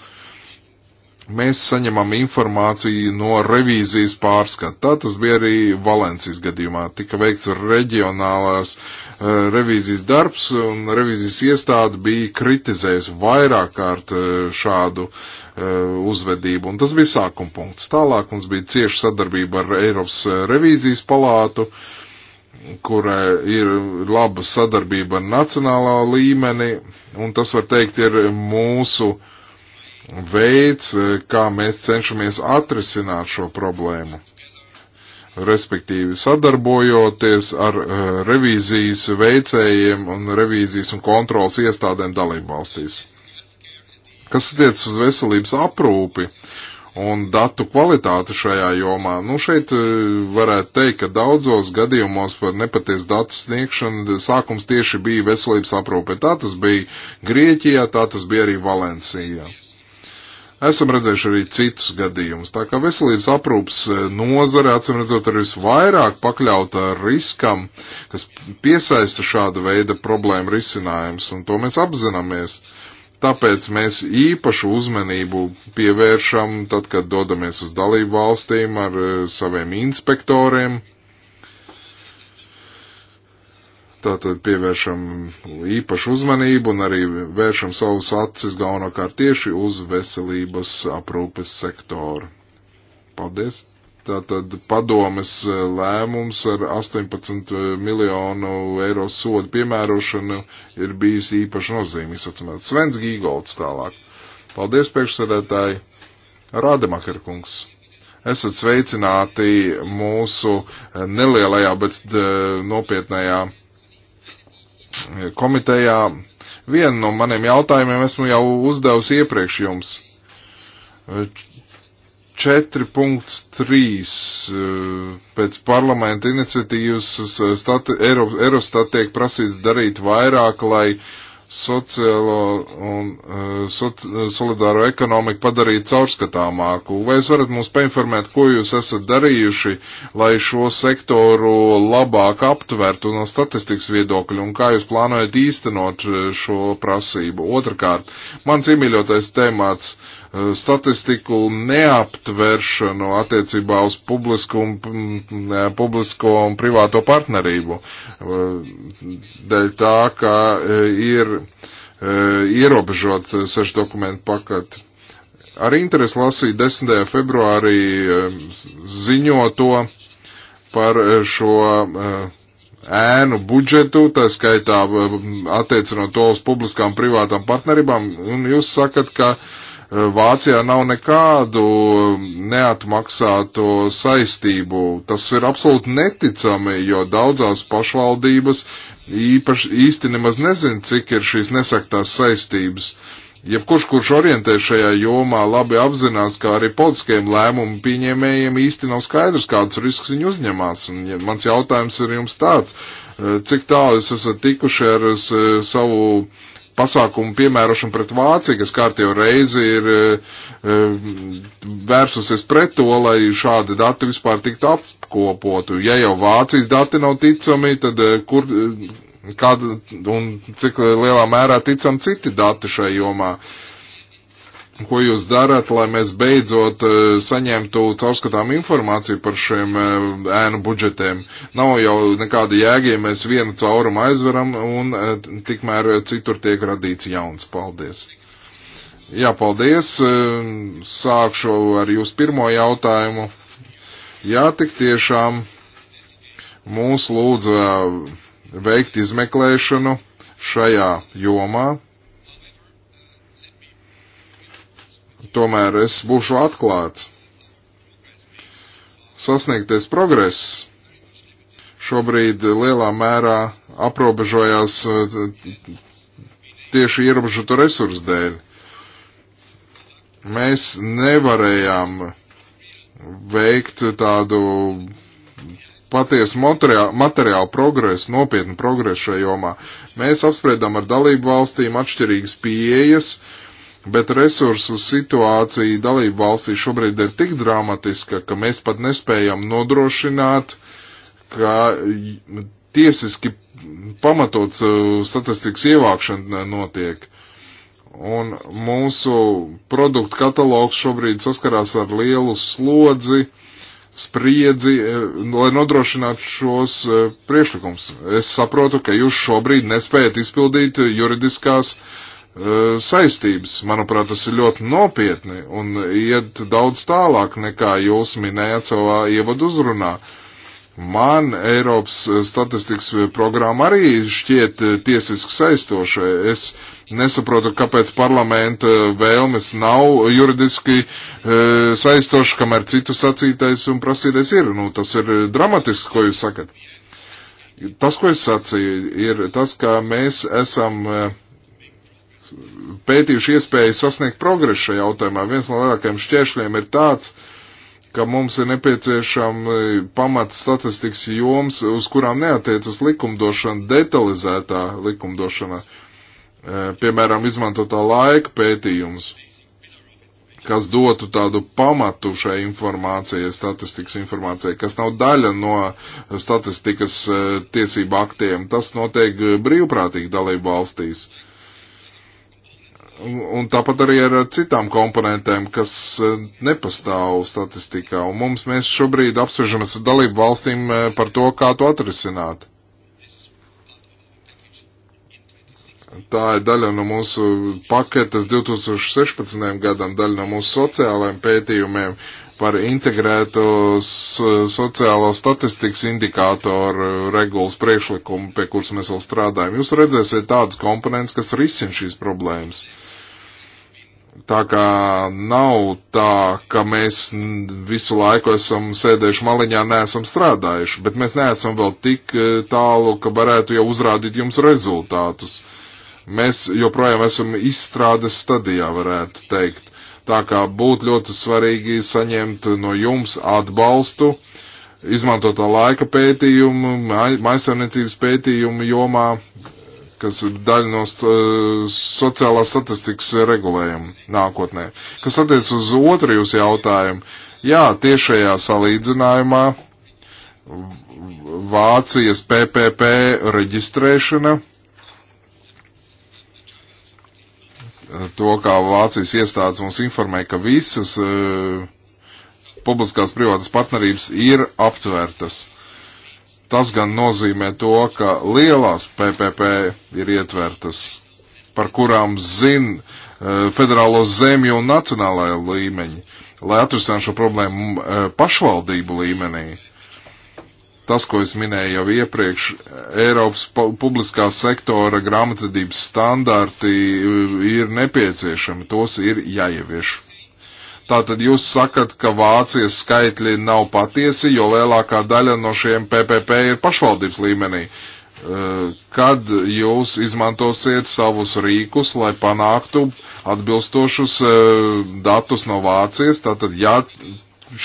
mēs saņemam informāciju no revīzijas pārskata. Tā tas bija arī Valencijas gadījumā. Tika veikts reģionālās uh, revīzijas darbs, un revīzijas iestāde bija kritizējusi vairāk kārt uh, šādu uh, uzvedību, un tas bija sākuma punkts. Tālāk mums bija cieša sadarbība ar Eiropas revīzijas palātu, kura ir laba sadarbība ar nacionālā līmeni, un tas, var teikt, ir mūsu uh, veids, eh, kā mēs cenšamies atrisināt šo problēmu. Respektīvi, sadarbojoties ar uh, revīzijas veicējiem un revīzijas un kontrolas iestādēm dalībvalstīs. Kas attiec uz veselības aprūpi un datu kvalitāti šajā jomā, nu šeit uh, varētu teikt, ka daudzos gadījumos par nepatiesu datu sniegšanu sākums tieši bija veselības aprūpe. Tā tas bija Grieķijā, tā tas bija arī Valencijā. Esam redzējuši arī citus gadījumus. Tā kā veselības aprūpas eh, nozare, acīm redzot, ir visvairāk pakļauta riskam, kas piesaista šāda veida problēmu risinājums, un to mēs apzināmies. Tāpēc mēs īpašu uzmanību pievēršam tad, kad dodamies uz dalību valstīm ar eh, saviem inspektoriem, Tātad pievēršam īpašu uzmanību un arī vēršam savus acis galvenokārt tieši uz veselības aprūpes sektoru. Paldies! Tātad padomes lēmums ar 18 miljonu eiro sodu piemērošanu ir bijis īpaši nozīmīgs. Atcīmēt, Svens Gīgolds tālāk. Paldies, priekšsēdētāji! Rādemakarkungs! esat sveicināti mūsu nelielajā, bet eh, nopietnējā komitejā vienu no maniem jautājumiem esmu jau uzdevusi iepriekš jums. 4.3. Eh, pēc parlamenta iniciatīvas eh, Eurostat tiek prasīts darīt vairāk, lai uh, sociālo un uh, soci, eh, solidāro ekonomiku padarīt caurskatāmāku. Vai jūs varat mums painformēt, ko jūs esat darījuši, lai šo sektoru labāk aptvertu no statistikas viedokļa un kā jūs plānojat īstenot eh, šo prasību? Otrakārt, mans iemīļotais temats uh, Eh, statistiku neaptveršanu attiecībā uz publiskumu, mm, eh, publisko un privāto partnerību. Eh, dēļ tā, ka ir ierobežot sešu dokumentu pakati. Ar interesi lasīju 10. februārī ziņoto par šo ēnu budžetu, tā skaitā attiecinot to uz publiskām privātām partnerībām, un jūs sakat, ka uh, Vācijā nav nekādu neatmaksāto saistību. Tas ir absolūti neticami, jo daudzās pašvaldības īpaši īsti nemaz nezin, cik ir šīs nesaktās saistības. Jebkurš, kurš orientē šajā jomā, labi apzinās, ka arī politiskiem lēmumu pieņēmējiem īsti nav skaidrs, kādus riskus viņi uzņemās. Un ja, mans jautājums ir jums tāds, eh, cik tālu jūs esat tikuši ar eh, savu uh, pasākumu piemērošana pret Vāciju, kas kārtējo reizi ir e, e, vērsusies pret to, lai šādi dati vispār tiktu apkopotu. Ja jau Vācijas dati nav ticami, tad e, kur, kāda un cik lielā mērā ticam citi dati šai jomā? Uh, ko jūs darat, lai mēs beidzot eh, saņemtu caurskatām informāciju par šiem eh, ēnu budžetiem. Nav jau nekāda jēga, ja mēs vienu caurumu aizveram un eh, tikmēr citur tiek radīts jauns. Paldies! Jā, paldies! Sākšu ar jūsu pirmo jautājumu. Jā, tik tiešām mūs lūdza veikt izmeklēšanu šajā jomā Tomēr es būšu atklāts. Sasniegties progress šobrīd lielā mērā aprobežojās eh, tieši ierobežotu resursu dēļ. Mēs nevarējām veikt tādu patiesu materiālu progresu, nopietnu progresu šajā jomā. Mēs apspriedām ar dalību valstīm atšķirīgas pieejas, uh, Bet resursu situācija dalību valstī šobrīd ir tik dramatiska, ka mēs pat nespējam nodrošināt, ka tiesiski pamatots uh, statistikas ievākšana notiek. Un mūsu produktu katalogs šobrīd saskarās ar lielu slodzi, spriedzi, uh, lai nodrošinātu šos uh, priekšlikums. Es saprotu, ka jūs šobrīd nespējat izpildīt juridiskās uh, saistības. Manuprāt, tas ir ļoti nopietni un iet daudz tālāk nekā jūs minējāt savā ievadu uzrunā. Man Eiropas statistikas programma arī šķiet tiesiski saistoša. Es nesaprotu, kāpēc parlamenta vēlmes nav juridiski e, saistoša, kamēr citu sacītais un prasītais ir. Nu, tas ir dramatiski, ko jūs sakat. Tas, ko es sacīju, ir tas, ka mēs esam. E, pētījuši iespēju sasniegt progresu šajā jautājumā. Viens no lielākajiem šķēršļiem ir tāds, ka mums ir nepieciešama pamata statistikas joms, uz kurām neatiecas likumdošana, detalizētā likumdošana, e, piemēram, izmantotā laika pētījums, kas dotu tādu pamatu šai informācijai, statistikas informācijai, kas nav daļa no statistikas e, tiesību aktiem. Tas notiek brīvprātīgi dalību valstīs. Uh, Un tāpat arī ar citām komponentēm, kas eh, nepastāv statistikā. Un mums mēs šobrīd apsvežamies ar dalību valstīm eh, par to, kā to atrisināt. Tā ir daļa no mūsu paketes 2016. gadam, daļa no mūsu sociālajiem pētījumiem par integrēto sociālo statistikas indikātoru regulas priekšlikumu, pie kuras mēs vēl strādājam. Jūs redzēsiet tādas komponents, kas risina šīs problēmas. Tā kā nav tā, ka mēs visu laiku esam sēdējuši maliņā, neesam strādājuši, bet mēs neesam vēl tik e, tālu, ka varētu jau uzrādīt jums rezultātus. Mēs joprojām esam izstrādes stadijā, varētu teikt. Tā kā būtu ļoti svarīgi saņemt no jums atbalstu, izmantot laika pētījumu, maisarniecības pētījumu jomā, kas ir daļa no st eh, sociālās statistikas regulējuma nākotnē. Kas attiec uz otru jūsu jautājumu, jā, tiešajā salīdzinājumā Vācijas PPP reģistrēšana, to, kā Vācijas iestādes mums informēja, ka visas uh, publiskās privātas partnerības ir aptvērtas. Tas gan nozīmē to, ka lielās PPP ir ietvertas, par kurām zin eh, federālo zemju un nacionālajā līmeņi, lai atrisinātu šo problēmu eh, pašvaldību līmenī. Tas, ko es minēju jau iepriekš, eh, Eiropas publiskā sektora grāmatvedības standarti ir nepieciešami, tos ir jāievieš. Tātad jūs sakat, ka Vācijas skaitļi nav patiesi, jo lielākā daļa no šiem PPP ir pašvaldības līmenī. Eh, kad jūs izmantosiet savus rīkus, lai panāktu atbilstošus eh, datus no Vācijas, tātad ja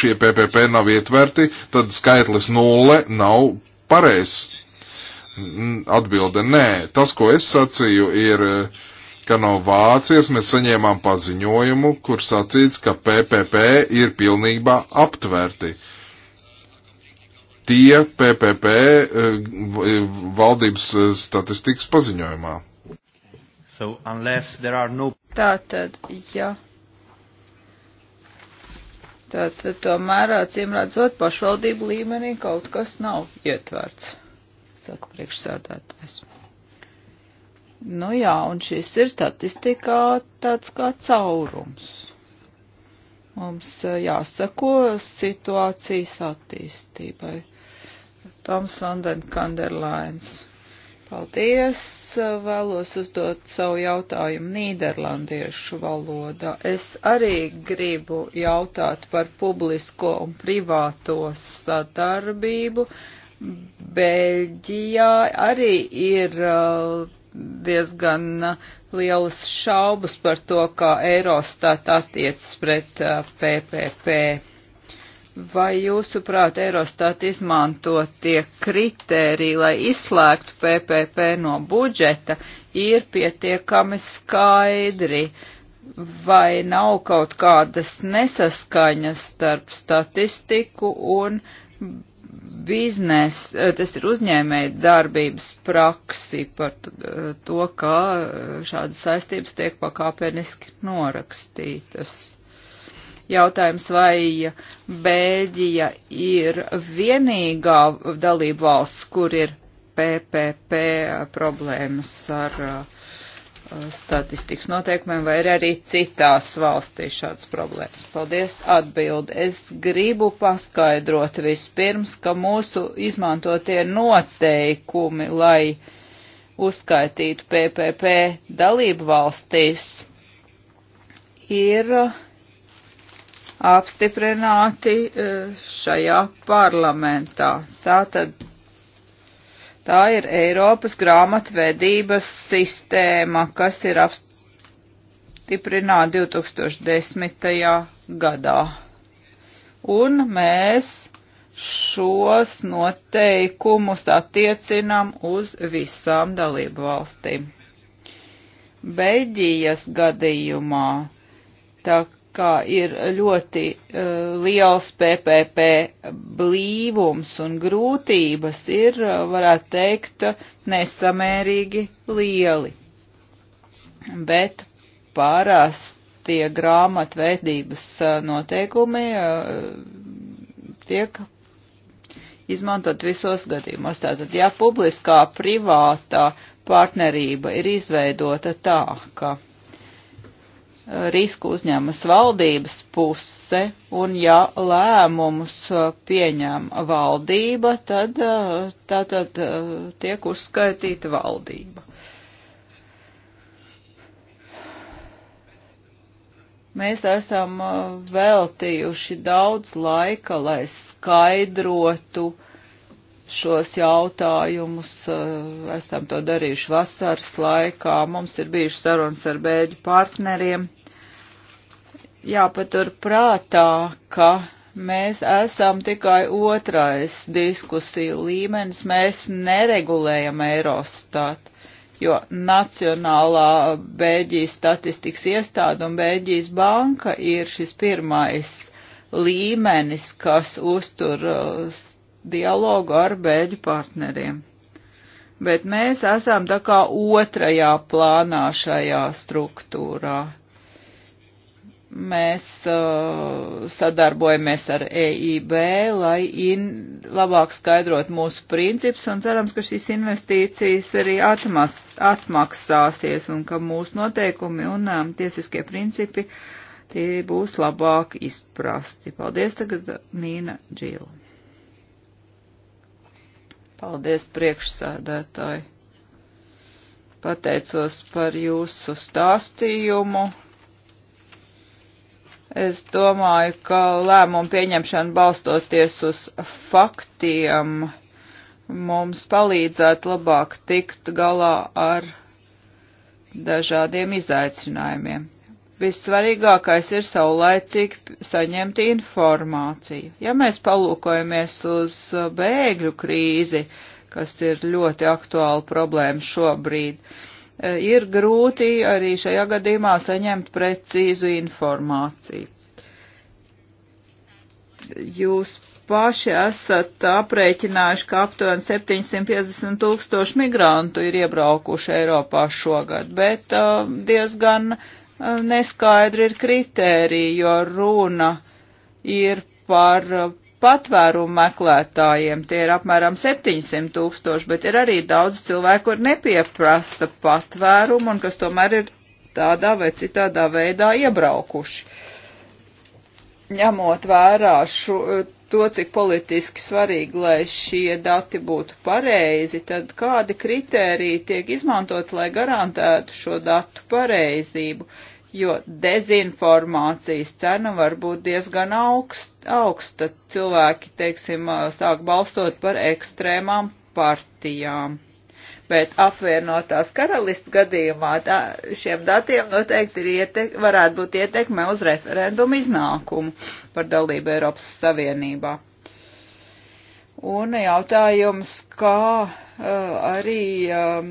šie PPP nav ietverti, tad skaitlis nulle nav pareizs. Atbilde nē. Tas, ko es sacīju, ir uh, ka no Vācijas mēs saņēmām paziņojumu, kur sacīts, ka PPP ir pilnībā aptvērti. Tie PPP eh, valdības eh, statistikas paziņojumā. So, no... Tātad, ja. Tātad, tomēr, acīm redzot, pašvaldību līmenī kaut kas nav ietverts, saka priekšsēdētājs. Nu jā, un šis ir statistikā tāds kā caurums. Mums e, jāsako situācijas attīstībai. Toms Vandenkanderlains. Paldies! E, vēlos uzdot savu jautājumu nīderlandiešu valodā. Es arī gribu jautāt par publisko un privāto sadarbību. Beļģijā arī ir uh, diezgan uh, lielas šaubas par to, kā Eurostat attiecas pret PPP. Uh, Vai jūsuprāt Eurostat izmanto tie kriteriji, lai izslēgtu PPP no budžeta, ir pietiekami skaidri? Vai nav kaut kādas nesaskaņas starp statistiku un biznes, eh, tas ir uzņēmēja darbības praksi par eh, to, kā eh, šādas saistības tiek pakāpeniski norakstītas. Jautājums, vai Bēļģija ir vienīgā dalība valsts, kur ir PPP problēmas ar uh, Uh, statistikas noteikumiem, vai ir arī citās valstīs šāds problēmas? Paldies, atbildi. Es gribu paskaidrot vispirms, ka mūsu izmantotie noteikumi, lai uzskaitītu PPP dalību valstīs, ir uh, apstiprināti uh, šajā parlamentā. Tātad Tā ir Eiropas grāmatvedības sistēma, kas ir apstiprināta 2010. gadā. Un mēs šos noteikumus attiecinām uz visām dalību valstīm. Beļģijas gadījumā, tā ka ir ļoti uh, liels PPP blīvums un grūtības ir, eh, varētu teikt, nesamērīgi lieli. Bet pārāstie grāmatveidības eh, noteikumi uh, tiek izmantot visos gadījumos. Tātad, ja publiskā privātā partnerība ir izveidota tā, ka risku uzņemas valdības puse, un ja lēmumus uh, pieņem valdība, tad uh, tā tad uh, tiek uzskaitīta valdība. Mēs esam veltījuši daudz laika, lai skaidrotu uh, šos jautājumus. Eh, esam to darījuši vasaras laikā. Mums ir bijušas sarunas ar bēļu partneriem. Jāpatur prātā, ka mēs esam tikai otrais diskusiju līmenis, mēs neregulējam Eurostat, jo Nacionālā Bēģijas statistikas iestāde un Bēģijas banka ir šis pirmais līmenis, kas uztur eh, dialogu ar bēļu partneriem. Bet mēs esam tā kā otrajā plānā šajā struktūrā. Mēs uh, sadarbojamies ar EIB, lai in, labāk skaidrot mūsu principus un cerams, ka šīs investīcijas arī atmas, atmaksāsies un ka mūsu noteikumi un um, tiesiskie principi uh, tie būs labāk izprasti. Paldies tagad Nīna Džila. Paldies priekšsēdētāji. Pateicos par jūsu stāstījumu. Es domāju, ka lēmumu pieņemšana balstoties uz faktiem mums palīdzētu labāk tikt galā ar dažādiem izaicinājumiem vissvarīgākais ir saulēcīgi saņemt informāciju. Ja mēs palūkojamies uz uh, bēgļu krīzi, kas ir ļoti aktuāla problēma šobrīd, uh, ir grūti arī šajā gadījumā saņemt precīzu informāciju. Jūs paši esat aprēķinājuši, ka aptuveni 750 tūkstoši migrantu ir iebraukuši Eiropā šogad, bet uh, diezgan uh, neskaidri ir kritēriji, jo runa ir par patvērumu meklētājiem. Tie ir apmēram 700 tūkstoši, bet ir arī daudz cilvēku, kur nepieprasa patvērumu un kas tomēr ir tādā vai citādā veidā iebraukuši. Ņemot vērā šo, to, cik politiski svarīgi, lai šie dati būtu pareizi, tad kādi kritēriji tiek izmantot, lai garantētu šo datu pareizību, jo dezinformācijas cena var būt diezgan augst, augsta. Cilvēki, teiksim, sāk balstot par ekstrēmām partijām bet apvienotās karalistu gadījumā tā, šiem datiem noteikti ir ietek, varētu būt ietekme uz referendumu iznākumu par dalību Eiropas Savienībā. Un jautājums, kā uh, arī um,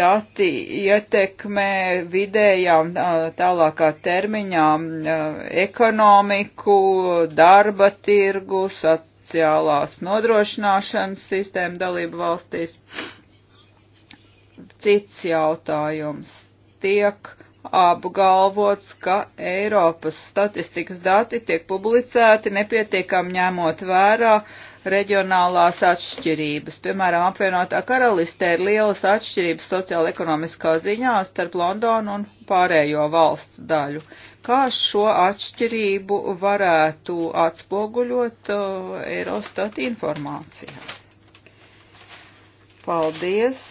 dati ietekmē vidējām uh, tālākā termiņā uh, ekonomiku, darba tirgu, sociālās nodrošināšanas sistēmu dalību valstīs. Uh, cits jautājums. Tiek apgalvots, ka Eiropas statistikas dati tiek publicēti nepietiekam ņemot vērā reģionālās atšķirības. Piemēram, apvienotā karalistē ir lielas atšķirības sociāla-ekonomiskā ziņā starp Londonu un pārējo valsts daļu. Kā šo atšķirību varētu atspoguļot uh, Eurostat informācijā? Paldies!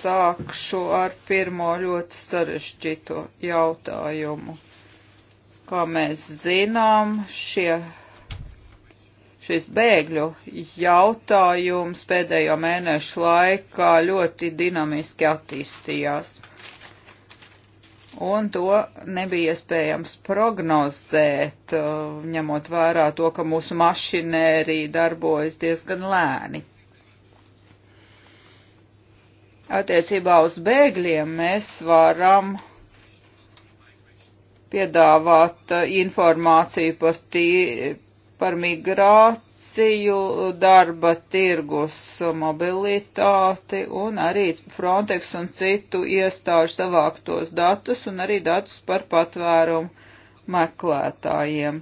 sākšu ar pirmo ļoti sarežģīto jautājumu. Kā mēs zinām, šie šis bēgļu jautājums pēdējo mēnešu laikā ļoti dinamiski attīstījās. Un to nebija iespējams prognozēt, uh, ņemot vērā to, ka mūsu mašinērija darbojas diezgan lēni. Attiecībā uz bēgļiem mēs varam piedāvāt uh, informāciju par, tī, par migrāciju, darba tirgus mobilitāti un arī Frontex un citu iestāžu savāktos datus un arī datus par patvērumu meklētājiem.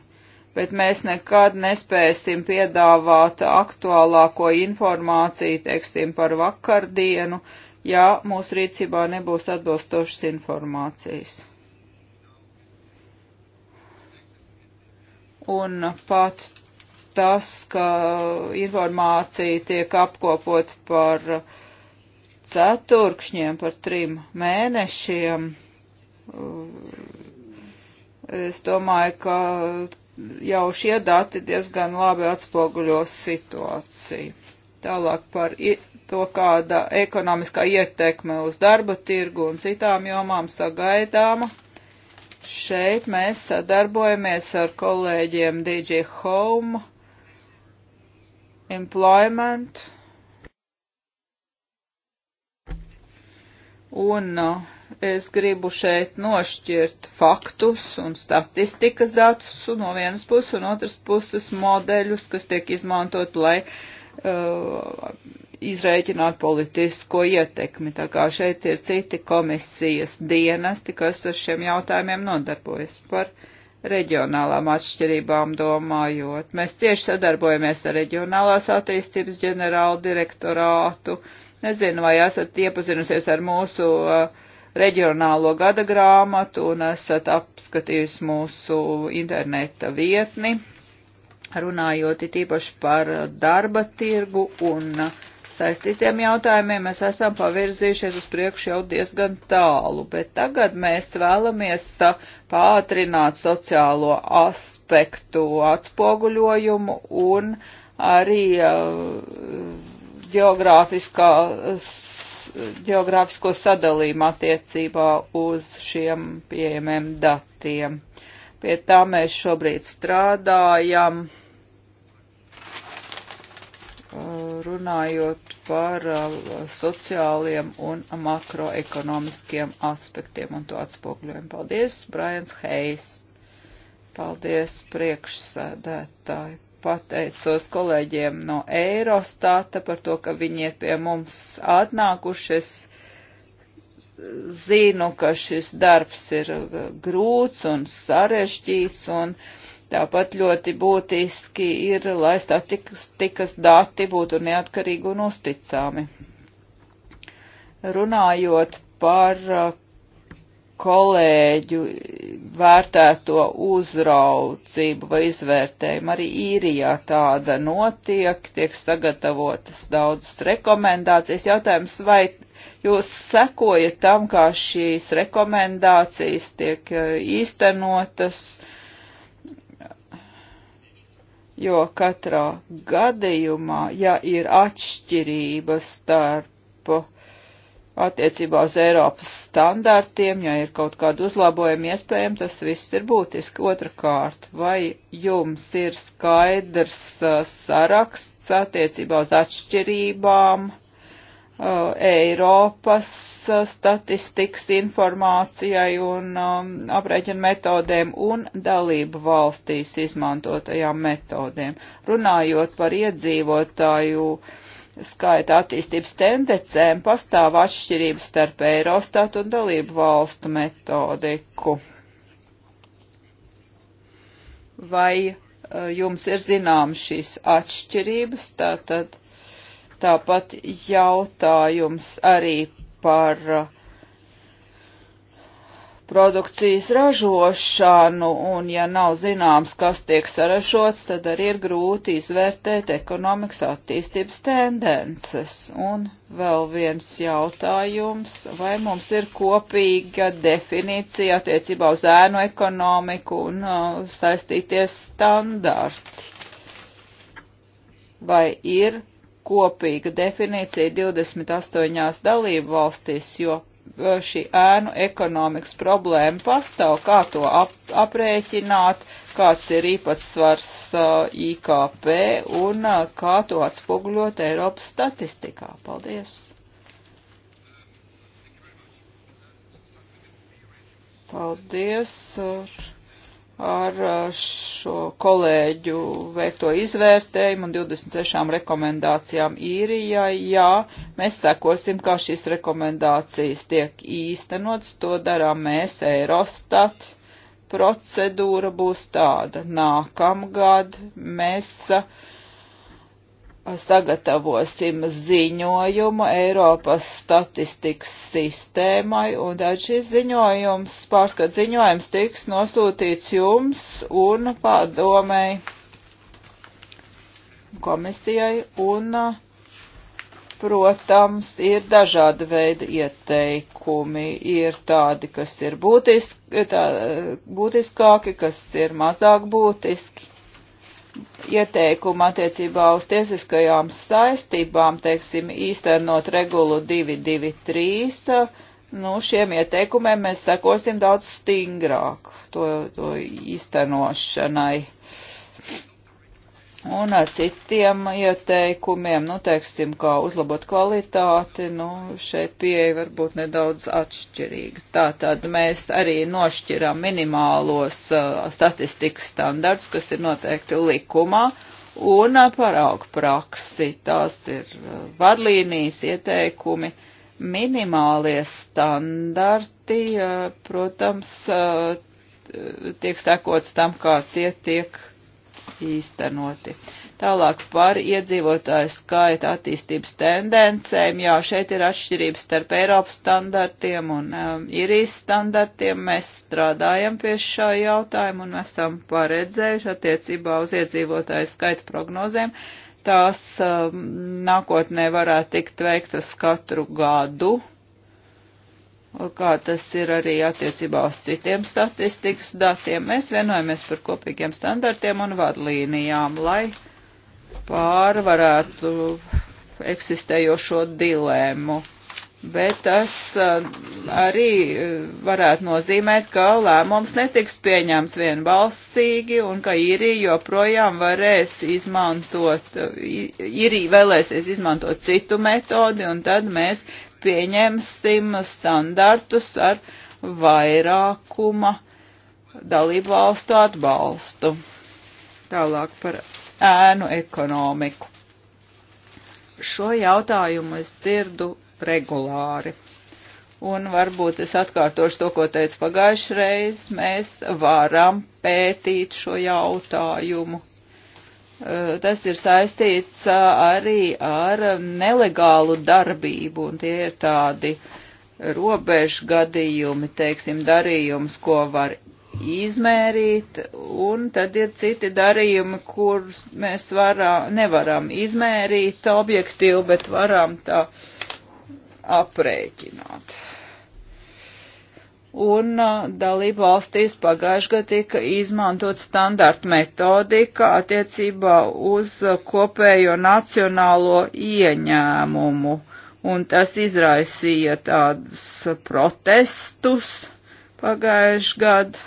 Bet mēs nekad nespēsim piedāvāt aktuālāko informāciju, teiksim, par vakardienu, uh, ja mūsu rīcībā nebūs atbilstošas informācijas. Un pat tas, ka informācija tiek apkopot par ceturkšņiem, par trim mēnešiem, es domāju, ka jau šie dati diezgan labi atspoguļos situāciju. Tālāk par to, kāda ekonomiskā ietekme uz darba tirgu un citām jomām sagaidāma. Šeit mēs sadarbojamies ar kolēģiem DJ Home, Employment un uh, es gribu šeit nošķirt faktus un statistikas datus un no vienas puses un otras puses modeļus, kas tiek izmantot, lai uh, Uh, izrēķināt politisko ietekmi. Tā kā šeit ir citi komisijas dienesti, kas ar šiem jautājumiem nodarbojas par reģionālām atšķirībām domājot. Mēs cieši sadarbojamies ar reģionālās attīstības ģenerālu direktorātu. Nezinu, vai esat iepazinusies ar mūsu uh, reģionālo gada grāmatu un esat apskatījis mūsu interneta vietni runājot it īpaši par darba tirgu un saistītiem jautājumiem, mēs esam pavirzījušies uz priekšu jau diezgan tālu, bet tagad mēs vēlamies pātrināt sociālo aspektu atspoguļojumu un arī eh, geogrāfiskā geogrāfisko sadalījumu attiecībā uz šiem pieejamiem datiem. Pie tā mēs šobrīd strādājam runājot par uh, sociāliem un makroekonomiskiem aspektiem un to atspogļojumu. Paldies, Brians Heis. Paldies, priekšsēdētāji. Pateicos kolēģiem no Eirostata par to, ka viņi ir pie mums atnākušies. Zinu, ka šis darbs ir uh, grūts un sarežģīts un uh, Tāpat ļoti būtiski ir, lai statistikas dati būtu neatkarīgi un uzticami. Runājot par uh, kolēģu vērtēto uzraudzību vai izvērtējumu. Arī īrijā tāda notiek, tiek sagatavotas daudzas rekomendācijas. Jautājums, vai jūs sekojat tam, kā šīs rekomendācijas tiek uh, īstenotas? Uh, jo katrā gadījumā, ja ir atšķirība starp attiecībā uz Eiropas standartiem, ja ir kaut kāda uzlabojuma iespējama, tas viss ir būtiski. Otrakārt, vai jums ir skaidrs uh, saraksts attiecībā uz atšķirībām? Uh, Eiropas uh, statistikas informācijai un um, aprēķinu metodēm un dalību valstīs izmantotajām metodēm. Runājot par iedzīvotāju skaita attīstības tendencēm, pastāv atšķirības starp Eirostatu un dalību valstu metodiku. Vai uh, jums ir zināmas šīs atšķirības? Tātad Tāpat jautājums arī par uh, produkcijas ražošanu, un ja nav zināms, kas tiek saražots, tad arī ir grūti izvērtēt ekonomikas attīstības tendences. Un vēl viens jautājums, vai mums ir kopīga definīcija attiecībā uz ēnu ekonomiku un uh, saistīties standarti? Vai ir kopīga definīcija 28 dalību valstīs, jo e, šī ēnu ekonomikas problēma pastāv, kā to ap, aprēķināt, kāds ir īpatsvars uh, e, IKP un uh, kā to atspoguļot Eiropas statistikā. Paldies! Paldies! Ar ar uh, šo kolēģu veikto izvērtējumu un 26 rekomendācijām īrijai. Jā, mēs sekosim, kā šīs rekomendācijas tiek īstenots, to darām mēs Eirostat. Procedūra būs tāda. Nākamgad mēs uh, sagatavosim ziņojumu Eiropas statistikas sistēmai, un tad šis ziņojums, pārskat ziņojums, tiks nosūtīts jums un padomēji komisijai, un, protams, ir dažāda veida ieteikumi. Ir tādi, kas ir būtiski, tā, būtiskāki, kas ir mazāk būtiski ieteikumu attiecībā uz tiesiskajām saistībām, teiksim, īstenot regulu 223, nu, šiem ieteikumiem mēs sekosim daudz stingrāk to, to īstenošanai un citiem ieteikumiem, nu, teiksim, kā uzlabot kvalitāti, nu, šeit pieeja varbūt nedaudz atšķirīga. Tātad mēs arī nošķiram minimālos uh, statistikas standarts, kas ir noteikti likumā, un uh, parauga praksi. Tās ir uh, vadlīnijas ieteikumi. Minimālie standarti, uh, protams, uh, tiek sekots tam, kā tie tiek īstenoti. Tālāk par iedzīvotāju skaita attīstības tendencēm. Jā, šeit ir atšķirības starp Eiropas standartiem un um, Irijas standartiem. Mēs strādājam pie šā jautājuma un esam paredzējuši attiecībā uz iedzīvotāju skaita prognozēm. Tās um, nākotnē varētu tikt veiktas katru gadu kā tas ir arī attiecībā uz citiem statistikas datiem. Mēs vienojamies par kopīgiem standartiem un vadlīnijām, lai pārvarētu eksistējošo dilēmu. Bet tas arī e, varētu nozīmēt, ka lēmums netiks pieņemts vienbalsīgi un ka īrija joprojām varēs izmantot, īrija vēlēsies izmantot citu metodi un tad mēs pieņemsim standartus ar vairākuma dalību valstu atbalstu. Tālāk par ēnu ekonomiku. Šo jautājumu es dzirdu regulāri. Un varbūt es atkārtošu to, ko teicu pagājušreiz, mēs varam pētīt šo jautājumu Eh, tas ir saistīts eh, arī ar nelegālu darbību, un tie ir tādi robežu gadījumi, teiksim, darījums, ko var izmērīt, un tad ir citi darījumi, kurus mēs varā, nevaram izmērīt objektīvi, bet varam tā aprēķināt un uh, dalību valstīs pagājušajā gadā tika izmantot standarta metodika attiecībā uz uh, kopējo nacionālo ieņēmumu, un tas izraisīja tādus protestus pagājušajā gadā.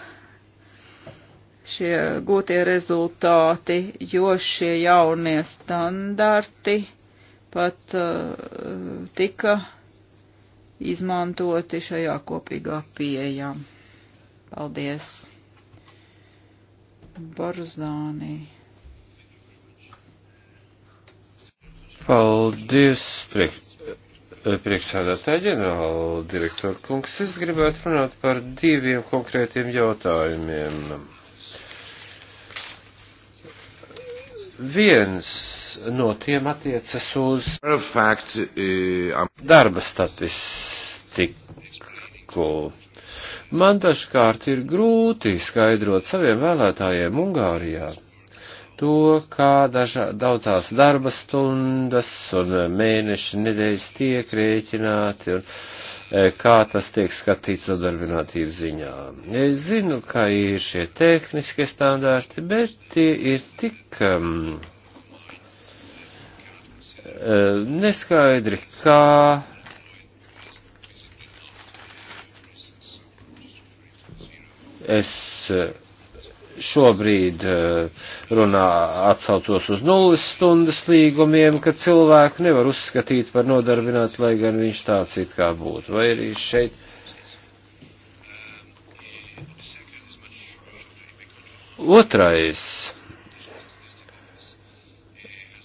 Šie gūtie rezultāti, jo šie jaunie standarti pat uh, tika izmantoti šajā kopīgā pieejā. Paldies! Barzānī. Paldies, priek, priekšsēdētāji ģenerāla direktora kungs. Es gribētu runāt par diviem konkrētiem jautājumiem Viens no tiem attiecas uz eh, darba statistiku. Man dažkārt ir grūti skaidrot saviem vēlētājiem Ungārijā to, kā dažā, daudzās darba stundas un mēneši nedēļas tiek rēķināti. Un, uh, Eh, kā tas tiek skatīts nodarbinātības ziņā. Es zinu, ka ir šie tehniskie standarti, bet tie ir tik um, neskaidri, kā es uh, šobrīd eh, runā atsaucos uz nulles stundas līgumiem, ka cilvēku nevar uzskatīt par nodarbināt, lai gan viņš tāds it kā būtu. Vai arī šeit. Otrais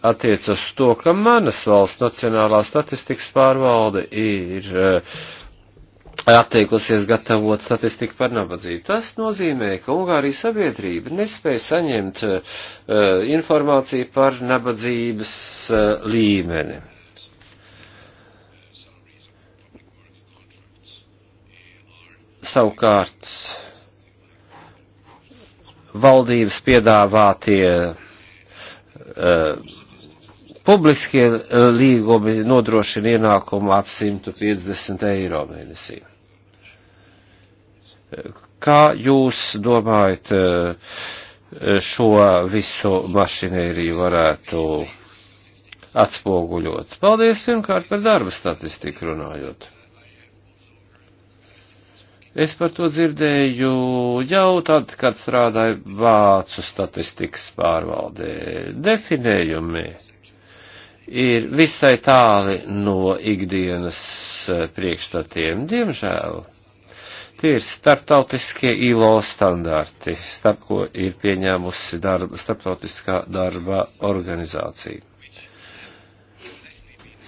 attiec uz to, ka manas valsts nacionālā statistikas pārvalde ir uh, atteikusies gatavot statistiku par nabadzību. Tas nozīmē, ka Ungārijas sabiedrība nespēja saņemt uh, informāciju par nabadzības uh, līmeni. Savukārt valdības piedāvātie uh, publiskie līgumi nodrošina ienākumu ap 150 eiro mēnesī. Kā jūs domājat, eh, šo visu mašinēriju varētu atspoguļot? Paldies pirmkārt par darba statistiku runājot. Es par to dzirdēju jau tad, kad strādāju Vācu statistikas pārvaldē. Definējumi ir visai tāli no ikdienas eh, priekšstatiem, diemžēl. Tie ir starptautiskie ILO standarti, starp ko ir pieņēmusi darba, starptautiskā darba organizācija.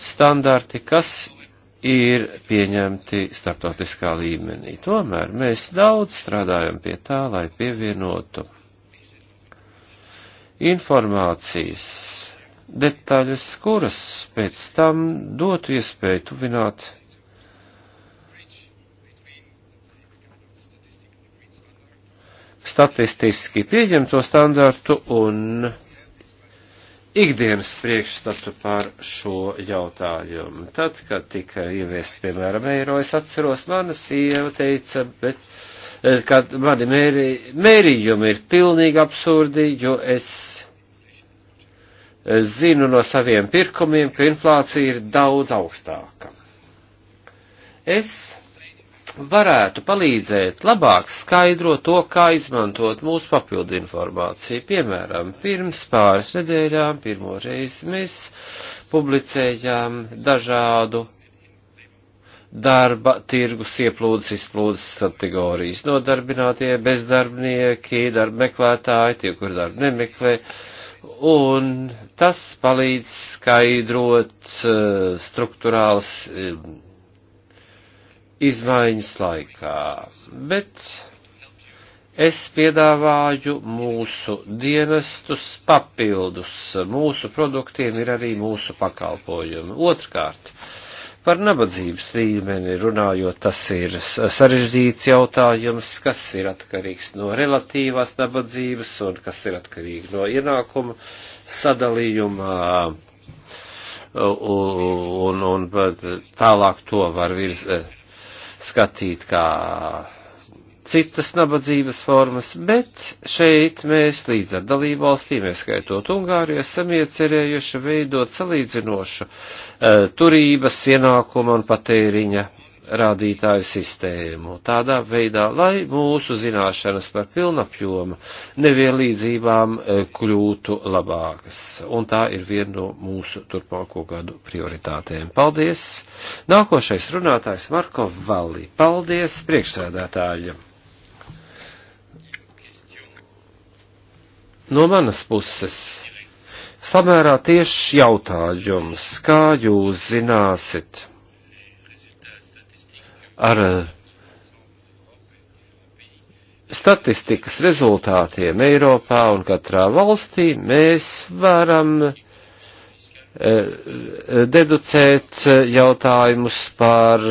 Standarti, kas ir pieņemti starptautiskā līmenī. Tomēr mēs daudz strādājam pie tā, lai pievienotu informācijas detaļas, kuras pēc tam dotu iespēju tuvināt statistiski pieņemto standartu un ikdienas priekšstatu par šo jautājumu. Tad, kad tika ieviesti, piemēram, eiro, es atceros, mana sieva teica, bet, eh, kad mani mēri, mērījumi ir pilnīgi absurdi, jo es eh, zinu no saviem pirkumiem, ka inflācija ir daudz augstāka. Es varētu palīdzēt labāk skaidrot to, kā izmantot mūsu papildu informāciju. Piemēram, pirms pāris nedēļām pirmo reizi mēs publicējām dažādu darba tirgus ieplūdes izplūdes kategorijas - nodarbinātie, bezdarbnieki, darba meklētāji, tie, kur darbu nemeklē. Un tas palīdz skaidrot uh, struktūrāls uh, izmaiņas laikā. Bet es piedāvāju mūsu dienestus papildus. Mūsu produktiem ir arī mūsu pakalpojumi. Otrkārt, par nabadzības līmeni runājot, tas ir sarežģīts jautājums, kas ir atkarīgs no relatīvās nabadzības un kas ir atkarīgi no ienākuma sadalījumā un, un, un tālāk to var virz, skatīt kā citas nabadzības formas, bet šeit mēs līdz ar dalību valstīm, ieskaitot Ungāriju, esam iecerējuši veidot salīdzinošu uh, turības, ienākuma un patēriņa rādītāju sistēmu, tādā veidā, lai mūsu zināšanas par pilnapjomu nevienlīdzībām e, kļūtu labākas. Un tā ir viena no mūsu turpmāko gadu prioritātēm. Paldies! Nākošais runātājs Marko Valli. Paldies priekšsēdētājiem! No manas puses samērā tieši jautājums, kā jūs zināsit? ar eh, statistikas rezultātiem Eiropā un katrā valstī mēs varam eh, deducēt eh, jautājumus par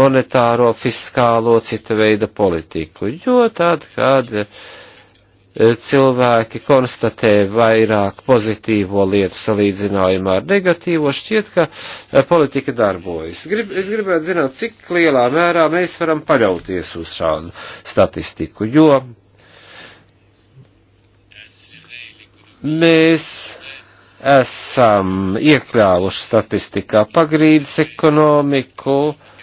monetāro, fiskālo, cita veida politiku, jo tad, kad Eh, cilvēki konstatē vairāk pozitīvo lietu salīdzinājumā ar negatīvo, šķiet, ka eh, politika darbojas. Grib, es gribētu zināt, cik lielā mērā mēs varam paļauties uz šādu statistiku, jo mēs esam iekļāvuši statistikā pagrīdes ekonomiku, uh,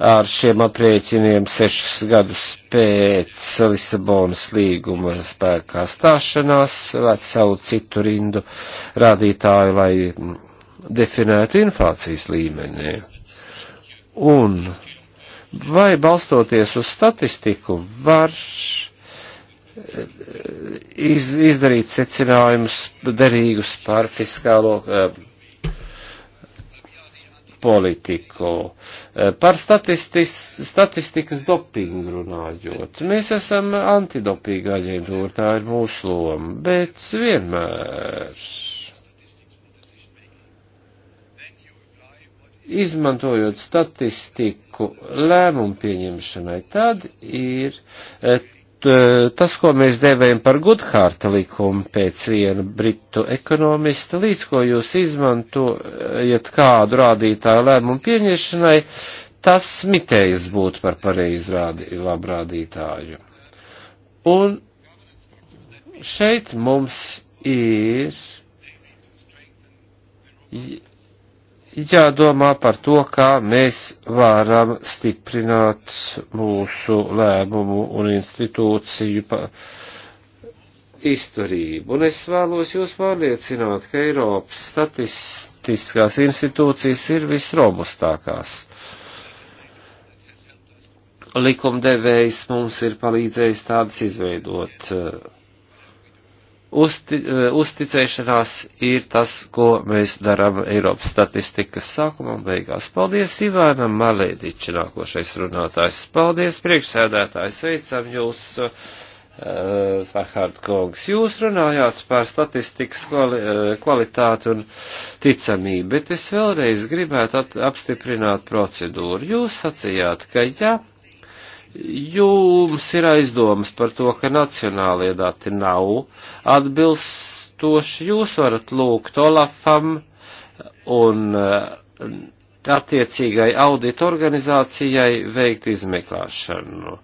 ar šiem aprēķiniem sešus gadus pēc Lisabonas līguma spēkā stāšanās, vec savu citu rindu rādītāju, lai definētu inflācijas līmenī. Un vai balstoties uz statistiku var eh, iz, izdarīt secinājumus derīgus par fiskālo uh, politiku. Eh, par statistis, statistikas dopingu runājot, mēs esam antidopīga aģentūra, tā ir mūsu loma, bet vienmēr. Izmantojot statistiku lēmumu pieņemšanai, tad ir eh, Eh, tas, ko mēs devējam par Gudhārta likumu pēc viena britu ekonomista, līdz ko jūs izmantojat kādu rādītāju lēmumu pieņemšanai, tas mitējas būtu par pareizu rādi, labrādītāju. Un šeit mums ir jādomā par to, kā mēs varam stiprināt mūsu lēmumu un institūciju izturību. Un es vēlos jūs pārliecināt, ka Eiropas statistiskās institūcijas ir visrobustākās. Likumdevējs mums ir palīdzējis tādas izveidot. Uh, Uzti, eh, uzticēšanās ir tas, ko mēs darām Eiropas statistikas sākumā un beigās. Paldies Ivānam Malēdiči, nākošais runātājs. Paldies priekšsēdētājs, veicam jūs, uh, eh, Fahard Kungs. Jūs runājāt par statistikas kvali, uh, kvalitāti un ticamību, bet es vēlreiz gribētu at, apstiprināt procedūru. Jūs sacījāt, ka ja jums ir aizdomas par to, ka nacionālie dati nav atbilstoši, jūs varat lūgt Olafam un eh, attiecīgai audita organizācijai veikt izmeklēšanu.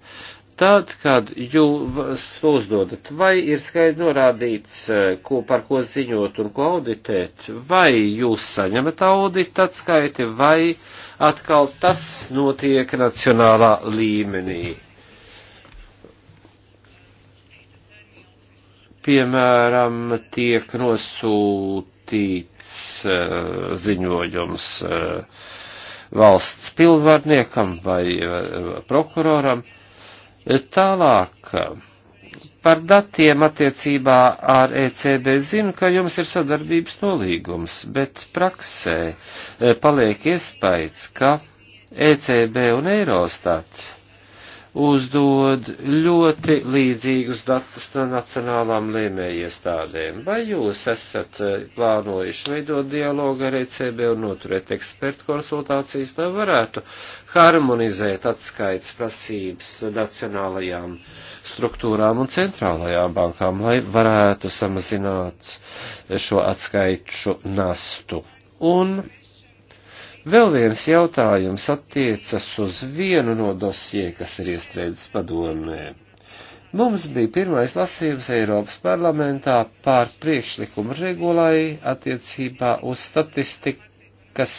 Tad, kad jūs uzdodat, vai ir skaidri norādīts, eh, ko, par ko ziņot un ko auditēt, vai jūs saņemat audita atskaiti, vai uh, atkal tas notiek nacionālā līmenī. Piemēram, tiek nosūtīts uh, ziņojums uh, valsts pilvarniekam vai uh, prokuroram. Tālāk. Uh, Par datiem attiecībā ar ECB zinu, ka jums ir sadarbības nolīgums, bet praksē e, paliek iespējas, ka ECB un Eirostats uzdod ļoti līdzīgus datus no nacionālām lēmējiestādēm. Vai jūs esat eh, plānojuši veidot dialogu ar ECB un noturēt ekspertu konsultācijas, lai varētu harmonizēt atskaites prasības nacionālajām struktūrām un centrālajām bankām, lai varētu samazināt šo atskaitu nastu? Un Vēl viens jautājums attiecas uz vienu no dosie, kas ir iestrēdzis padomē. Mums bija pirmais lasījums Eiropas parlamentā pār priekšlikumu regulai attiecībā uz statistikas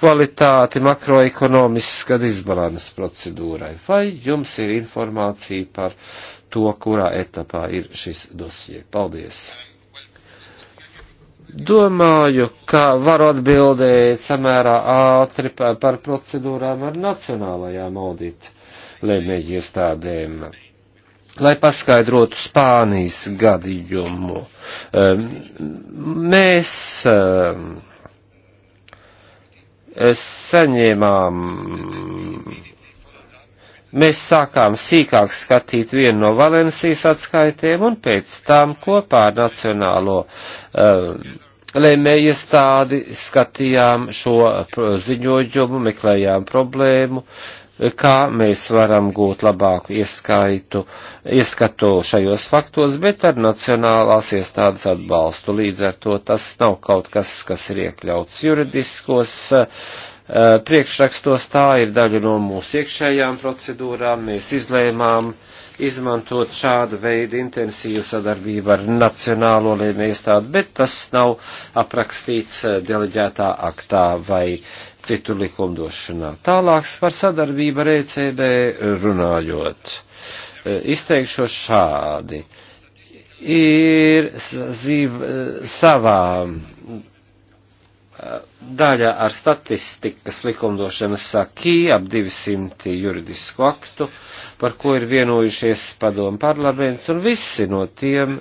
kvalitāti makroekonomiskā disbalans procedūrai. Vai jums ir informācija par to, kurā etapā ir šis dosie? Paldies! Domāju, ka varu atbildēt samērā ātri par, par procedūrām ar nacionālajām audit lēmēju iestādēm. Lai paskaidrotu Spānijas gadījumu, ehm, mēs ehm, saņēmām Mēs sākām sīkāk skatīt vienu no Valencijas atskaitēm un pēc tam kopā ar Nacionālo uh, lēmēju iestādi skatījām šo ziņojumu, meklējām problēmu, eh, kā mēs varam gūt labāku ieskaitu, ieskatu šajos faktos, bet ar nacionālās iestādes atbalstu. Līdz ar to tas nav kaut kas, kas ir iekļauts juridiskos uh, Eh, priekšrakstos tā ir daļa no mūsu iekšējām procedūrām. Mēs izlēmām izmantot šādu veidu intensīvu sadarbību ar nacionālo lēmē iestādi, bet tas nav aprakstīts eh, deleģētā aktā vai citu likumdošanā. Tālāks par sadarbību ar ECB runājot. Eh, Izteikšos šādi. Ir zīv, savām daļa ar statistikas likumdošanas sakī ap 200 juridisku aktu, par ko ir vienojušies padomu parlaments, un visi no tiem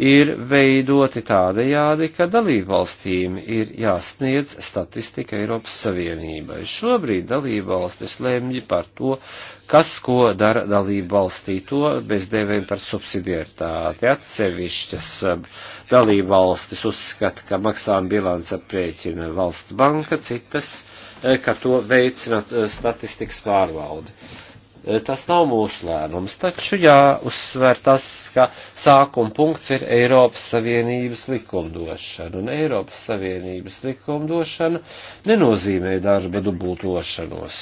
ir veidoti tādējādi, ka dalībvalstīm ir jāsniedz statistika Eiropas Savienībai. Šobrīd dalībvalstis lemj par to, kas ko dara dalībvalstī, to bez dēvēm par subsidiaritāti. Atsevišķas dalībvalstis uzskata, ka maksām bilants aprēķina valsts banka, citas, eh, ka to veicina eh, statistikas pārvalde Eh, tas nav mūsu lēmums, taču jāuzsver tas, ka sākuma punkts ir Eiropas Savienības likumdošana, un Eiropas Savienības likumdošana nenozīmē darba dubultošanos.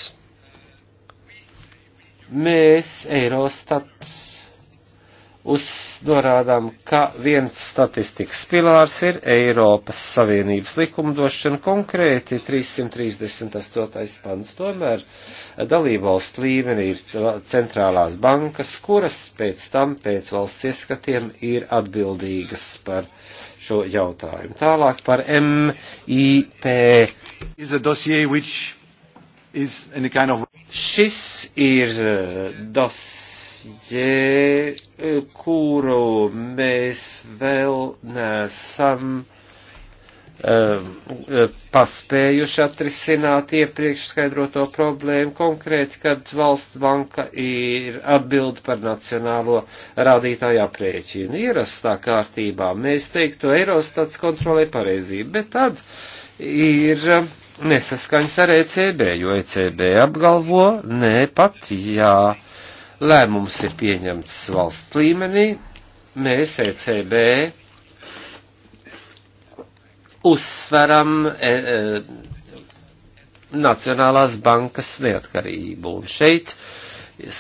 Mēs Eirostats uznorādām, ka viens statistikas pilārs ir Eiropas Savienības likumdošana, konkrēti 338. pants. Tomēr dalībvalstu līmenī ir centrālās bankas, kuras pēc tam pēc valsts ieskatiem ir atbildīgas par šo jautājumu. Tālāk par MIP. Kind of... Šis ir eh, dos dosjē, e, kuru mēs vēl nesam e, e, paspējuši atrisināt iepriekš skaidroto problēmu, konkrēti, kad valsts banka ir atbild par nacionālo rādītāju aprēķinu. Ierastā kārtībā mēs teiktu, Eirostats kontrolē pareizību, bet tad ir nesaskaņas ar ECB, jo ECB apgalvo, nē, pat jā. Ja lēmums ir pieņemts valsts līmenī, mēs ECB uzsveram e, e, Nacionālās bankas neatkarību. Un šeit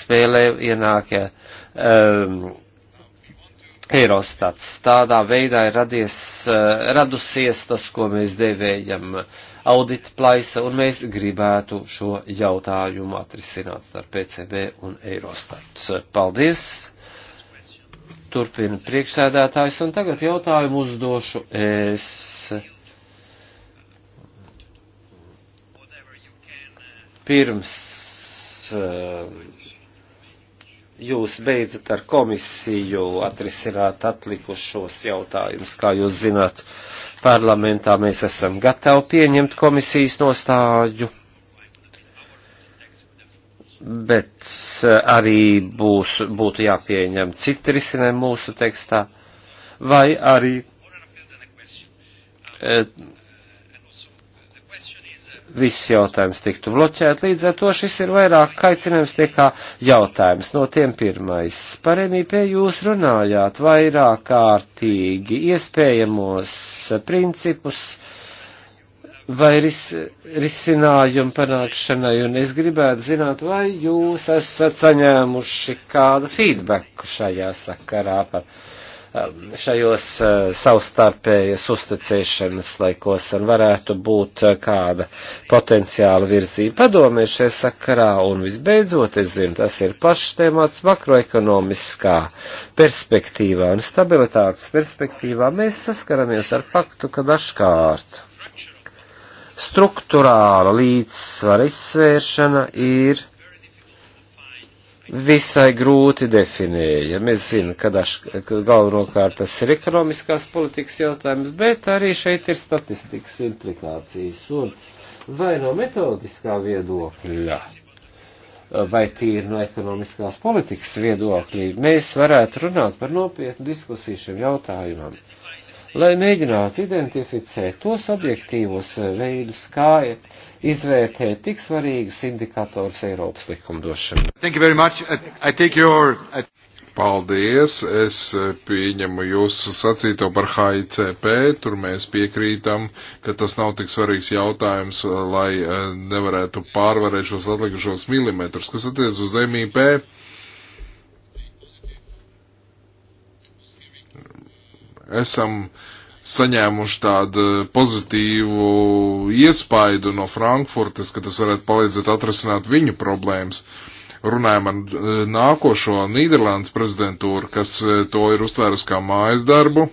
spēlē ienāk um, e, Eirostats. Tādā veidā ir radies, e, radusies tas, ko mēs devējam e, audita plaisa, un mēs gribētu šo jautājumu atrisināt starp PCB un Eirostarts. Paldies! Turpina priekšsēdētājs, un tagad jautājumu uzdošu es. Pirms eh, jūs beidzat ar komisiju atrisināt atlikušos jautājumus, kā jūs zināt. Uh, parlamentā mēs esam gatavi pieņemt komisijas nostāju, bet eh, arī būs, būtu jāpieņem citi risinājumi mūsu tekstā, vai arī eh, viss jautājums tiktu bloķēt. Līdz ar to šis ir vairāk kaicinājums nekā jautājums. No tiem pirmais. Par MIP jūs runājāt vairāk kārtīgi iespējamos principus vai ris, risinājumu panākšanai, un es gribētu zināt, vai jūs esat saņēmuši kādu feedbacku šajā sakarā par Um, šajos uh, savstarpējas uzticēšanas laikos un varētu būt uh, kāda potenciāla virzība padomē šajā sakarā. Un visbeidzot, es zinu, tas ir plašs temats makroekonomiskā perspektīvā un stabilitātes perspektīvā. Mēs saskaramies ar faktu, ka dažkārt struktūrāla līdzsvara izsvēršana ir visai grūti definējami. Es zinu, ka galvenokārt tas ir ekonomiskās politikas jautājums, bet arī šeit ir statistikas implikācijas. Un vai no metodiskā viedokļa, vai tīri no ekonomiskās politikas viedokļa, mēs varētu runāt par nopietnu diskusiju šiem jautājumam, lai mēģinātu identificēt tos objektīvos veidus, kā ir izvērtē tik svarīgus indikatorus Eiropas likumdošanā. Your... Paldies, es pieņemu jūsu sacīto par HICP, tur mēs piekrītam, ka tas nav tik svarīgs jautājums, lai eh, nevarētu pārvarēt šos atlikušos milimetrus, kas attiec uz MIP. Esam uh, saņēmuši tādu pozitīvu iespaidu no Frankfurtes, ka tas varētu palīdzēt atrasināt viņu problēmas. Runājam ar e, nākošo Nīderlandes prezidentūru, kas e, to ir uztvērusi kā mājas darbu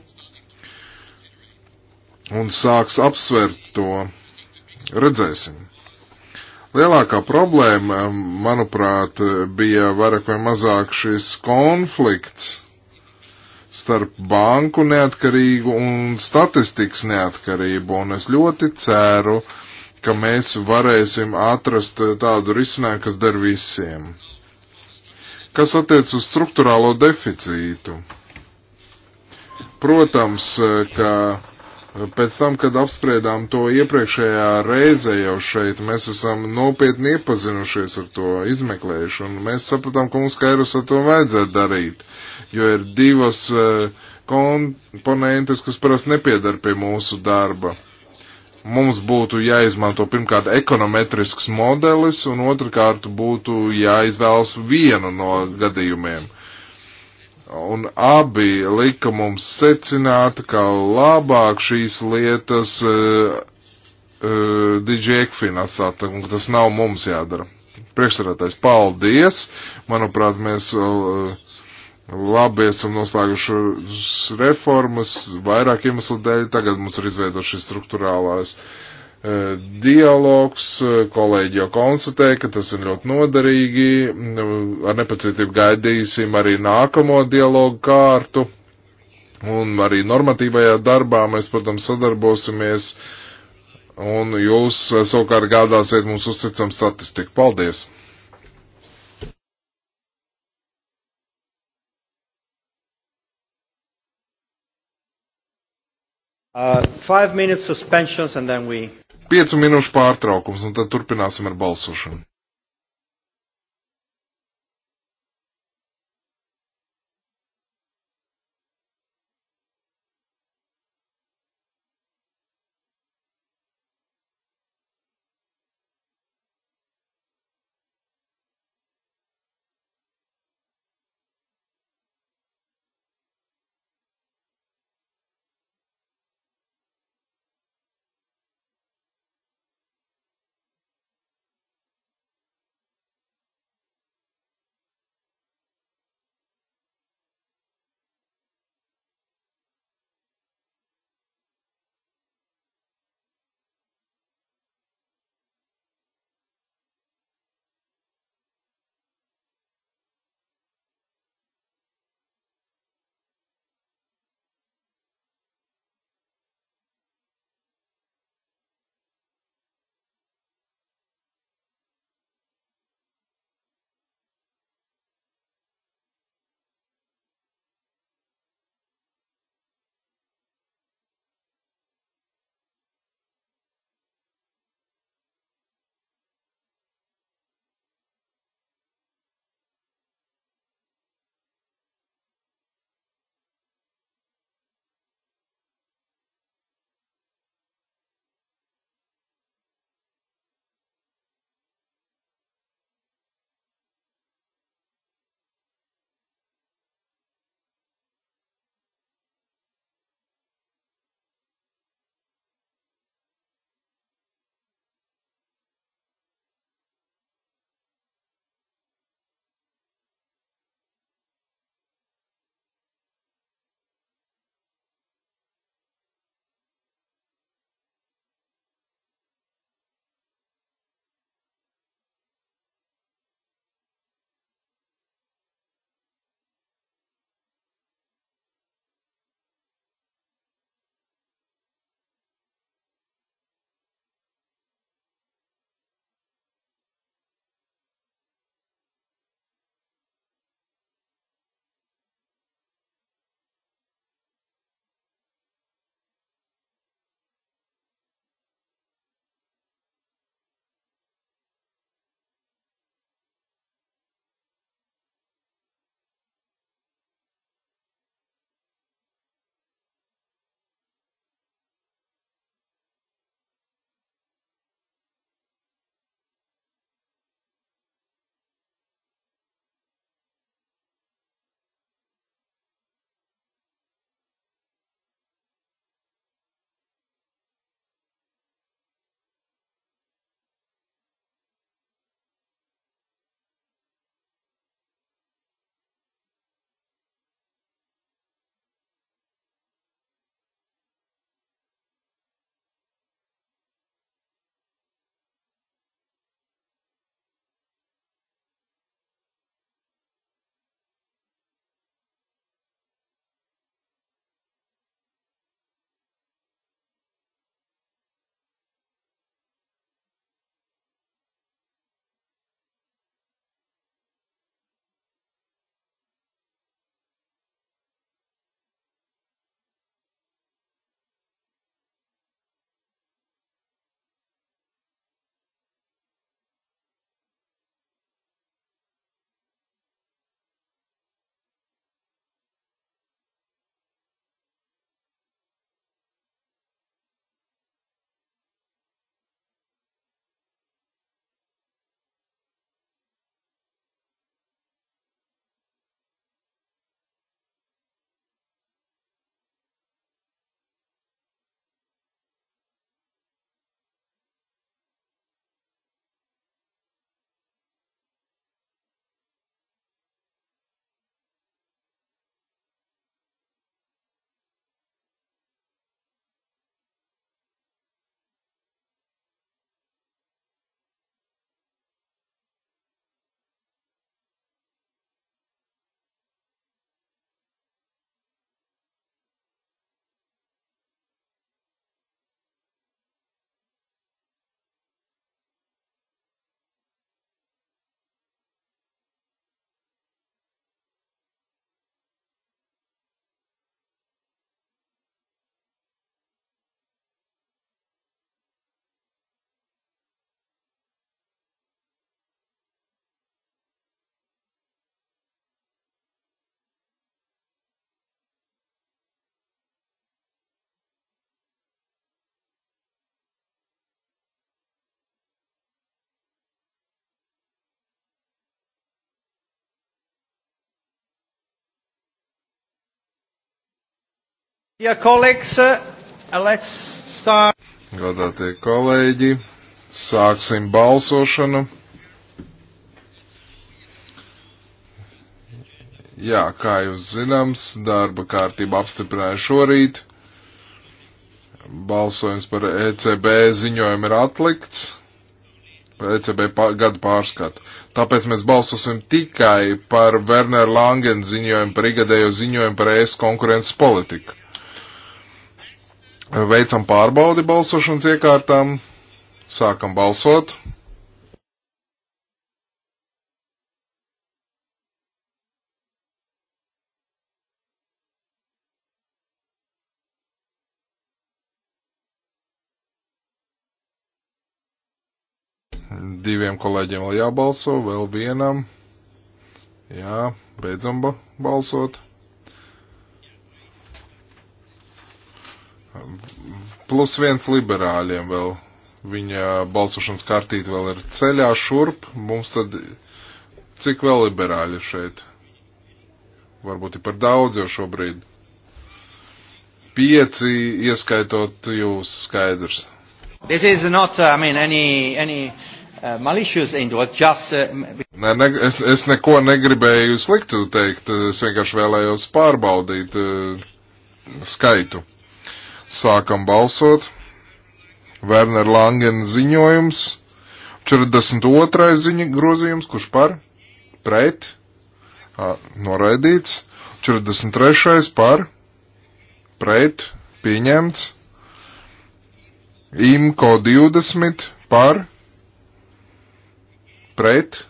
un sāks apsvērt to. Redzēsim. Lielākā problēma, manuprāt, e, bija vairāk vai mazāk šis konflikts starp banku neatkarību un statistikas neatkarību, un es ļoti ceru, ka mēs varēsim atrast tādu risinājumu, kas der visiem. Kas attiec uz struktūrālo deficītu? Protams, ka pēc tam, kad apspriedām to iepriekšējā reizē jau šeit, mēs esam nopietni iepazinušies ar to izmeklēšanu. Mēs sapratām, ka mums skaidrs ar to vajadzētu darīt. Uh, jo ir divas e, komponentes, kas parasti nepiedara pie mūsu darba. Mums būtu jāizmanto pirmkārt ekonometrisks modelis, un otrkārt būtu jāizvēlas vienu no gadījumiem. Un abi lika mums secināt, ka labāk šīs lietas uh, e, uh, e, DJK finansēt, un tas nav mums jādara. Priekšsarētais, paldies! Manuprāt, mēs uh, Labi, esam noslēguši reformas vairāk iemeslu dēļ. Tagad mums ir izveidots šis struktūrālās e, dialogs. Kolēģi jau konstatē, ka tas ir ļoti noderīgi. Ar nepacietību gaidīsim arī nākamo dialogu kārtu. Un arī normatīvajā darbā mēs, protams, sadarbosimies. Un jūs savukārt gādāsiet mums uzticam statistiku. Paldies! Uh, we... Piecu minūšu pārtraukums, un tad turpināsim ar balsošanu. Ja kolēģis, uh, let's start. Godātie kolēģi, sāksim balsošanu. Jā, kā jūs zināms, darba kārtība apstiprināja šorīt. Balsojums par ECB ziņojumu ir atlikts. ECB gada pārskatu. Tāpēc mēs balsosim tikai par Werner Langen ziņojumu par igadējo ziņojumu par ES konkurences politiku. Veicam pārbaudi balsošanas iekārtām. Sākam balsot. Diviem kolēģiem vēl jābalso, vēl vienam. Jā, beidzam balsot. Plus viens liberāļiem vēl. Viņa balsošanas kārtīte vēl ir ceļā šurp. Mums tad cik vēl liberāļi šeit? Varbūt ir par daudz jau šobrīd. Pieci, ieskaitot jūs, skaidrs. This is not, uh, I mean, any, any uh, malicious end, was just... Uh, ne, ne, es, es neko negribēju sliktu teikt, es vienkārši vēlējos pārbaudīt uh, skaitu. Sākam balsot. Werner Langen ziņojums. 42. Ziņa, grozījums, kurš par? Pret. Noraidīts. 43. par? Pret. Pieņemts. Imko 20 par? Pret.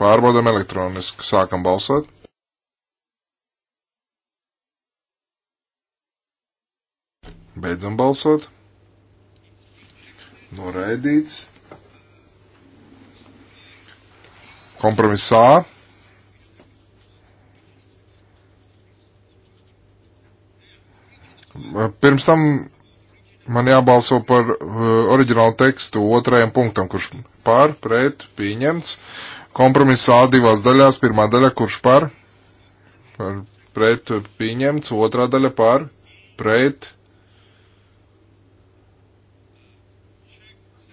Pārbaudam elektroniski. Sākam balsot. Beidzam balsot. Noraidīts. Kompromiss A. Pirms tam man jābalso par uh, oriģinālu tekstu otrajam punktam, kurš par, pret, pieņemts. Kompromiss A divās daļās, pirmā daļa, kurš par, par pret, pieņemts, otrā daļa par, pret, pieņemts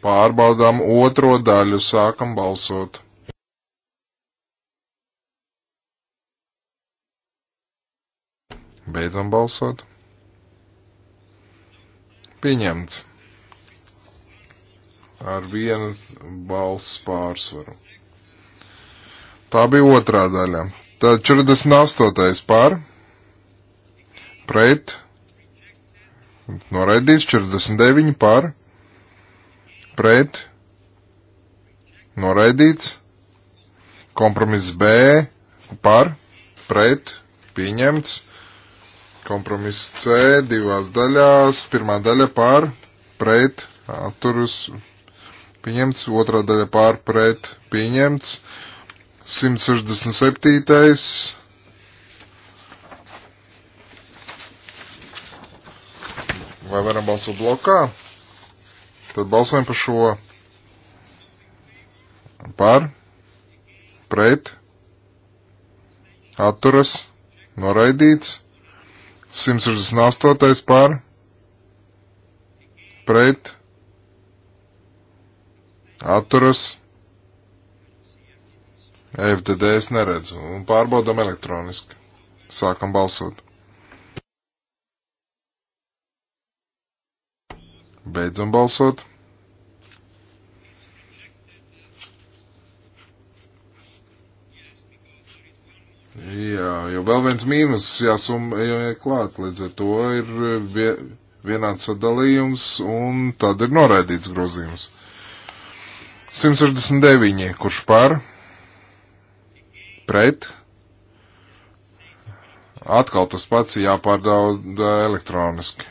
Pārbaudām otro daļu, sākam balsot. Beidzam balsot. Pieņemts. Ar vienu balss pārsvaru. Tā bija otrā daļa. Tad 48. pār. Pret. Noraidīts 49 pār pret, noraidīts, kompromiss B, par, pret, pieņemts, kompromiss C, divās daļās, pirmā daļa par, pret, atturus, pieņemts, otrā daļa par, pret, pieņemts, 167. Vai varam balsot blokā? Tad balsojam par šo par, pret, atturas, noraidīts. 168. par, pret, atturas, FDD es neredzu. Un pārbaudam elektroniski. Sākam balsot. Beidzam balsot. Jā, jo vēl viens mīnus jāsumē klāt, līdz ar to ir vie, vienāds sadalījums un tad ir noraidīts grozījums. 169, kurš par? Pret? Atkal tas pats jāpārdauda elektroniski.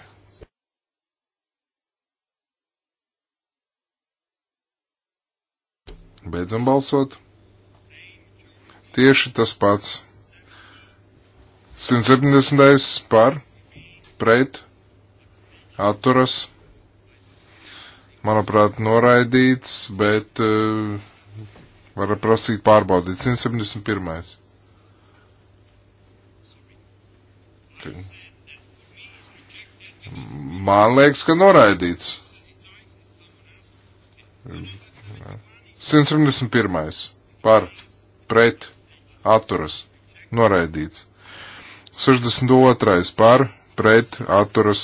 Beidzam balsot. Tieši tas pats. 170. par, pret, atturas. Manuprāt, noraidīts, bet uh, eh, var prasīt pārbaudīt. 171. Okay. Man liekas, ka noraidīts. Mm. 171. par pret atturas noraidīts. 62. par pret atturas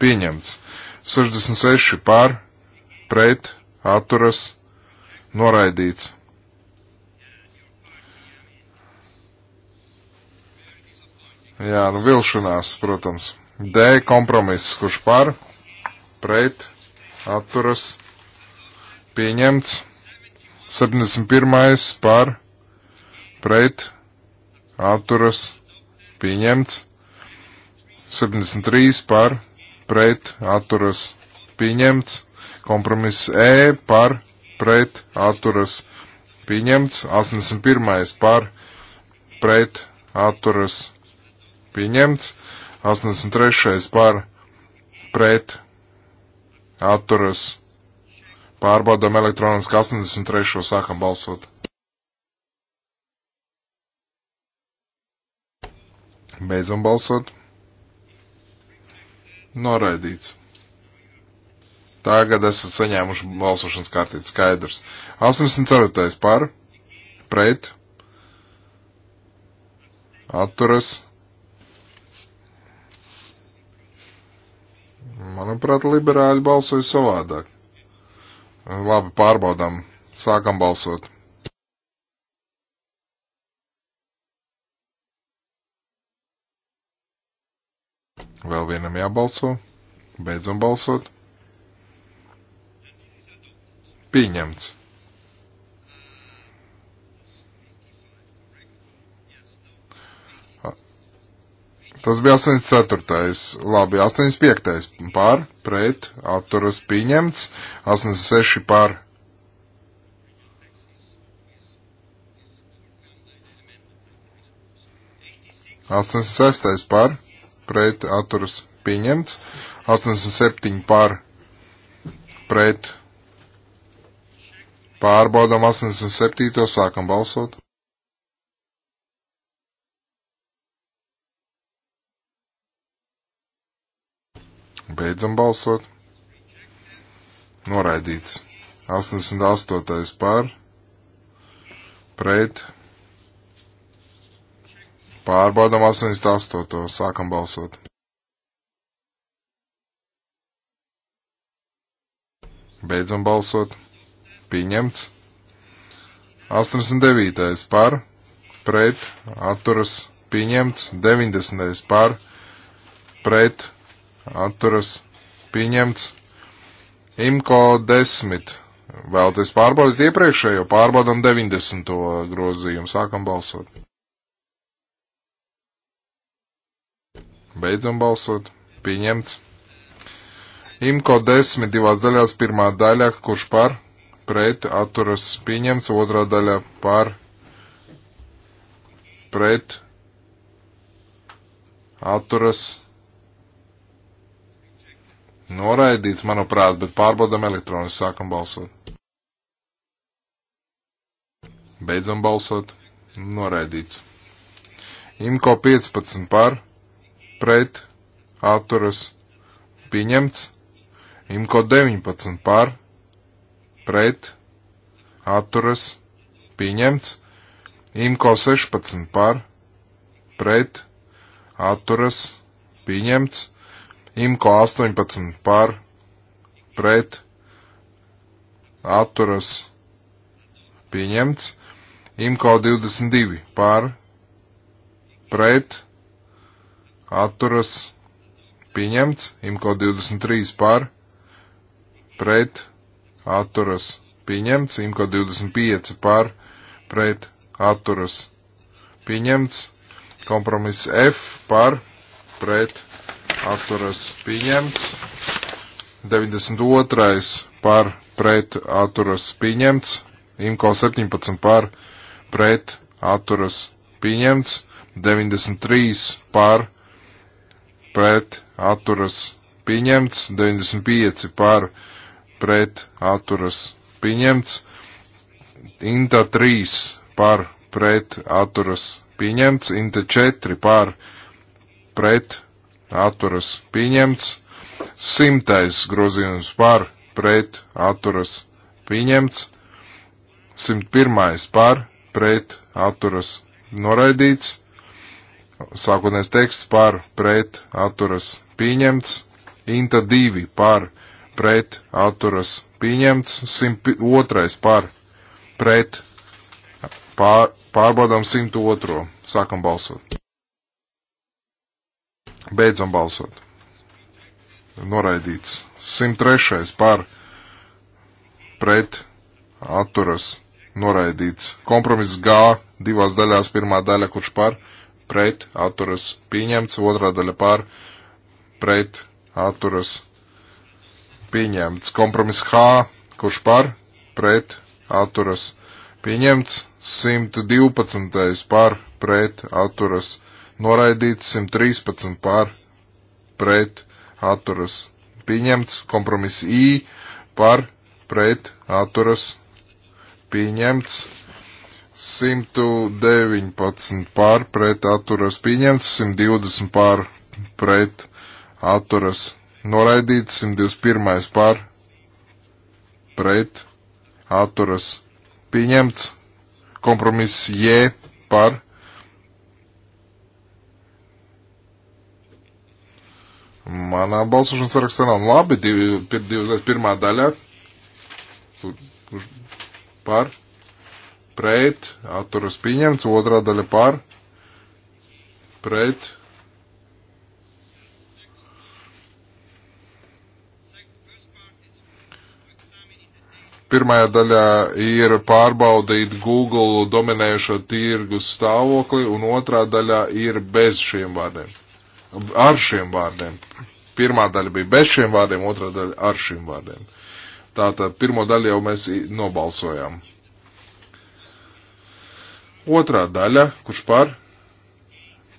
pieņemts. 66. par pret atturas noraidīts. Jā, nu vilšanās, protams. D kompromiss, kurš par pret atturas pieņemts. 71. par pret atturas pieņemts. 73 par pret atturas pieņemts. Kompromiss E par pret atturas pieņemts. 81. par pret atturas pieņemts. 83. par pret atturas pieņemts Pārbaudam elektroniski 83. sākam balsot. Beidzam balsot. Noraidīts. Tagad esat saņēmuši balsošanas kārtību. Skaidrs. 84. par, pret, atturas. Manuprāt, liberāļi balsoja savādāk. Labi, pārbaudām. Sākam balsot. Vēl vienam jābalso. Beidzam balsot. Pieņemts. Tas bija 84. Labi, 85. pār, pret, atturas pieņemts, 86 pār. Astoņdesmit sestais par, pret atturas pieņemts, astoņdesmit septiņi par, pret pārbaudām astoņdesmit septīto, sākam balsot. Beidzam balsot. Noraidīts. 88. par. Pret. Pārbaudam 88. Sākam balsot. Beidzam balsot. Pieņemts. 89. par. Pret. Atturas. Pieņemts. 90. par. Pret atturas pieņemts. Imko 10. Vēlties pārbaudīt iepriekšējo, pārbaudam 90. grozījumu, sākam balsot. Beidzam balsot, pieņemts. Imko 10 divās daļās, pirmā daļa, kurš par, pret, atturas pieņemts, otrā daļa par, pret, atturas pieņemts Noraidīts, manuprāt, bet pārbaudam elektroniski sākam balsot. Beidzam balsot. Noraidīts. Imko 15 par, pret, atturas, pieņemts. Imko 19 par, pret, atturas, pieņemts. Imko 16 par, pret, atturas, pieņemts. Imko 18 par, pret, atturas, pieņemts. Imko 22 par, pret, atturas, pieņemts. Imko 23 par, pret, atturas, pieņemts. Imko 25 par, pret, atturas, pieņemts. Kompromiss F par, pret, atturas atturas pieņemts. 92. par pret atturas pieņemts. Imko 17 par pret atturas pieņemts. 93 par pret atturas pieņemts. 95 par pret atturas pieņemts. Inta 3 par pret atturas pieņemts. Inta 4 par pret atturas pieņemts, simtais grozījums par, pret, atturas pieņemts, simt pirmais par, pret, atturas noraidīts, sākotnēs teksts par, pret, atturas pieņemts, inta divi par, pret, atturas pieņemts, simt otrais par, pret, pār, pārbaudām simt otro, sākam balsot. Beidzam balsot. Noraidīts. 103. par pret atturas. Noraidīts. Kompromiss G divās daļās. Pirmā daļa, kurš par pret atturas pieņemts. Otrā daļa par pret atturas pieņemts. Kompromiss H, kurš par pret atturas pieņemts. 112. par pret atturas pieņemts noraidīts 113 pār pret atturas pieņemts, kompromiss I par pret atturas pieņemts, 119 pār pret atturas pieņemts, 120 pār pret atturas noraidīts, 121 pār pret atturas pieņemts, kompromiss J par pret Manā balsošanas sarakstā nav labi, 21. daļā par, pret, atturas pieņemts, otrā daļa par, pret. Pirmajā daļā ir pārbaudīt Google dominējušo tirgus stāvokli, un otrā daļā ir bez šiem vārdiem ar šiem vārdiem. Pirmā daļa bija bez šiem vārdiem, otrā daļa ar šiem vārdiem. Tātad pirmo daļu jau mēs nobalsojām. Otrā daļa, kurš par,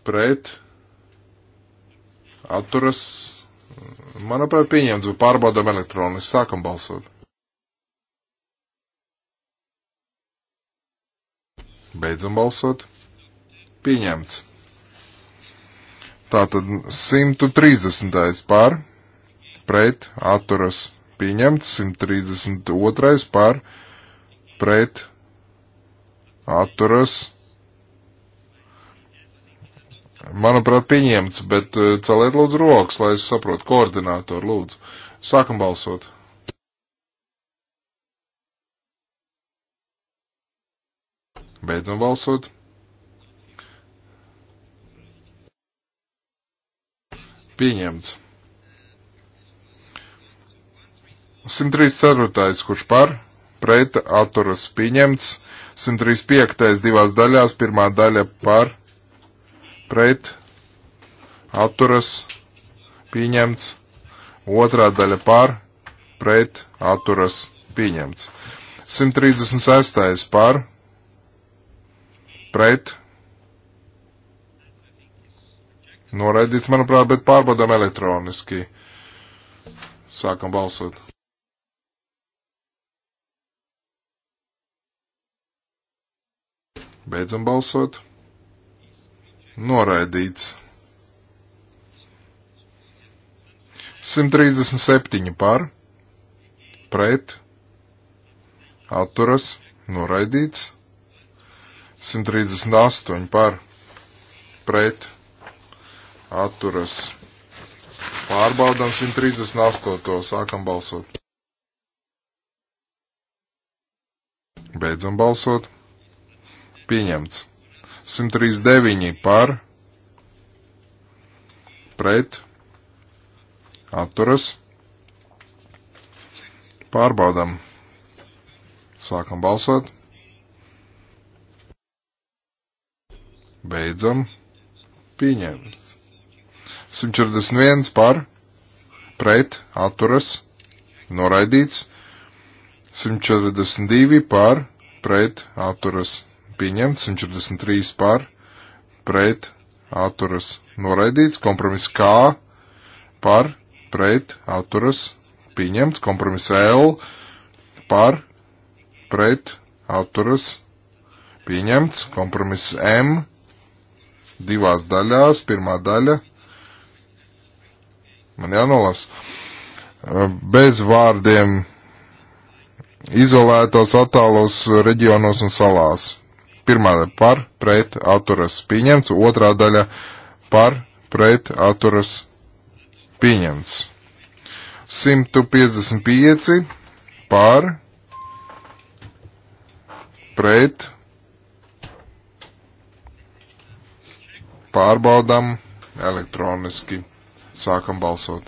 pret, atturas, manuprāt, pieņemts, bet pārbaudām elektroniski, sākam balsot. Beidzam balsot. Pieņemts. Tātad 130. par, pret, atturas pieņemts, 132. par, pret, atturas. Manuprāt, pieņemts, bet eh, celiet lūdzu rokas, lai es saprotu koordinātoru, lūdzu. Sākam balsot. Beidzam balsot. Pieņemts. 134. kurš par, pret, atturas pieņemts. 135. divās daļās, pirmā daļa par, pret, atturas pieņemts. Otrā daļa par, pret, atturas pieņemts. 136. par, pret, Noraidīts, manuprāt, bet pārbaudām elektroniski. Sākam balsot. Beidzam balsot. Noraidīts. 137 par, pret, atturas, noraidīts. 138 par, pret, atturas atturas. Pārbaudām 138. Sākam balsot. Beidzam balsot. Pieņemts. 139 par, pret, atturas. Pārbaudām. Sākam balsot. Beidzam. Pieņemts. 141 par, pret, atturas, noraidīts. 142 par, pret, atturas, pieņemts. 143 par, pret, atturas, noraidīts. Kompromiss K par, pret, atturas, pieņemts. Kompromiss L par, pret, atturas, pieņemts. Kompromiss M divās daļās. Pirmā daļa man jānolas, bez vārdiem izolētos attālos reģionos un salās. Pirmā daļa par, pret, atturas pieņemts, otrā daļa par, pret, atturas pieņemts. 155 par, pret, pārbaudam elektroniski. Sākam balsot.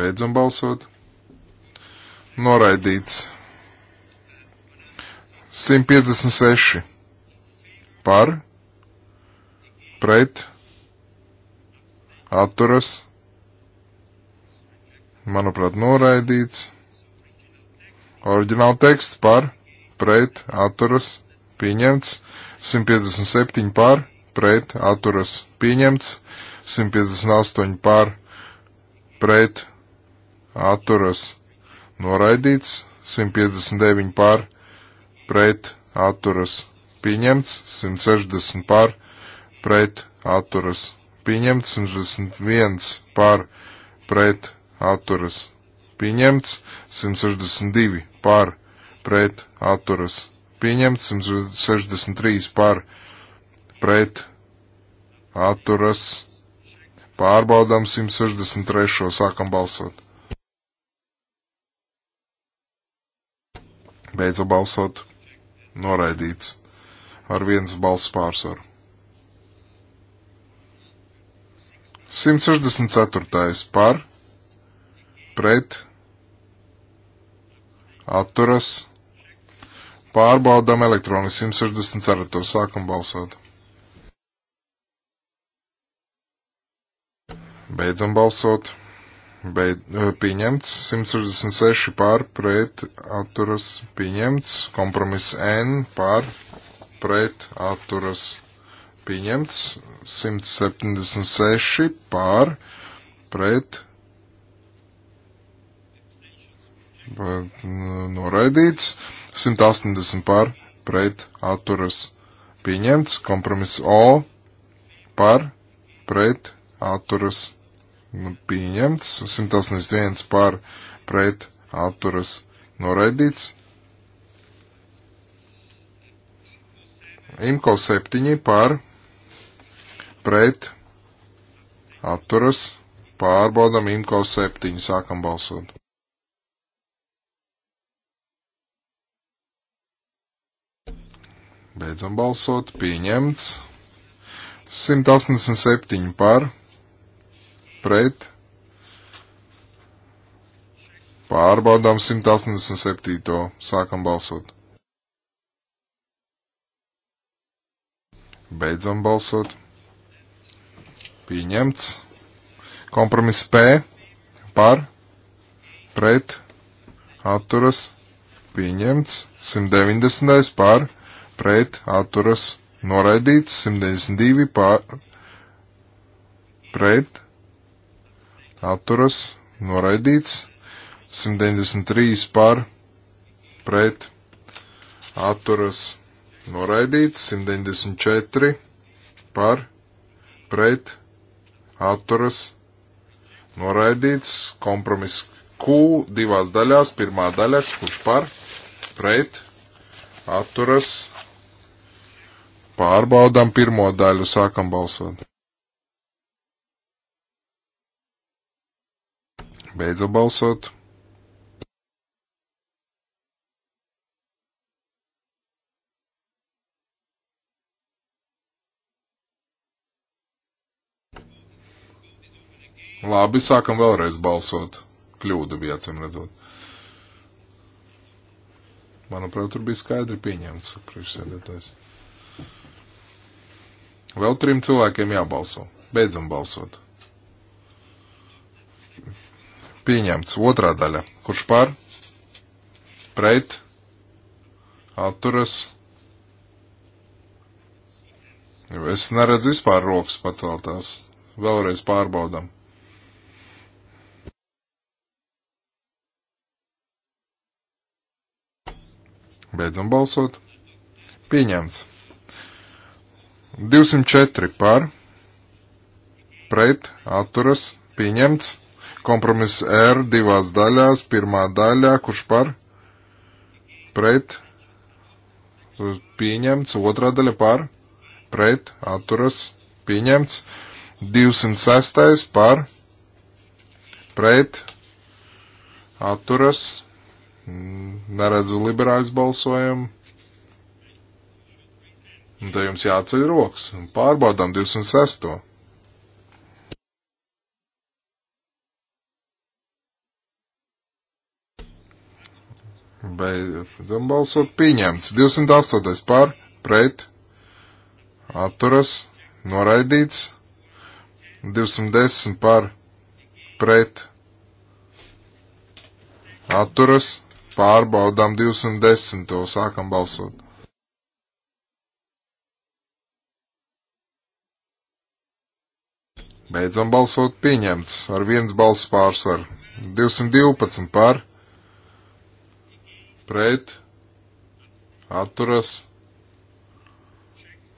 Beidzam balsot. Noraidīts. 156 par, pret, atturas, manuprāt, noraidīts. Oriģināla teksts par, pret, atturas, pieņemts, 157 pār, pret, atturas pieņemts, 158 pār, pret, atturas noraidīts, 159 pār, pret, atturas pieņemts, 160 pār, pret, atturas pieņemts, 161 pār, pret, atturas pieņemts, 162 pār, pret, atturas pieņemts pieņemts, 163 par pret atturas pārbaudām 163. sākam balsot. Beidza balsot. Noraidīts. Ar viens balss pārsvaru. 164. par pret atturas Pārbaudām elektroniski 164. Sākam balsot. Beidzam balsot. Beid, eh, pieņemts 166 pār pret atturas pieņemts. Kompromiss N pār pret atturas pieņemts. 176 pār pret eh, noraidīts. 180 par pret atturas pieņemts. Kompromiss O par pret atturas nu, pieņemts. 181 par pret atturas noraidīts. Imko 7 par pret atturas pārbaudam Imko 7. Sākam balsot. Beidzam balsot. Pieņemts. 187 par. Pret. Pārbaudām 187. Sākam balsot. Beidzam balsot. Pieņemts. Kompromiss P. Par. Pret. Atturas. Pieņemts. 190. par pret atturas noraidīts, 192 pār pret atturas noraidīts, 193 pār pret atturas noraidīts, 194 par pret atturas noraidīts, kompromiss Q divās daļās, pirmā daļa, kurš par pret atturas Pārbaudām pirmo daļu, sākam balsot. Beidzam balsot. Labi, sākam vēlreiz balsot. Kļūda bija acīm redzot. Manuprāt, tur bija skaidri pieņemts priekšsēdētājs. Vēl trim cilvēkiem jābalso. Beidzam balsot. Pieņemts. Otrā daļa. Kurš par? Pret? Atturas? Es neredzu vispār rokas paceltās. Vēlreiz pārbaudam. Beidzam balsot. Pieņemts. 204 par, pret, atturas, pieņemts. Kompromiss R divās daļās, pirmā daļā, kurš par, pret, pieņemts, otrā daļa par, pret, atturas, pieņemts. 206 par, pret, atturas, neredzu liberāļus balsojumu. Un tad jums jāceļ rokas un pārbaudām 206. Beidzam balsot pieņemts. 208. par, pret, atturas, noraidīts. 210 par, pret, atturas, pārbaudām 210. sākam balsot. Beidzam balsot pieņemts ar viens balss pārsvaru. 212 par, pret, atturas,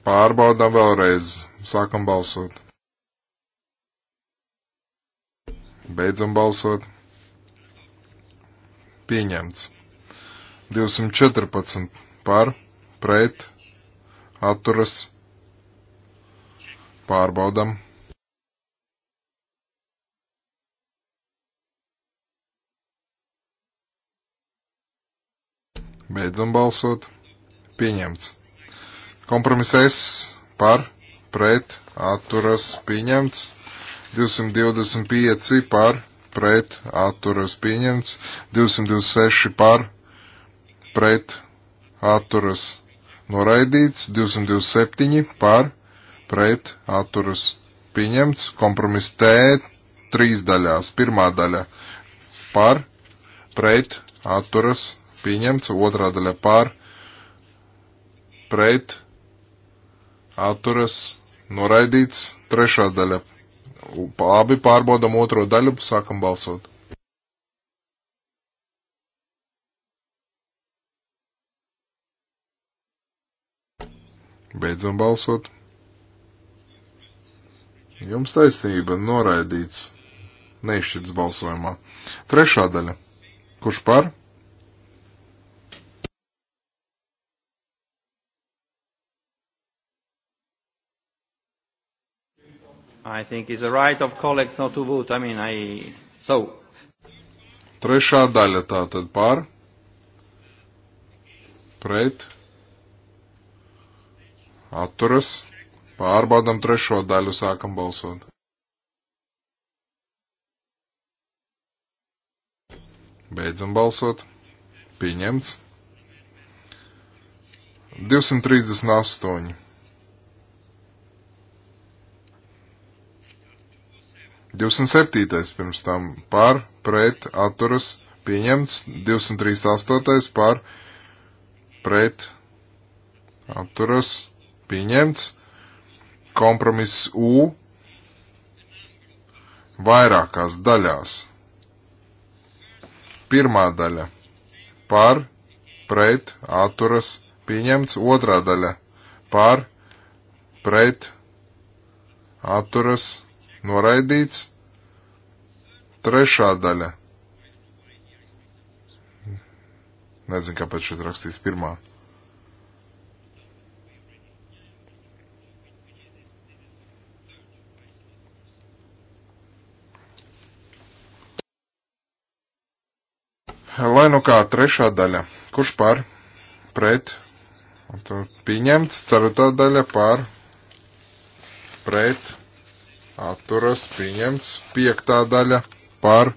pārbaudām vēlreiz, sākam balsot. Beidzam balsot. Pieņemts. 214 par, pret, atturas, pārbaudām. Beidzam balsot. Pieņemts. Kompromiss S par, pret, atturas, pieņemts. 225 par, pret, atturas, pieņemts. 226 par, pret, atturas, noraidīts. 227 par, pret, atturas, pieņemts. Kompromiss T trīs daļās. Pirmā daļa par, pret, atturas, pieņemts, otrā daļa par, pret, atturas, noraidīts, trešā daļa. Abi pārbaudam otro daļu, sākam balsot. Beidzam balsot. Jums taisnība noraidīts. Neizšķirts balsojumā. Trešā daļa. Kurš par? I think it's a right of colleagues not to vote. I mean, I... So. Trešā daļa tātad par. Pret. Atturas. Pārbaudam trešo daļu, sākam balsot. Beidzam balsot. Pieņemts. 238. 207. pirms tam par, pret, atturas, pieņemts. 238. par, pret, atturas, pieņemts. Kompromiss U vairākās daļās. Pirmā daļa par, pret, atturas, pieņemts. Otrā daļa par, pret, atturas, pieņemts noraidīts. Trešā daļa. Nezinu, kāpēc šeit rakstīs pirmā. Lai nu kā trešā daļa. Kurš pār? Pret. Pieņemts. Ceturtā daļa pār. Pret atturas pieņemts. Piektā daļa par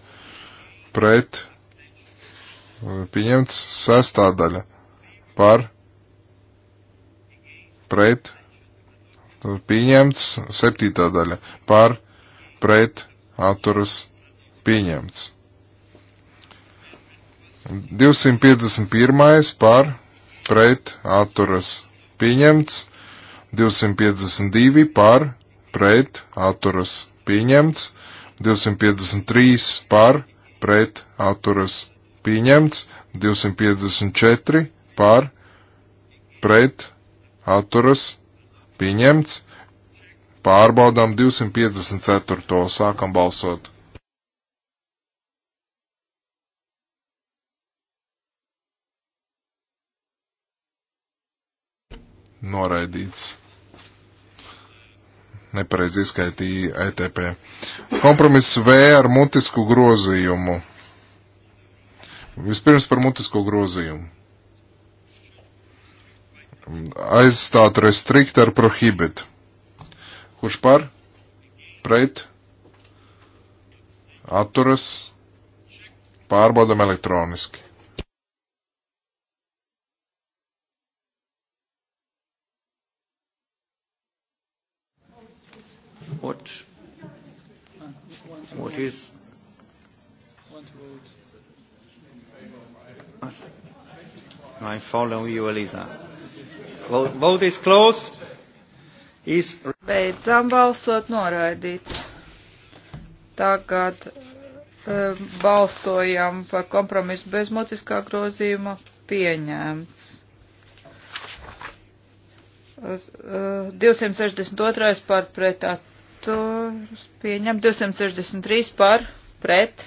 pret pieņemts. Sestā daļa par pret pieņemts. Septītā daļa par pret atturas pieņemts. 251 par pret atturas pieņemts, 252 par pret, atturas pieņemts, 253 par, pret, atturas pieņemts, 254 par, pret, atturas pieņemts, pārbaudām 254. sākam balsot. noraidīts nepareiz izskaitīja ETP. Kompromiss V ar mutisku grozījumu. Vispirms par mutisko grozījumu. Aizstāt restrikt ar prohibit. Kurš par? Pret? Atturas? Pārbaudam elektroniski. What? What is? I follow you, Elisa. Vote well, is closed. Is... Beidzām balsot noraidīts. Tagad um, balsojam par kompromisu bez motiskā grozījuma pieņēmts. 262. Eh, eh, par pret atturas atturus pieņem 263 par pret.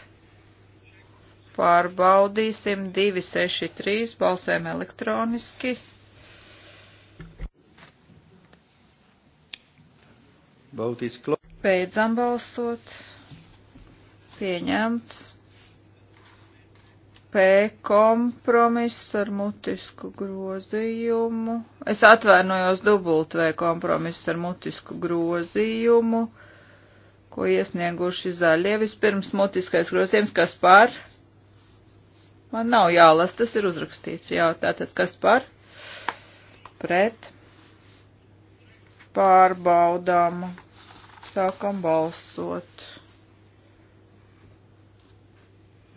Pārbaudīsim 263, balsēm elektroniski. Bautis klop. Beidzam balsot. Pieņemts. P kompromiss ar mutisku grozījumu. Es atvainojos dubult V kompromiss ar mutisku grozījumu, ko iesnieguši zaļie. Vispirms mutiskais grozījums, kas par? Man nav jālas, tas ir uzrakstīts. Jā, tātad kas par? Pret. Pārbaudām. Sākam balsot.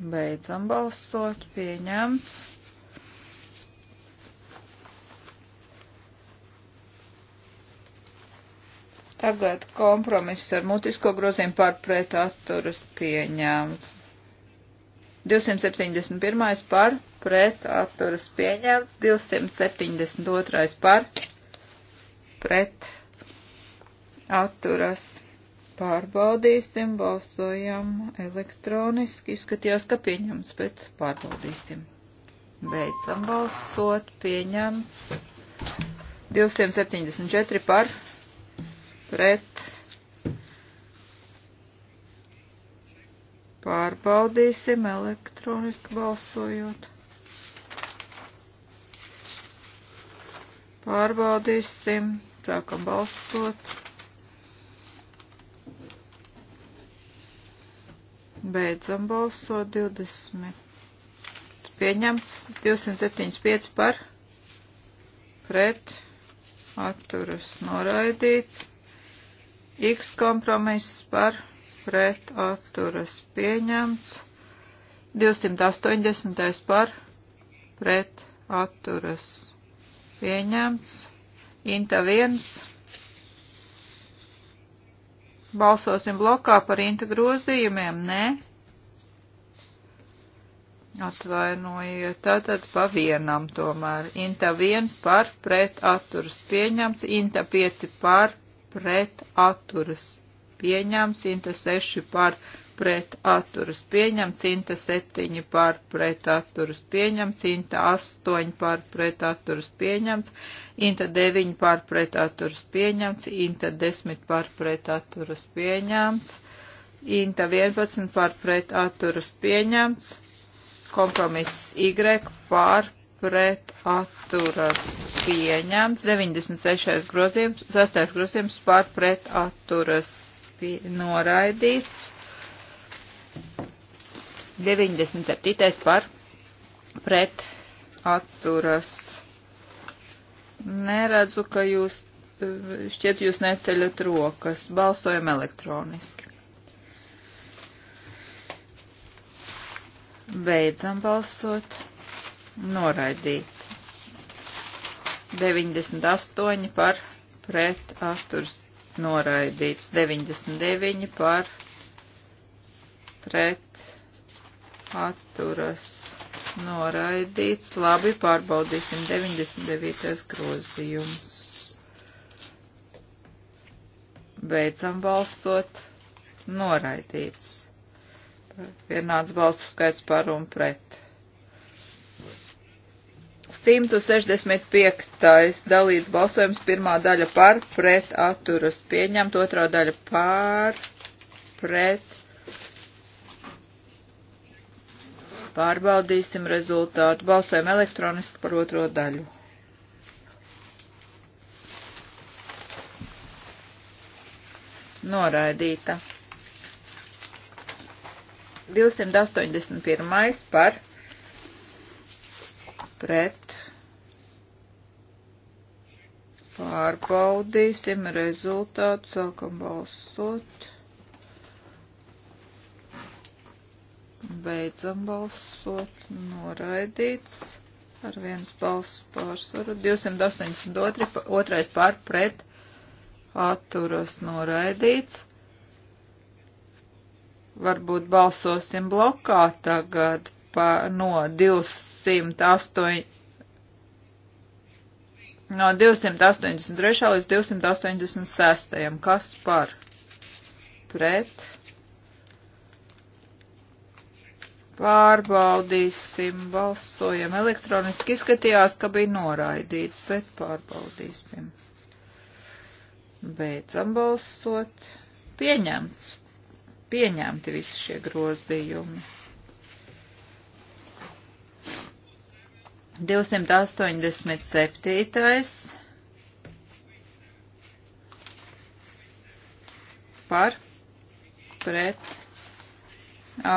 Beidzam balsot. Pieņemts. Tagad kompromiss ar mutisko grozījumu pārpret atturas pieņemts. 271. par pret atturas pieņemts, 272. par pret atturas pieņemts Pārbaudīsim, balsojam elektroniski. Izskatījās, ka pieņems, bet pārbaudīsim. Beidzam balsot, pieņemts. 274 par, pret. Pārbaudīsim elektroniski balsojot. Pārbaudīsim, sākam balsot. Beidzam balsot 20. Pieņemts 275 par pret atturas noraidīts. X kompromiss par pret atturas pieņemts. 280 par pret atturas pieņemts. Inta 1 Balsosim blokā par inta grozījumiem, nē? Atvainojiet, tātad pa vienam tomēr. Inta 1 par pret atturas pieņems, Inta 5 par pret atturas pieņems, Inta 6 par pret atturas pieņemts, cinta 7 par pret atturas pieņemts, cinta 8 par pret atturas pieņemts, inta 9 par pret atturas pieņemts, inta 10 par pret atturas pieņemts, inta 11 par pret atturas pieņemts, kompromiss Y par pret atturas pieņemts, 96. grozījums, 6. grozījums par pret atturas pie, noraidīts. 97. par pret atturas. Neredzu, ka jūs šķiet jūs neceļat rokas. Balsojam elektroniski. Beidzam balsot. Noraidīts. 98 par pret atturs noraidīts. 99 par pret atturas noraidīts. Labi, pārbaudīsim 99. grozījums. Beidzam balsot. Noraidīts. Vienāds balsu skaits par un pret. 165. dalīts balsojums pirmā daļa par, pret atturas pieņemt, otrā daļa par, pret Pārbaudīsim rezultātu. Balsojam elektroniski par otro daļu. Noraidīta. 281 par pret. Pārbaudīsim rezultātu. Sākam balsot. Beidzam balsot. Noraidīts. Ar vienas balss pārsvaru. 282. Otrais pār pret. Atturas noraidīts. Varbūt balsosim blokā tagad pa, no 208. No 283. līdz 286. Kas par? Pret Pārbaudīsim, balsojam. Elektroniski izskatījās, ka bija noraidīts, bet pārbaudīsim. Beidzam balsot. Pieņemts. Pieņemti visi šie grozījumi. 287. Par. Pret.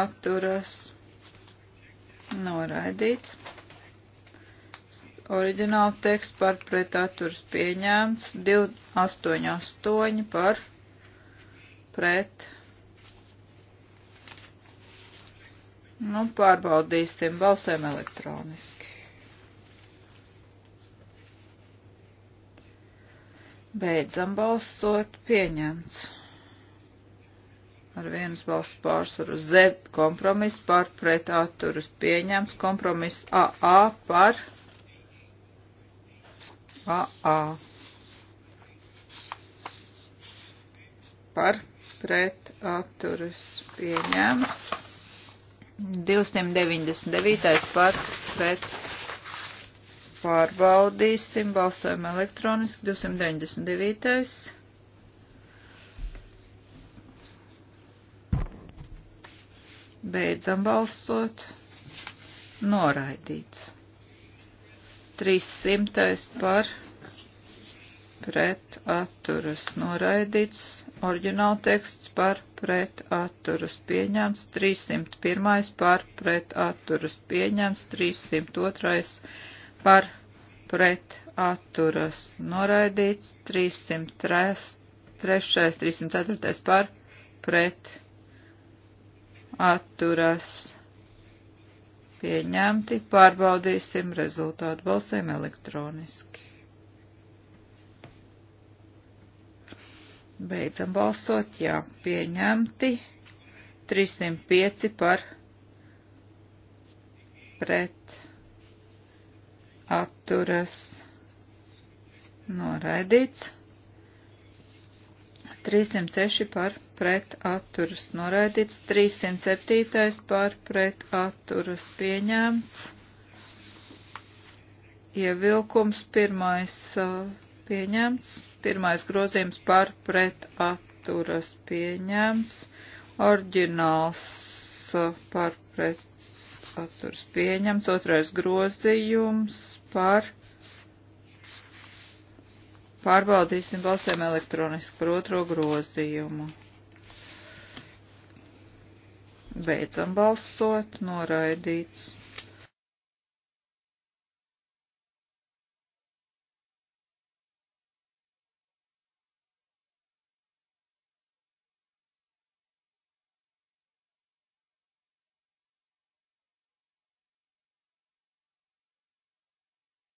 Atturas noraidīts. Oriģināla teksts par pretaturas pieņēmts 288 par pret. Nu, pārbaudīsim, balsēm elektroniski. Beidzam balsot, pieņemts ar vienas balsts pārsvaru Z kompromiss par pret atturas pieņems, kompromiss AA par AA par pret atturas pieņems, 299 par pret pārbaudīsim, balsojam elektroniski, 299. Beidzam balsot. Noraidīts. 300. par pret atturas. Noraidīts. Orģināla teksts par pret atturas pieņemts. 301. par pret atturas pieņemts. 302. par pret atturas. Noraidīts. 303. 304. par pret atturas atturas pieņemti. Pārbaudīsim rezultātu balsēm elektroniski. Beidzam balsot, jā, pieņemti. 305 par pret atturas noraidīts. 306 par pret atturas noraidīts, 307 par pret atturas pieņēmts, ievilkums pirmais uh, pieņemts, pirmais grozījums par pret atturas pieņēmts, oriģināls uh, par pret atturas pieņemts, otrais grozījums par pret Pārbaudīsim balsēm elektroniski par otro grozījumu. Beidzam balsot, noraidīts.